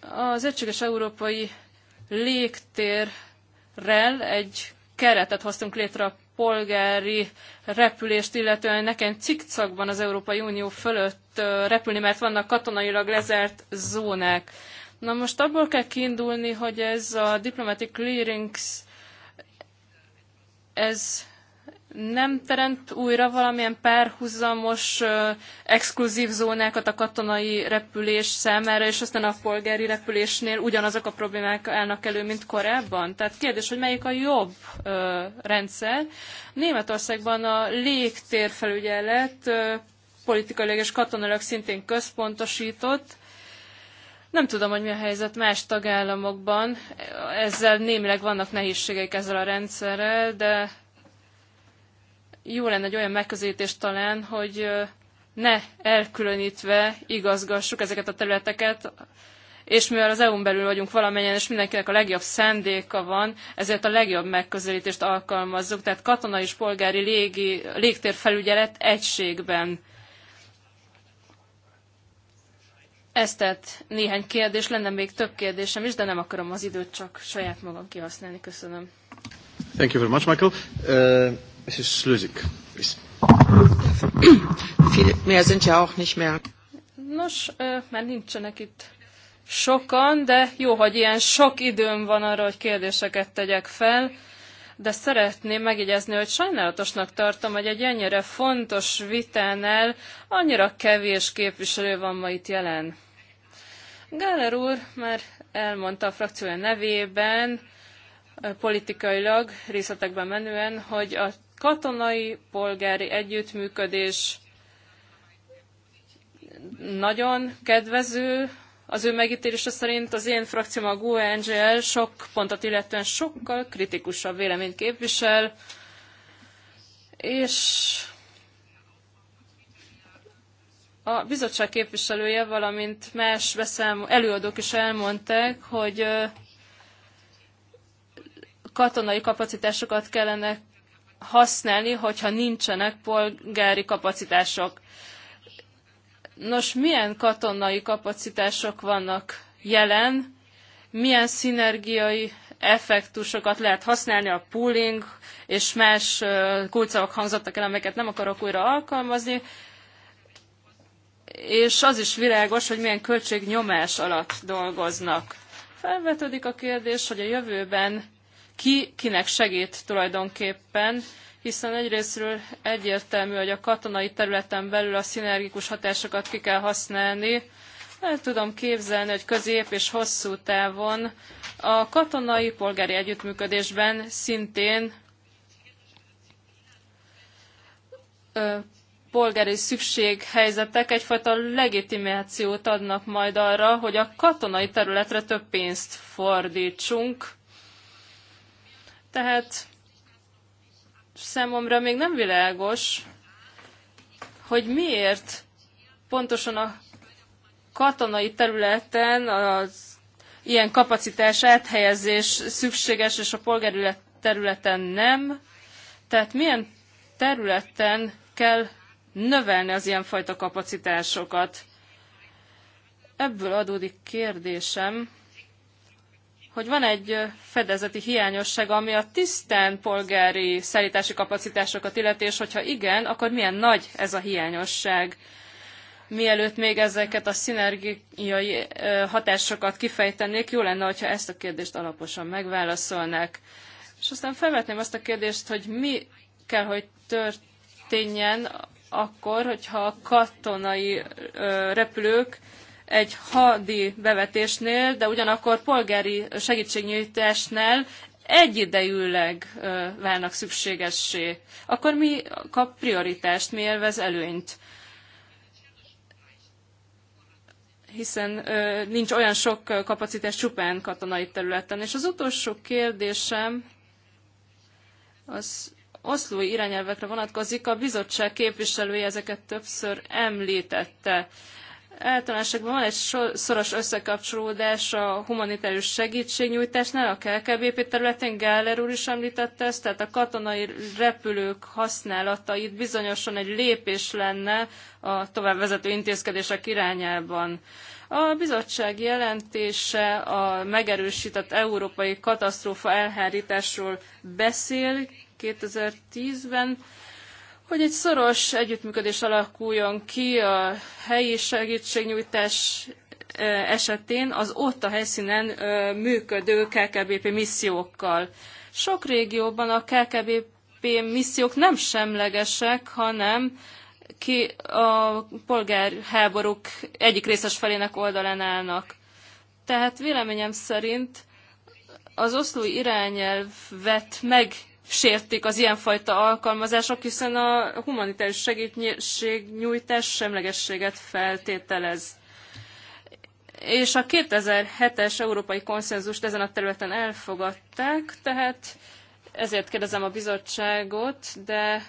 Az Egységes Európai Légtérrel egy keretet hoztunk létre a polgári repülést, illetően nekem cikcakban az Európai Unió fölött repülni, mert vannak katonailag lezárt zónák. Na most abból kell kiindulni, hogy ez a diplomatic clearings, ez nem teremt újra valamilyen párhuzamos, exkluzív zónákat a katonai repülés számára, és aztán a polgári repülésnél ugyanazok a problémák állnak elő, mint korábban? Tehát kérdés, hogy melyik a jobb ö, rendszer? Németországban a légtérfelügyelet politikailag és katonailag szintén központosított, nem tudom, hogy mi a helyzet más tagállamokban. Ezzel némileg vannak nehézségeik ezzel a rendszerrel, de jó lenne egy olyan megközelítés talán, hogy ne elkülönítve igazgassuk ezeket a területeket, és mivel az EU-n belül vagyunk valamennyien, és mindenkinek a legjobb szándéka van, ezért a legjobb megközelítést alkalmazzuk, tehát katonai és polgári légi, légtérfelügyelet egységben. Ez tehát néhány kérdés, lenne még több kérdésem is, de nem akarom az időt csak saját magam kihasználni. Köszönöm. Thank you very much, Michael. Uh... Mrs. Lösik, please. mehr sind ja auch nicht mehr. Nos, mert nincsenek itt sokan, de jó, hogy ilyen sok időm van arra, hogy kérdéseket tegyek fel, de szeretném megjegyezni, hogy sajnálatosnak tartom, hogy egy ennyire fontos vitánál annyira kevés képviselő van ma itt jelen. Gáler úr már elmondta a frakciója nevében, politikailag részletekben menően, hogy a Katonai, polgári együttműködés nagyon kedvező, az ő megítélése szerint az én frakcióm a GUE NGL sok pontot illetően sokkal kritikusabb véleményt képvisel, és a bizottság képviselője, valamint más beszámol, előadók is elmondták, hogy katonai kapacitásokat kellene használni, hogyha nincsenek polgári kapacitások. Nos, milyen katonai kapacitások vannak jelen, milyen szinergiai effektusokat lehet használni, a pooling és más kulcsok hangzottak el, amelyeket nem akarok újra alkalmazni, és az is virágos, hogy milyen költségnyomás alatt dolgoznak. Felvetődik a kérdés, hogy a jövőben ki kinek segít tulajdonképpen, hiszen egyrésztről egyértelmű, hogy a katonai területen belül a szinergikus hatásokat ki kell használni. El tudom képzelni, hogy közép és hosszú távon a katonai polgári együttműködésben szintén ö, polgári szükséghelyzetek egyfajta legitimációt adnak majd arra, hogy a katonai területre több pénzt fordítsunk tehát számomra még nem világos, hogy miért pontosan a katonai területen az ilyen kapacitás áthelyezés szükséges, és a polgári területen nem. Tehát milyen területen kell növelni az ilyenfajta kapacitásokat? Ebből adódik kérdésem, hogy van egy fedezeti hiányosság, ami a tisztán polgári szállítási kapacitásokat illeti, és hogyha igen, akkor milyen nagy ez a hiányosság. Mielőtt még ezeket a szinergiai hatásokat kifejtenék, jó lenne, hogyha ezt a kérdést alaposan megválaszolnák. És aztán felvetném azt a kérdést, hogy mi kell, hogy történjen akkor, hogyha a katonai repülők egy hadi bevetésnél, de ugyanakkor polgári segítségnyújtásnál egyidejűleg válnak szükségessé, akkor mi kap prioritást, mi élvez előnyt? hiszen ö, nincs olyan sok kapacitás csupán katonai területen. És az utolsó kérdésem az oszlói irányelvekre vonatkozik. A bizottság képviselője ezeket többször említette. Ö, általánosságban van egy szoros összekapcsolódás a humanitárius segítségnyújtásnál, a KKBP területén, Gáller úr is említette ezt, tehát a katonai repülők használata itt bizonyosan egy lépés lenne a továbbvezető intézkedések irányában. A bizottság jelentése a megerősített európai katasztrófa elhárításról beszél 2010-ben, hogy egy szoros együttműködés alakuljon ki a helyi segítségnyújtás esetén az ott a helyszínen működő KKBP missziókkal. Sok régióban a KKBP missziók nem semlegesek, hanem ki a polgárháborúk egyik részes felének oldalán állnak. Tehát véleményem szerint az oszlói irányelvet meg sértik az ilyenfajta alkalmazások, hiszen a humanitárius segítségnyújtás semlegességet feltételez. És a 2007-es európai konszenzust ezen a területen elfogadták, tehát ezért kérdezem a bizottságot, de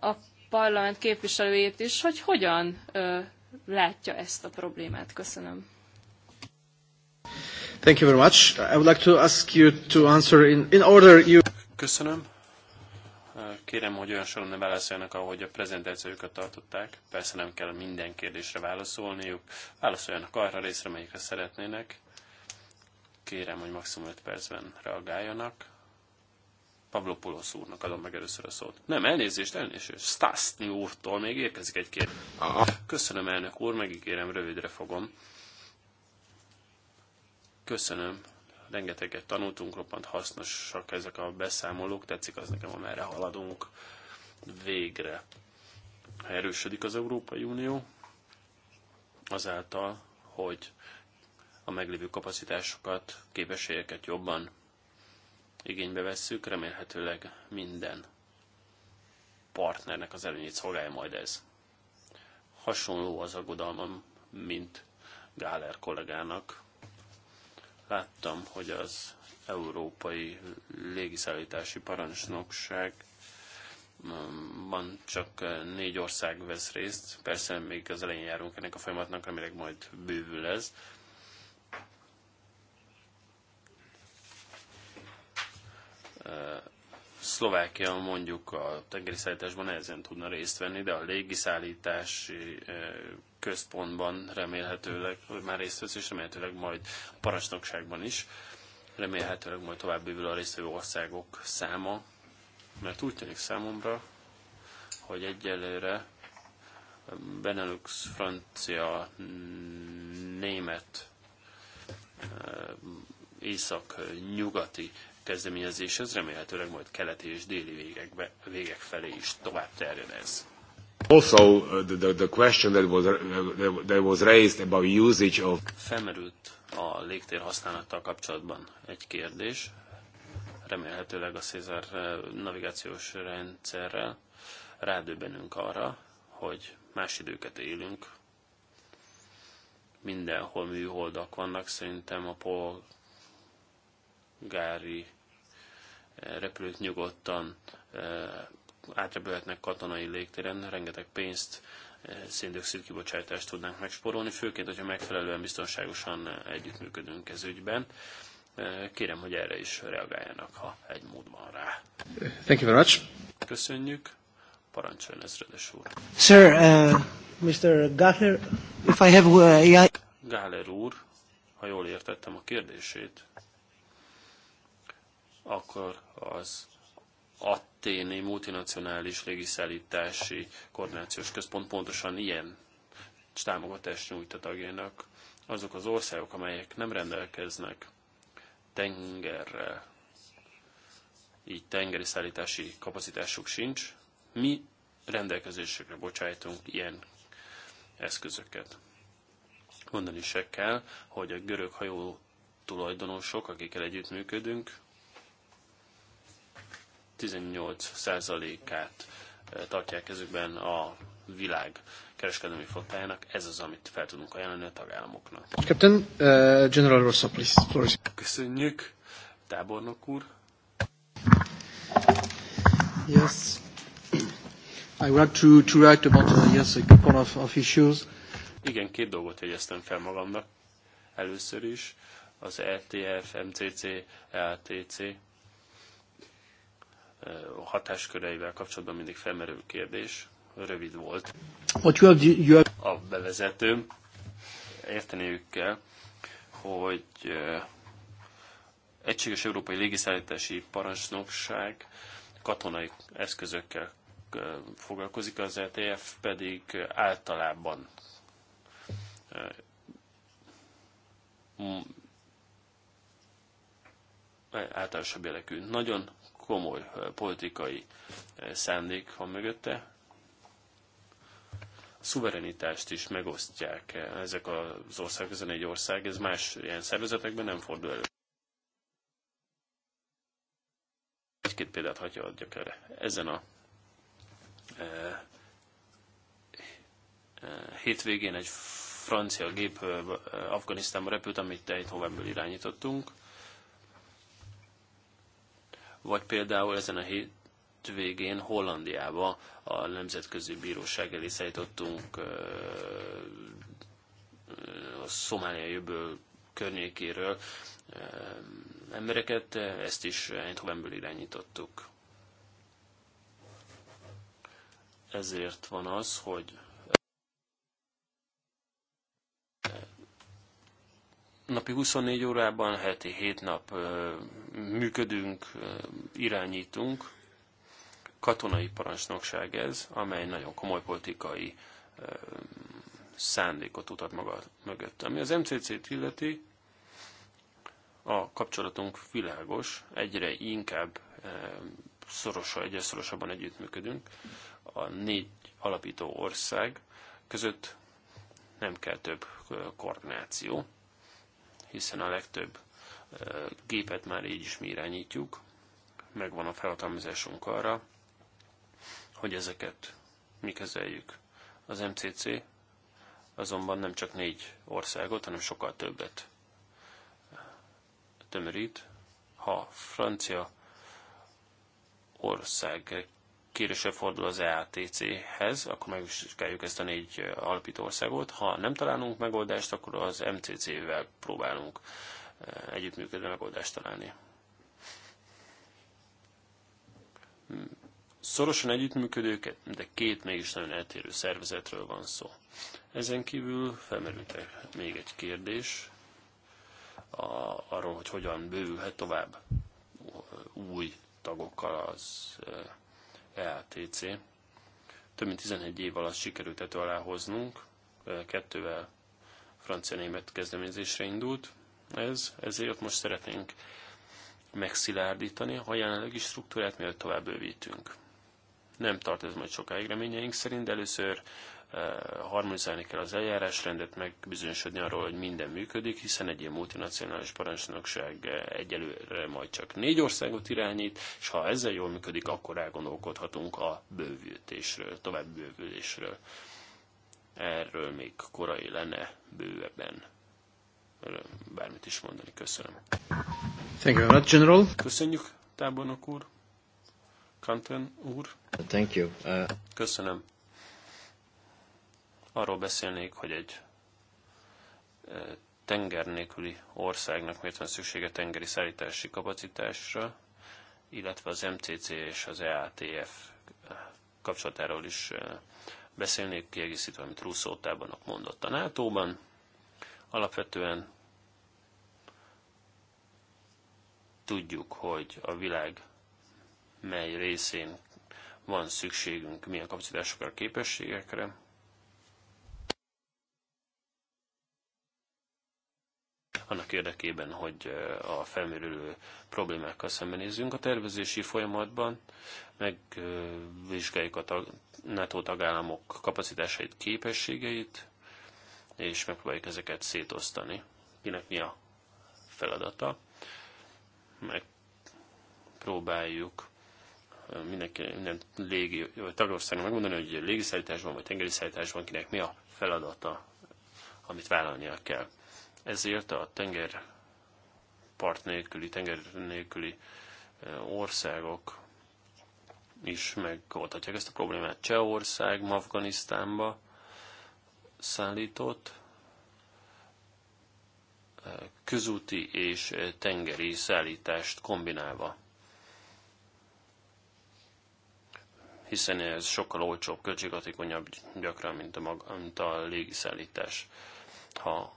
a parlament képviselőjét is, hogy hogyan ö, látja ezt a problémát. Köszönöm. Thank you very much. I would like to ask you to answer in, in order you... Köszönöm. Kérem, hogy olyan ne válaszoljanak, ahogy a prezentációjukat tartották. Persze nem kell minden kérdésre válaszolniuk. Válaszoljanak arra részre, melyikre szeretnének. Kérem, hogy maximum 5 percben reagáljanak. Pavlopoulos úrnak adom meg először a szót. Nem, elnézést, elnézést. Stasny úrtól még érkezik egy kérdés. Ah. Köszönöm, elnök úr, megígérem, rövidre fogom. Köszönöm, rengeteget tanultunk, roppant hasznosak ezek a beszámolók, tetszik az nekem, amerre haladunk végre. Erősödik az Európai Unió, azáltal, hogy a meglévő kapacitásokat, képességeket jobban igénybe vesszük, remélhetőleg minden partnernek az előnyét szolgálja majd ez. Hasonló az aggodalmam, mint Gáler kollégának, Láttam, hogy az Európai Légiszállítási Parancsnokság mm, van csak négy ország vesz részt. Persze még az elején járunk ennek a folyamatnak, amire majd bővül ez. Szlovákia mondjuk a szállításban nehezen tudna részt venni, de a légiszállítási központban remélhetőleg, már részt vesz, és remélhetőleg majd a parancsnokságban is, remélhetőleg majd tovább bővül a résztvevő országok száma, mert úgy tűnik számomra, hogy egyelőre Benelux, francia, német, eh, észak-nyugati kezdeményezés, ez remélhetőleg majd keleti és déli végekbe, végek felé is tovább terjed ez. Also, uh, the, the question that was, uh, that was raised about usage of... Felmerült a légtér használattal kapcsolatban egy kérdés, remélhetőleg a Cézár uh, navigációs rendszerrel rádöbbenünk arra, hogy más időket élünk, mindenhol műholdak vannak, szerintem a polgári uh, repülőt nyugodtan uh, átrepülhetnek katonai légtéren, rengeteg pénzt, eh, széndiokszid kibocsátást tudnánk megsporolni, főként, hogyha megfelelően biztonságosan eh, együttműködünk ez ügyben. Eh, kérem, hogy erre is reagáljanak, ha egy mód van rá. Thank you very much. Köszönjük. Parancsoljon ezredes úr. Sir, uh, Mr. Gahler, if I have... Uh, yeah. Gahler úr, ha jól értettem a kérdését, akkor az TNI multinacionális légiszállítási koordinációs központ pontosan ilyen támogatást nyújt a tagjának. Azok az országok, amelyek nem rendelkeznek tengerrel, így tengeri szállítási kapacitásuk sincs, mi rendelkezésükre bocsájtunk ilyen eszközöket. Mondani se kell, hogy a görög hajó tulajdonosok, akikkel együttműködünk, 18%-át tartják kezükben a világ kereskedelmi flottájának. Ez az, amit fel tudunk ajánlani a tagállamoknak. Captain, uh, General Rossa, please. Köszönjük, tábornok úr. Yes. I want to, to write about uh, yes, a couple of, of issues. Igen, két dolgot jegyeztem fel magamnak. Először is az LTF, e MCC, LTC e hatásköreivel kapcsolatban mindig felmerül kérdés. Rövid volt a bevezető. Érteniük kell, hogy Egységes Európai Légiszállítási Parancsnokság katonai eszközökkel foglalkozik, az ETF pedig általában általánosabb jelekű. Nagyon komoly politikai szándék van mögötte. A szuverenitást is megosztják ezek az országok, ez a négy ország, ez más ilyen szervezetekben nem fordul elő. Egy-két példát hagyja adjak erre. Ezen a e, e, hétvégén egy francia gép Afganisztánba repült, amit Eindhovenből irányítottunk vagy például ezen a végén Hollandiába a Nemzetközi Bíróság elé szállítottunk a Szomália jövő környékéről embereket, ezt is Eindhovenből irányítottuk. Ezért van az, hogy napi 24 órában, heti 7 nap működünk, irányítunk. Katonai parancsnokság ez, amely nagyon komoly politikai szándékot mutat maga mögött. Ami az MCC-t illeti, a kapcsolatunk világos, egyre inkább szorosan, egyre szorosabban együttműködünk. A négy alapító ország között nem kell több koordináció, hiszen a legtöbb gépet már így is mi irányítjuk, megvan a felhatalmazásunk arra, hogy ezeket mi kezeljük. Az MCC azonban nem csak négy országot, hanem sokkal többet tömörít. Ha Francia ország kérésre fordul az EATC-hez, akkor megvizsgáljuk ezt a négy alapító országot. Ha nem találunk megoldást, akkor az MCC-vel próbálunk Eh, együttműködve megoldást találni. Hmm. Szorosan együttműködők, de két mégis nagyon eltérő szervezetről van szó. Ezen kívül felmerült -e még egy kérdés a, arról, hogy hogyan bővülhet tovább új tagokkal az EATC. Eh, e Több mint 11 év alatt sikerült ető aláhoznunk, eh, kettővel francia-német kezdeményezésre indult, ez, ezért most szeretnénk megszilárdítani, a jelenlegi struktúrát mielőtt tovább bővítünk. Nem tart ez majd sokáig reményeink szerint, de először eh, harmonizálni kell az eljárásrendet, megbizonyosodni arról, hogy minden működik, hiszen egy ilyen multinacionális parancsnokság eh, egyelőre majd csak négy országot irányít, és ha ezzel jól működik, akkor elgondolkodhatunk a bővítésről, további bővülésről. Erről még korai lenne bővebben bármit is mondani. Köszönöm. Thank you very much, General. Köszönjük, tábornok úr. Kanton úr. Thank you. Uh... Köszönöm. Arról beszélnék, hogy egy uh, tenger nélküli országnak miért van szüksége tengeri szállítási kapacitásra, illetve az MCC és az EATF uh, kapcsolatáról is uh, beszélnék, kiegészítve, amit Russzó tábornok mondott a NATO-ban. Alapvetően tudjuk, hogy a világ mely részén van szükségünk milyen kapcsolásokra képességekre. Annak érdekében, hogy a felmerülő problémákkal szembenézzünk a tervezési folyamatban, megvizsgáljuk a NATO tagállamok kapacitásait, képességeit, és megpróbáljuk ezeket szétosztani. Kinek mi a feladata? Megpróbáljuk mindenki, minden légi, vagy tagországnak megmondani, hogy légiszállításban vagy szállításban kinek mi a feladata, amit vállalnia kell. Ezért a tenger part nélküli, tenger nélküli országok is megoldhatják ezt a problémát. Csehország, Afganisztánba szállított közúti és tengeri szállítást kombinálva. Hiszen ez sokkal olcsóbb, költséghatékonyabb gyakran, mint a, maga, mint a szállítás. Ha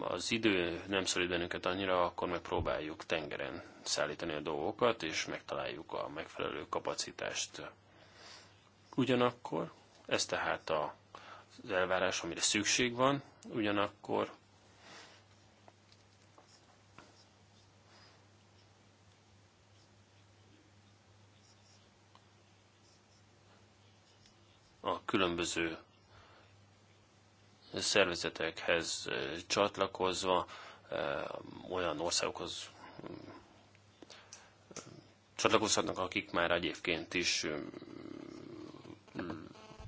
az idő nem szorít bennünket annyira, akkor megpróbáljuk tengeren szállítani a dolgokat, és megtaláljuk a megfelelő kapacitást. Ugyanakkor ez tehát a az elvárás, amire szükség van, ugyanakkor a különböző szervezetekhez csatlakozva olyan országokhoz csatlakozhatnak, akik már egyébként is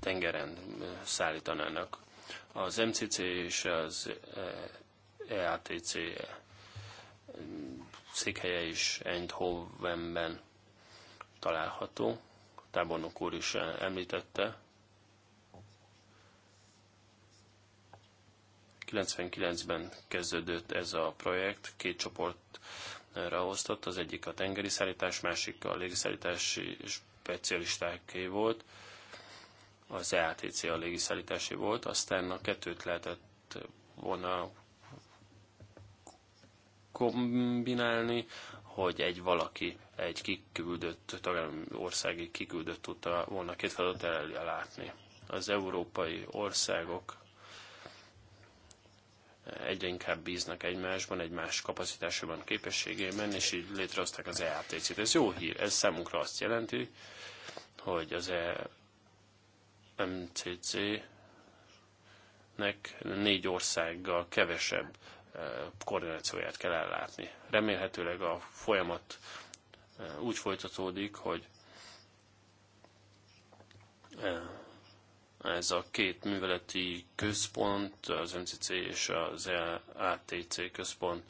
tengeren szállítanának. Az MCC és az EATC székhelye is Eindhovenben található. A tábornok úr is említette. 99-ben kezdődött ez a projekt, két csoportra osztott, az egyik a tengeri szállítás, másik a légiszállítási specialistáké volt az EATC a légiszállítási volt, aztán a kettőt lehetett volna kombinálni, hogy egy valaki, egy kiküldött, tagállami országi kiküldött tudta volna két feladat el látni. Az európai országok egyre inkább bíznak egymásban, egymás kapacitásában, képességében, és így létrehozták az EATC-t. Ez jó hír, ez számunkra azt jelenti, hogy az e MCC-nek négy országgal kevesebb eh, koordinációját kell ellátni. Remélhetőleg a folyamat eh, úgy folytatódik, hogy eh, ez a két műveleti központ, az MCC és az e ATC központ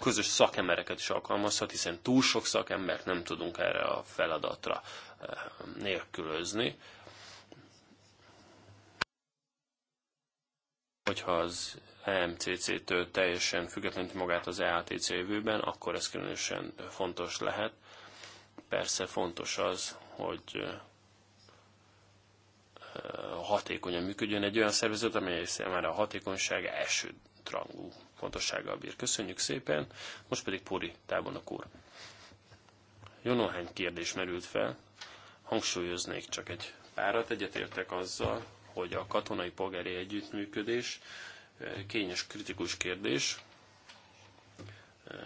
közös szakembereket is alkalmazhat, hiszen túl sok szakembert nem tudunk erre a feladatra eh, nélkülözni. Hogyha az EMCC-től teljesen függetlenül magát az EATC jövőben, akkor ez különösen fontos lehet. Persze fontos az, hogy eh, hatékonyan működjön egy olyan szervezet, amely számára a hatékonyság első rangú fontossággal bír. Köszönjük szépen, most pedig Póri tábornok úr. Jó néhány kérdés merült fel, hangsúlyoznék csak egy párat, egyetértek azzal, hogy a katonai polgári együttműködés eh, kényes, kritikus kérdés. Eh,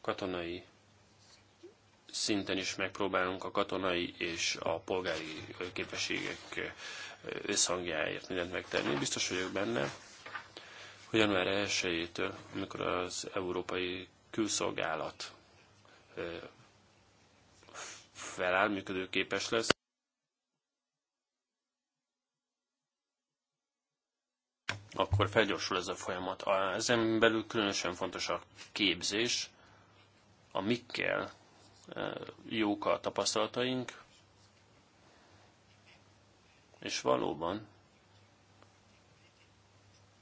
katonai szinten is megpróbálunk a katonai és a polgári képességek eh, összhangjáért mindent megtenni. Biztos vagyok benne, hogy január 1 amikor az Európai Külszolgálat feláll, működőképes lesz, akkor felgyorsul ez a folyamat. Ezen belül különösen fontos a képzés, a mikkel jók a tapasztalataink, és valóban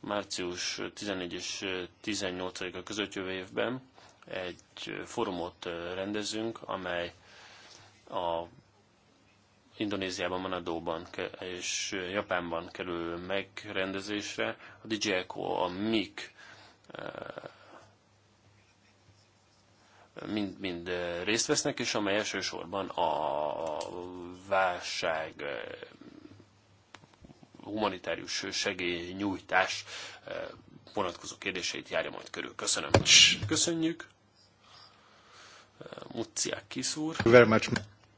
március 14 és 18-a között jövő évben egy fórumot rendezünk, amely a Indonéziában, Manadóban és Japánban kerül megrendezésre. A DJ Echo, a MIK eh, mind-mind részt vesznek, és amely elsősorban a válság eh, humanitárius segélynyújtás eh, vonatkozó kérdéseit járja majd körül. Köszönöm. Köszönjük. Eh, Mucciák kiszúr. Very much.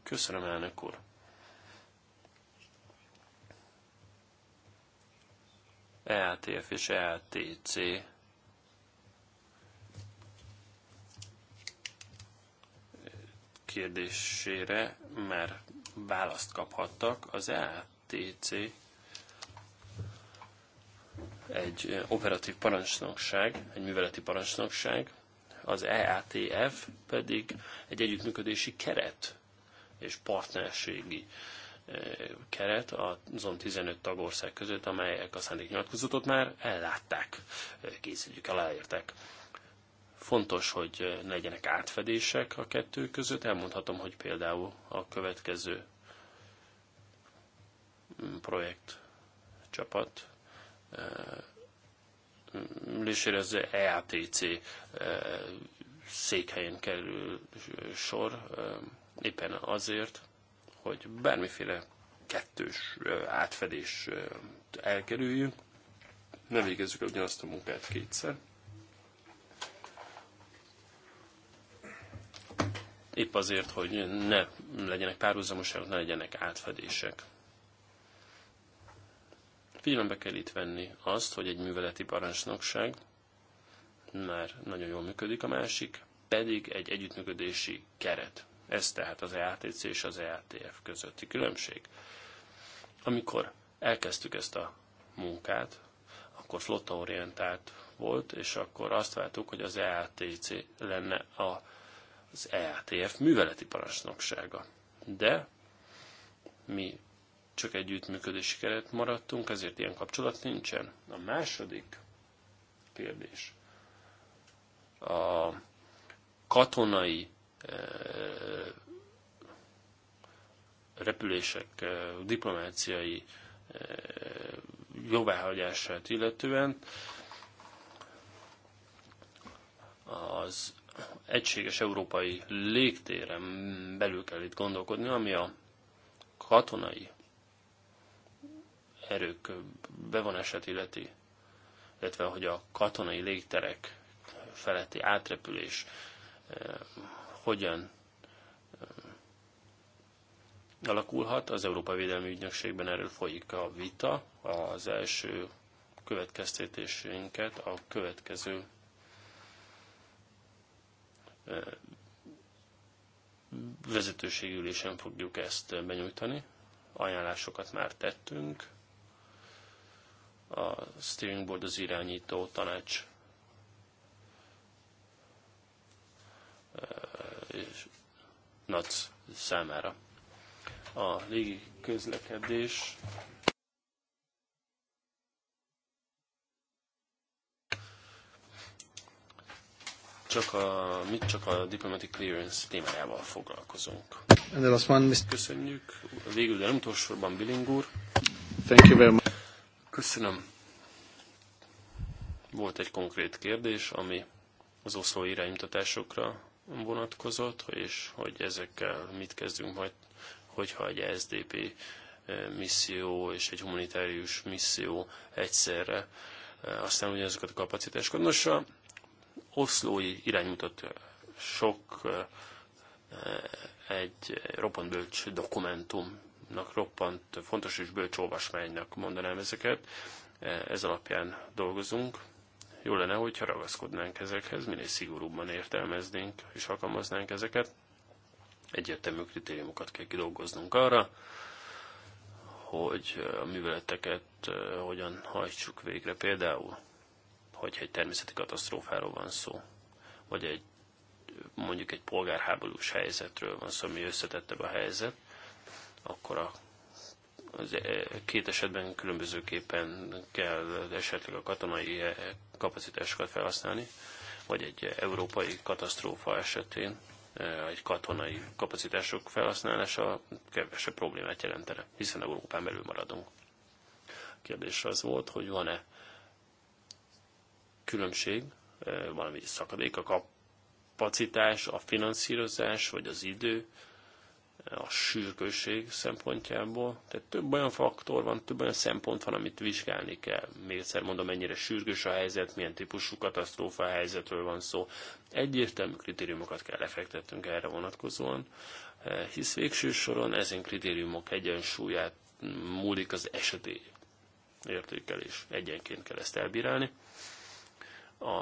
Köszönöm, elnök úr. EATF és EATC kérdésére mert választ kaphattak. Az EATC egy operatív parancsnokság, egy műveleti parancsnokság, az EATF pedig egy együttműködési keret és partnerségi keret azon 15 tagország között, amelyek a szándéknyilatkozatot már ellátták, készítjük, aláírták. Fontos, hogy legyenek átfedések a kettő között. Elmondhatom, hogy például a következő mm, projekt csapat ülésére EATC e, székhelyen kerül sor, e, éppen azért, hogy bármiféle kettős e, átfedés elkerüljünk, ne végezzük el ugyanazt a munkát kétszer. Épp azért, hogy ne legyenek párhuzamosak, ne legyenek átfedések. Figyelembe kell itt venni azt, hogy egy műveleti parancsnokság már nagyon jól működik, a másik pedig egy együttműködési keret. Ez tehát az EATC és az EATF közötti különbség. Amikor elkezdtük ezt a munkát, akkor flottaorientált volt, és akkor azt váltuk, hogy az EATC lenne a, az EATF műveleti parancsnoksága. De mi csak együttműködési keret maradtunk, ezért ilyen kapcsolat nincsen. A második kérdés. A katonai e, repülések e, diplomáciai e, jóváhagyását illetően az egységes európai légtéren belül kell itt gondolkodni, ami a katonai erők bevonását illeti, illetve hogy a katonai légterek feletti átrepülés eh, hogyan eh, alakulhat. Az Európa Védelmi Ügynökségben erről folyik a vita. Az első következtetésünket a következő eh, vezetőségülésen fogjuk ezt benyújtani. Ajánlásokat már tettünk, a steering board, az irányító tanács és NAC számára. A légi közlekedés csak a, mit csak a diplomatic clearance témájával foglalkozunk. And the last one, Mr. Köszönjük. Végül, de nem utolsóban Billing úr. Thank you very much. Köszönöm. Volt egy konkrét kérdés, ami az oszló iránymutatásokra vonatkozott, és hogy ezekkel mit kezdünk majd, hogyha egy SDP eh, misszió és egy humanitárius misszió egyszerre eh, aztán ugyanazokat a kapacitásokat. Nos, a oszlói sok eh, egy roppant bölcs dokumentum nak roppant fontos és bölcs olvasmánynak mondanám ezeket. E, ez alapján dolgozunk. Jó lenne, hogyha ragaszkodnánk ezekhez, minél szigorúbban értelmeznénk és alkalmaznánk ezeket. Egyértelmű kritériumokat kell kidolgoznunk arra, hogy a műveleteket e, hogyan hajtsuk végre. Például, hogyha egy természeti katasztrófáról van szó, vagy egy mondjuk egy polgárháborús helyzetről van szó, ami összetettebb a helyzet, akkor a, az eh, két esetben különbözőképpen kell esetleg a katonai eh, kapacitásokat felhasználni, vagy egy eh, európai katasztrófa esetén egy katonai kapacitások felhasználása kevesebb problémát jelentene, hiszen Európán belül maradunk. A kérdés az volt, hogy van-e különbség, valami szakadék a kapacitás, a finanszírozás vagy az idő a sürgősség szempontjából. Tehát több olyan faktor van, több olyan szempont van, amit vizsgálni kell. Még egyszer mondom, mennyire sürgős a helyzet, milyen típusú katasztrófa helyzetről van szó. Egyértelmű kritériumokat kell lefektetnünk erre vonatkozóan, hisz végső soron ezen kritériumok egyensúlyát múlik az eseti értékelés. Egyenként kell ezt elbírálni. A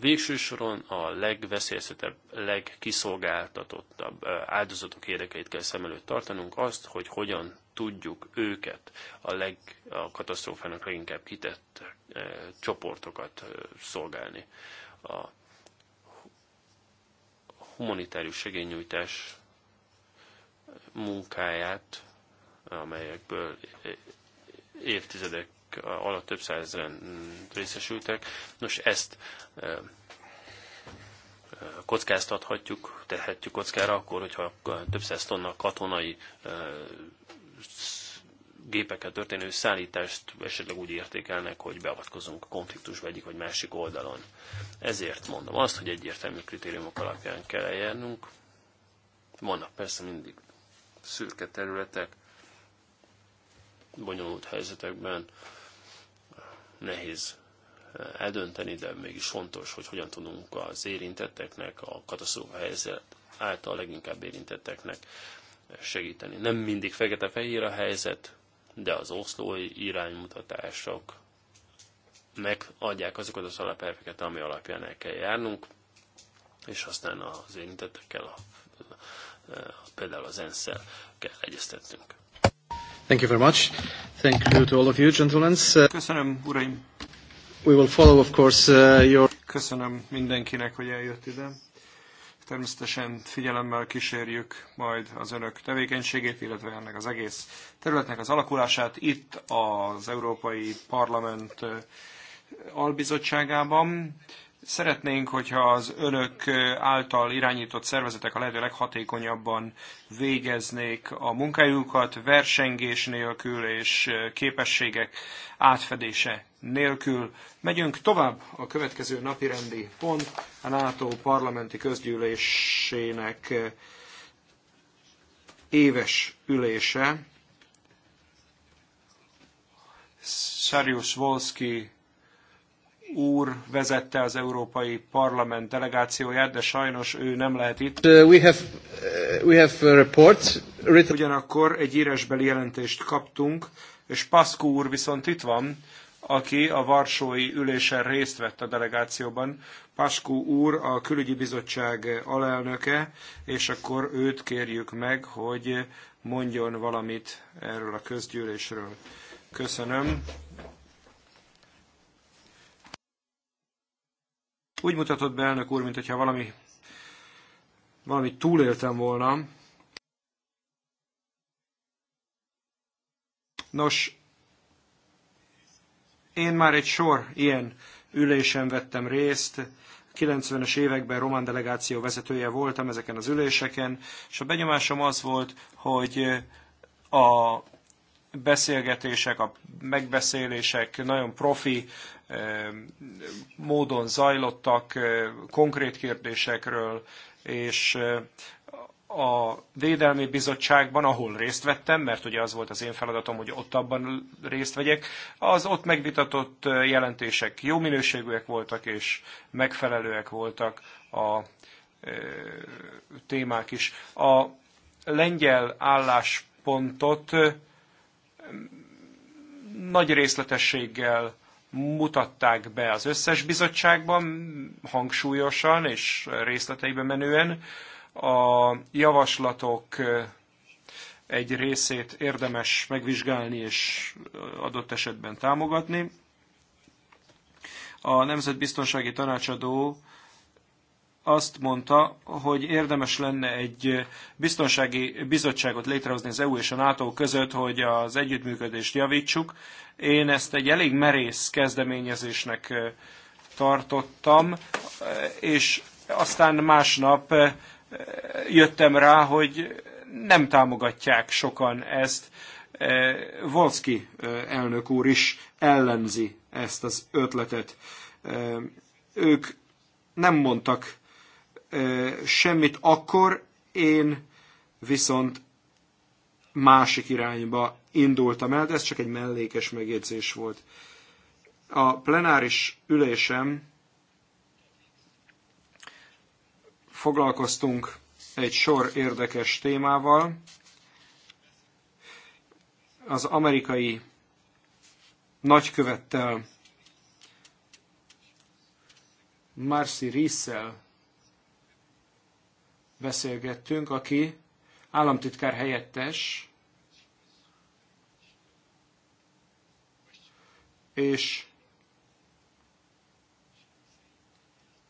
végső soron a legveszélyeztetebb, legkiszolgáltatottabb áldozatok érdekeit kell szem előtt tartanunk, azt, hogy hogyan tudjuk őket, a, leg, a katasztrófának leginkább kitett e, csoportokat e, szolgálni. A humanitárius segélynyújtás munkáját, amelyekből évtizedek alatt több százezeren részesültek. Nos, ezt kockáztathatjuk, tehetjük kockára akkor, hogyha több száz tonna katonai gépekkel történő szállítást esetleg úgy értékelnek, hogy beavatkozunk a konfliktus egyik vagy másik oldalon. Ezért mondom azt, hogy egyértelmű kritériumok alapján kell eljárnunk. Vannak persze mindig szürke területek, bonyolult helyzetekben nehéz eh, eldönteni, de mégis fontos, hogy hogyan tudunk az érintetteknek, a katasztrófa helyzet által leginkább érintetteknek segíteni. Nem mindig fekete-fehér a helyzet, de az oszlói iránymutatások megadják azokat az alapelveket, ami alapján el kell járnunk, és aztán az érintettekkel, a, a, eh, a például az ENSZ-szel kell egyeztetnünk. Thank you very much. Thank you to all of you, gentlemen. Uh, Köszönöm, uraim. We will follow, of course, uh, your... Köszönöm mindenkinek, hogy eljött ide. Természetesen figyelemmel kísérjük majd az önök tevékenységét, illetve ennek az egész területnek az alakulását itt az Európai Parlament albizottságában. Szeretnénk, hogyha az önök által irányított szervezetek a lehető leghatékonyabban végeznék a munkájukat, versengés nélkül és képességek átfedése nélkül. Megyünk tovább a következő napi rendi pont, a NATO parlamenti közgyűlésének éves ülése. Sarius Volszki úr vezette az Európai Parlament delegációját, de sajnos ő nem lehet itt. Uh, we have, uh, we have reports written... Ugyanakkor egy írásbeli jelentést kaptunk, és Pascu úr viszont itt van, aki a Varsói ülésen részt vett a delegációban. Pascu úr a külügyi bizottság alelnöke, és akkor őt kérjük meg, hogy mondjon valamit erről a közgyűlésről. Köszönöm. Úgy mutatott be elnök úr, mint hogyha valami, valami túléltem volna. Nos, én már egy sor ilyen ülésen vettem részt, 90-es években román delegáció vezetője voltam ezeken az üléseken, és a benyomásom az volt, hogy a beszélgetések, a megbeszélések nagyon profi módon zajlottak konkrét kérdésekről, és a Védelmi Bizottságban, ahol részt vettem, mert ugye az volt az én feladatom, hogy ott abban részt vegyek, az ott megvitatott jelentések jó minőségűek voltak, és megfelelőek voltak a témák is. A lengyel álláspontot nagy részletességgel mutatták be az összes bizottságban, hangsúlyosan és részleteibe menően. A javaslatok egy részét érdemes megvizsgálni és adott esetben támogatni. A Nemzetbiztonsági Tanácsadó azt mondta, hogy érdemes lenne egy biztonsági bizottságot létrehozni az EU és a NATO között, hogy az együttműködést javítsuk. Én ezt egy elég merész kezdeményezésnek tartottam, és aztán másnap jöttem rá, hogy nem támogatják sokan ezt. Volszki elnök úr is ellenzi ezt az ötletet. Ők nem mondtak semmit, akkor én viszont másik irányba indultam el, de ez csak egy mellékes megjegyzés volt. A plenáris ülésem foglalkoztunk egy sor érdekes témával. Az amerikai nagykövettel, Marcy Rissel beszélgettünk, aki államtitkár helyettes, és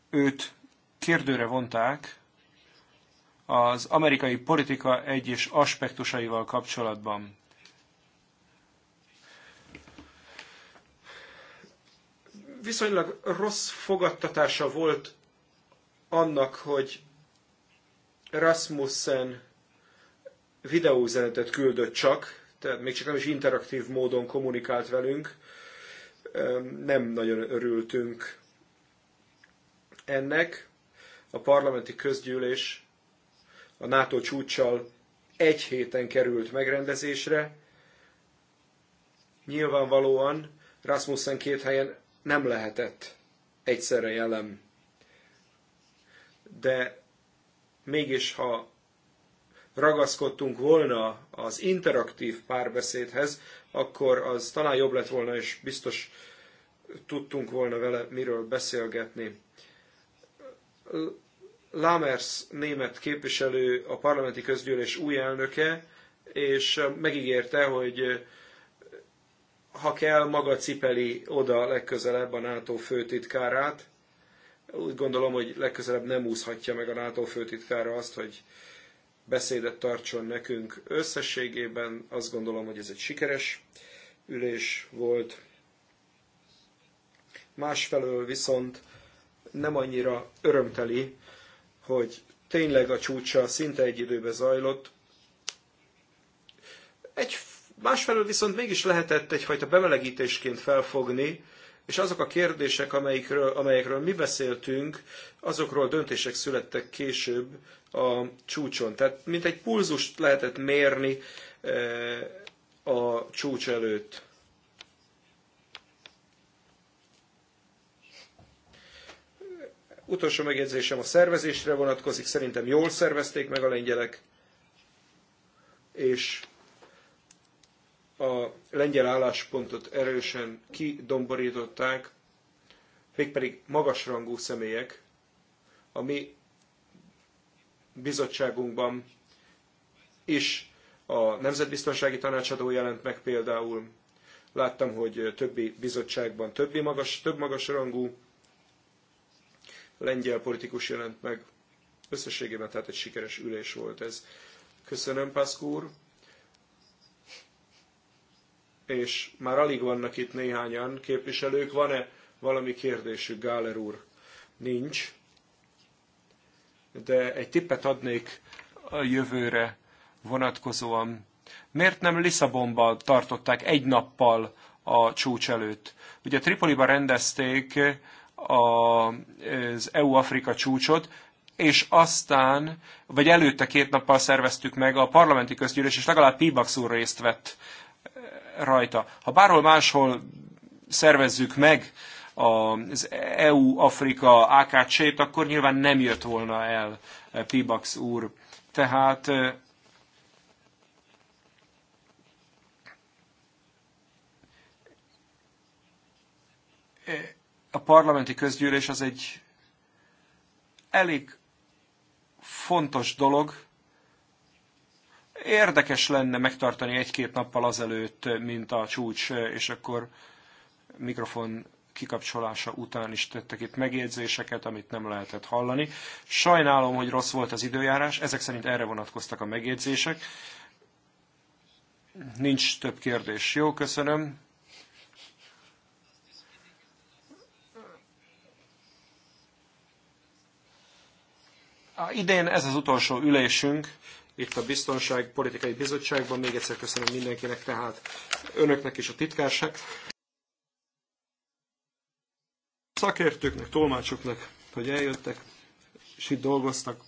őt kérdőre vonták az amerikai politika egyes aspektusaival kapcsolatban. Viszonylag rossz fogadtatása volt annak, hogy Rasmussen videóüzenetet küldött csak, tehát még csak nem is interaktív módon kommunikált velünk. Nem nagyon örültünk ennek. A parlamenti közgyűlés a NATO csúcsal egy héten került megrendezésre. Nyilvánvalóan Rasmussen két helyen nem lehetett egyszerre jelen. De mégis ha ragaszkodtunk volna az interaktív párbeszédhez, akkor az talán jobb lett volna, és biztos tudtunk volna vele miről beszélgetni. Lamers német képviselő, a parlamenti közgyűlés új elnöke, és megígérte, hogy ha kell, maga cipeli oda legközelebb a NATO főtitkárát, úgy gondolom, hogy legközelebb nem úszhatja meg a NATO főtitkára azt, hogy beszédet tartson nekünk. Összességében azt gondolom, hogy ez egy sikeres ülés volt. Másfelől viszont nem annyira örömteli, hogy tényleg a csúcsa szinte egy időbe zajlott. Egy, másfelől viszont mégis lehetett egyfajta bemelegítésként felfogni, és azok a kérdések, amelyikről, amelyekről mi beszéltünk, azokról döntések születtek később a csúcson. Tehát mint egy pulzust lehetett mérni eh, a csúcs előtt. Utolsó megjegyzésem a szervezésre vonatkozik, szerintem jól szervezték meg a lengyelek, és a lengyel álláspontot erősen kidomborították, mégpedig magasrangú személyek, a mi bizottságunkban is a Nemzetbiztonsági Tanácsadó jelent meg például. Láttam, hogy többi bizottságban többi magas, több magasrangú lengyel politikus jelent meg. Összességében tehát egy sikeres ülés volt ez. Köszönöm, Pászkúr és már alig vannak itt néhányan képviselők. Van-e valami kérdésük, Gáler úr? Nincs. De egy tippet adnék a jövőre vonatkozóan. Miért nem Lisszabonban tartották egy nappal a csúcs előtt? Ugye Tripoliba rendezték az EU-Afrika csúcsot, és aztán, vagy előtte két nappal szerveztük meg a parlamenti közgyűlés, és legalább Pibax úr részt vett rajta. Ha bárhol máshol szervezzük meg az EU-Afrika AKC-t, akkor nyilván nem jött volna el Pibax úr. Tehát a parlamenti közgyűlés az egy elég fontos dolog, érdekes lenne megtartani egy-két nappal azelőtt, mint a csúcs, és akkor mikrofon kikapcsolása után is tettek itt megjegyzéseket, amit nem lehetett hallani. Sajnálom, hogy rossz volt az időjárás, ezek szerint erre vonatkoztak a megjegyzések. Nincs több kérdés. Jó, köszönöm. A idén ez az utolsó ülésünk, itt a Biztonságpolitikai Bizottságban. Még egyszer köszönöm mindenkinek, tehát önöknek is a titkárság. Szakértőknek, tolmácsoknak, hogy eljöttek, és itt dolgoztak.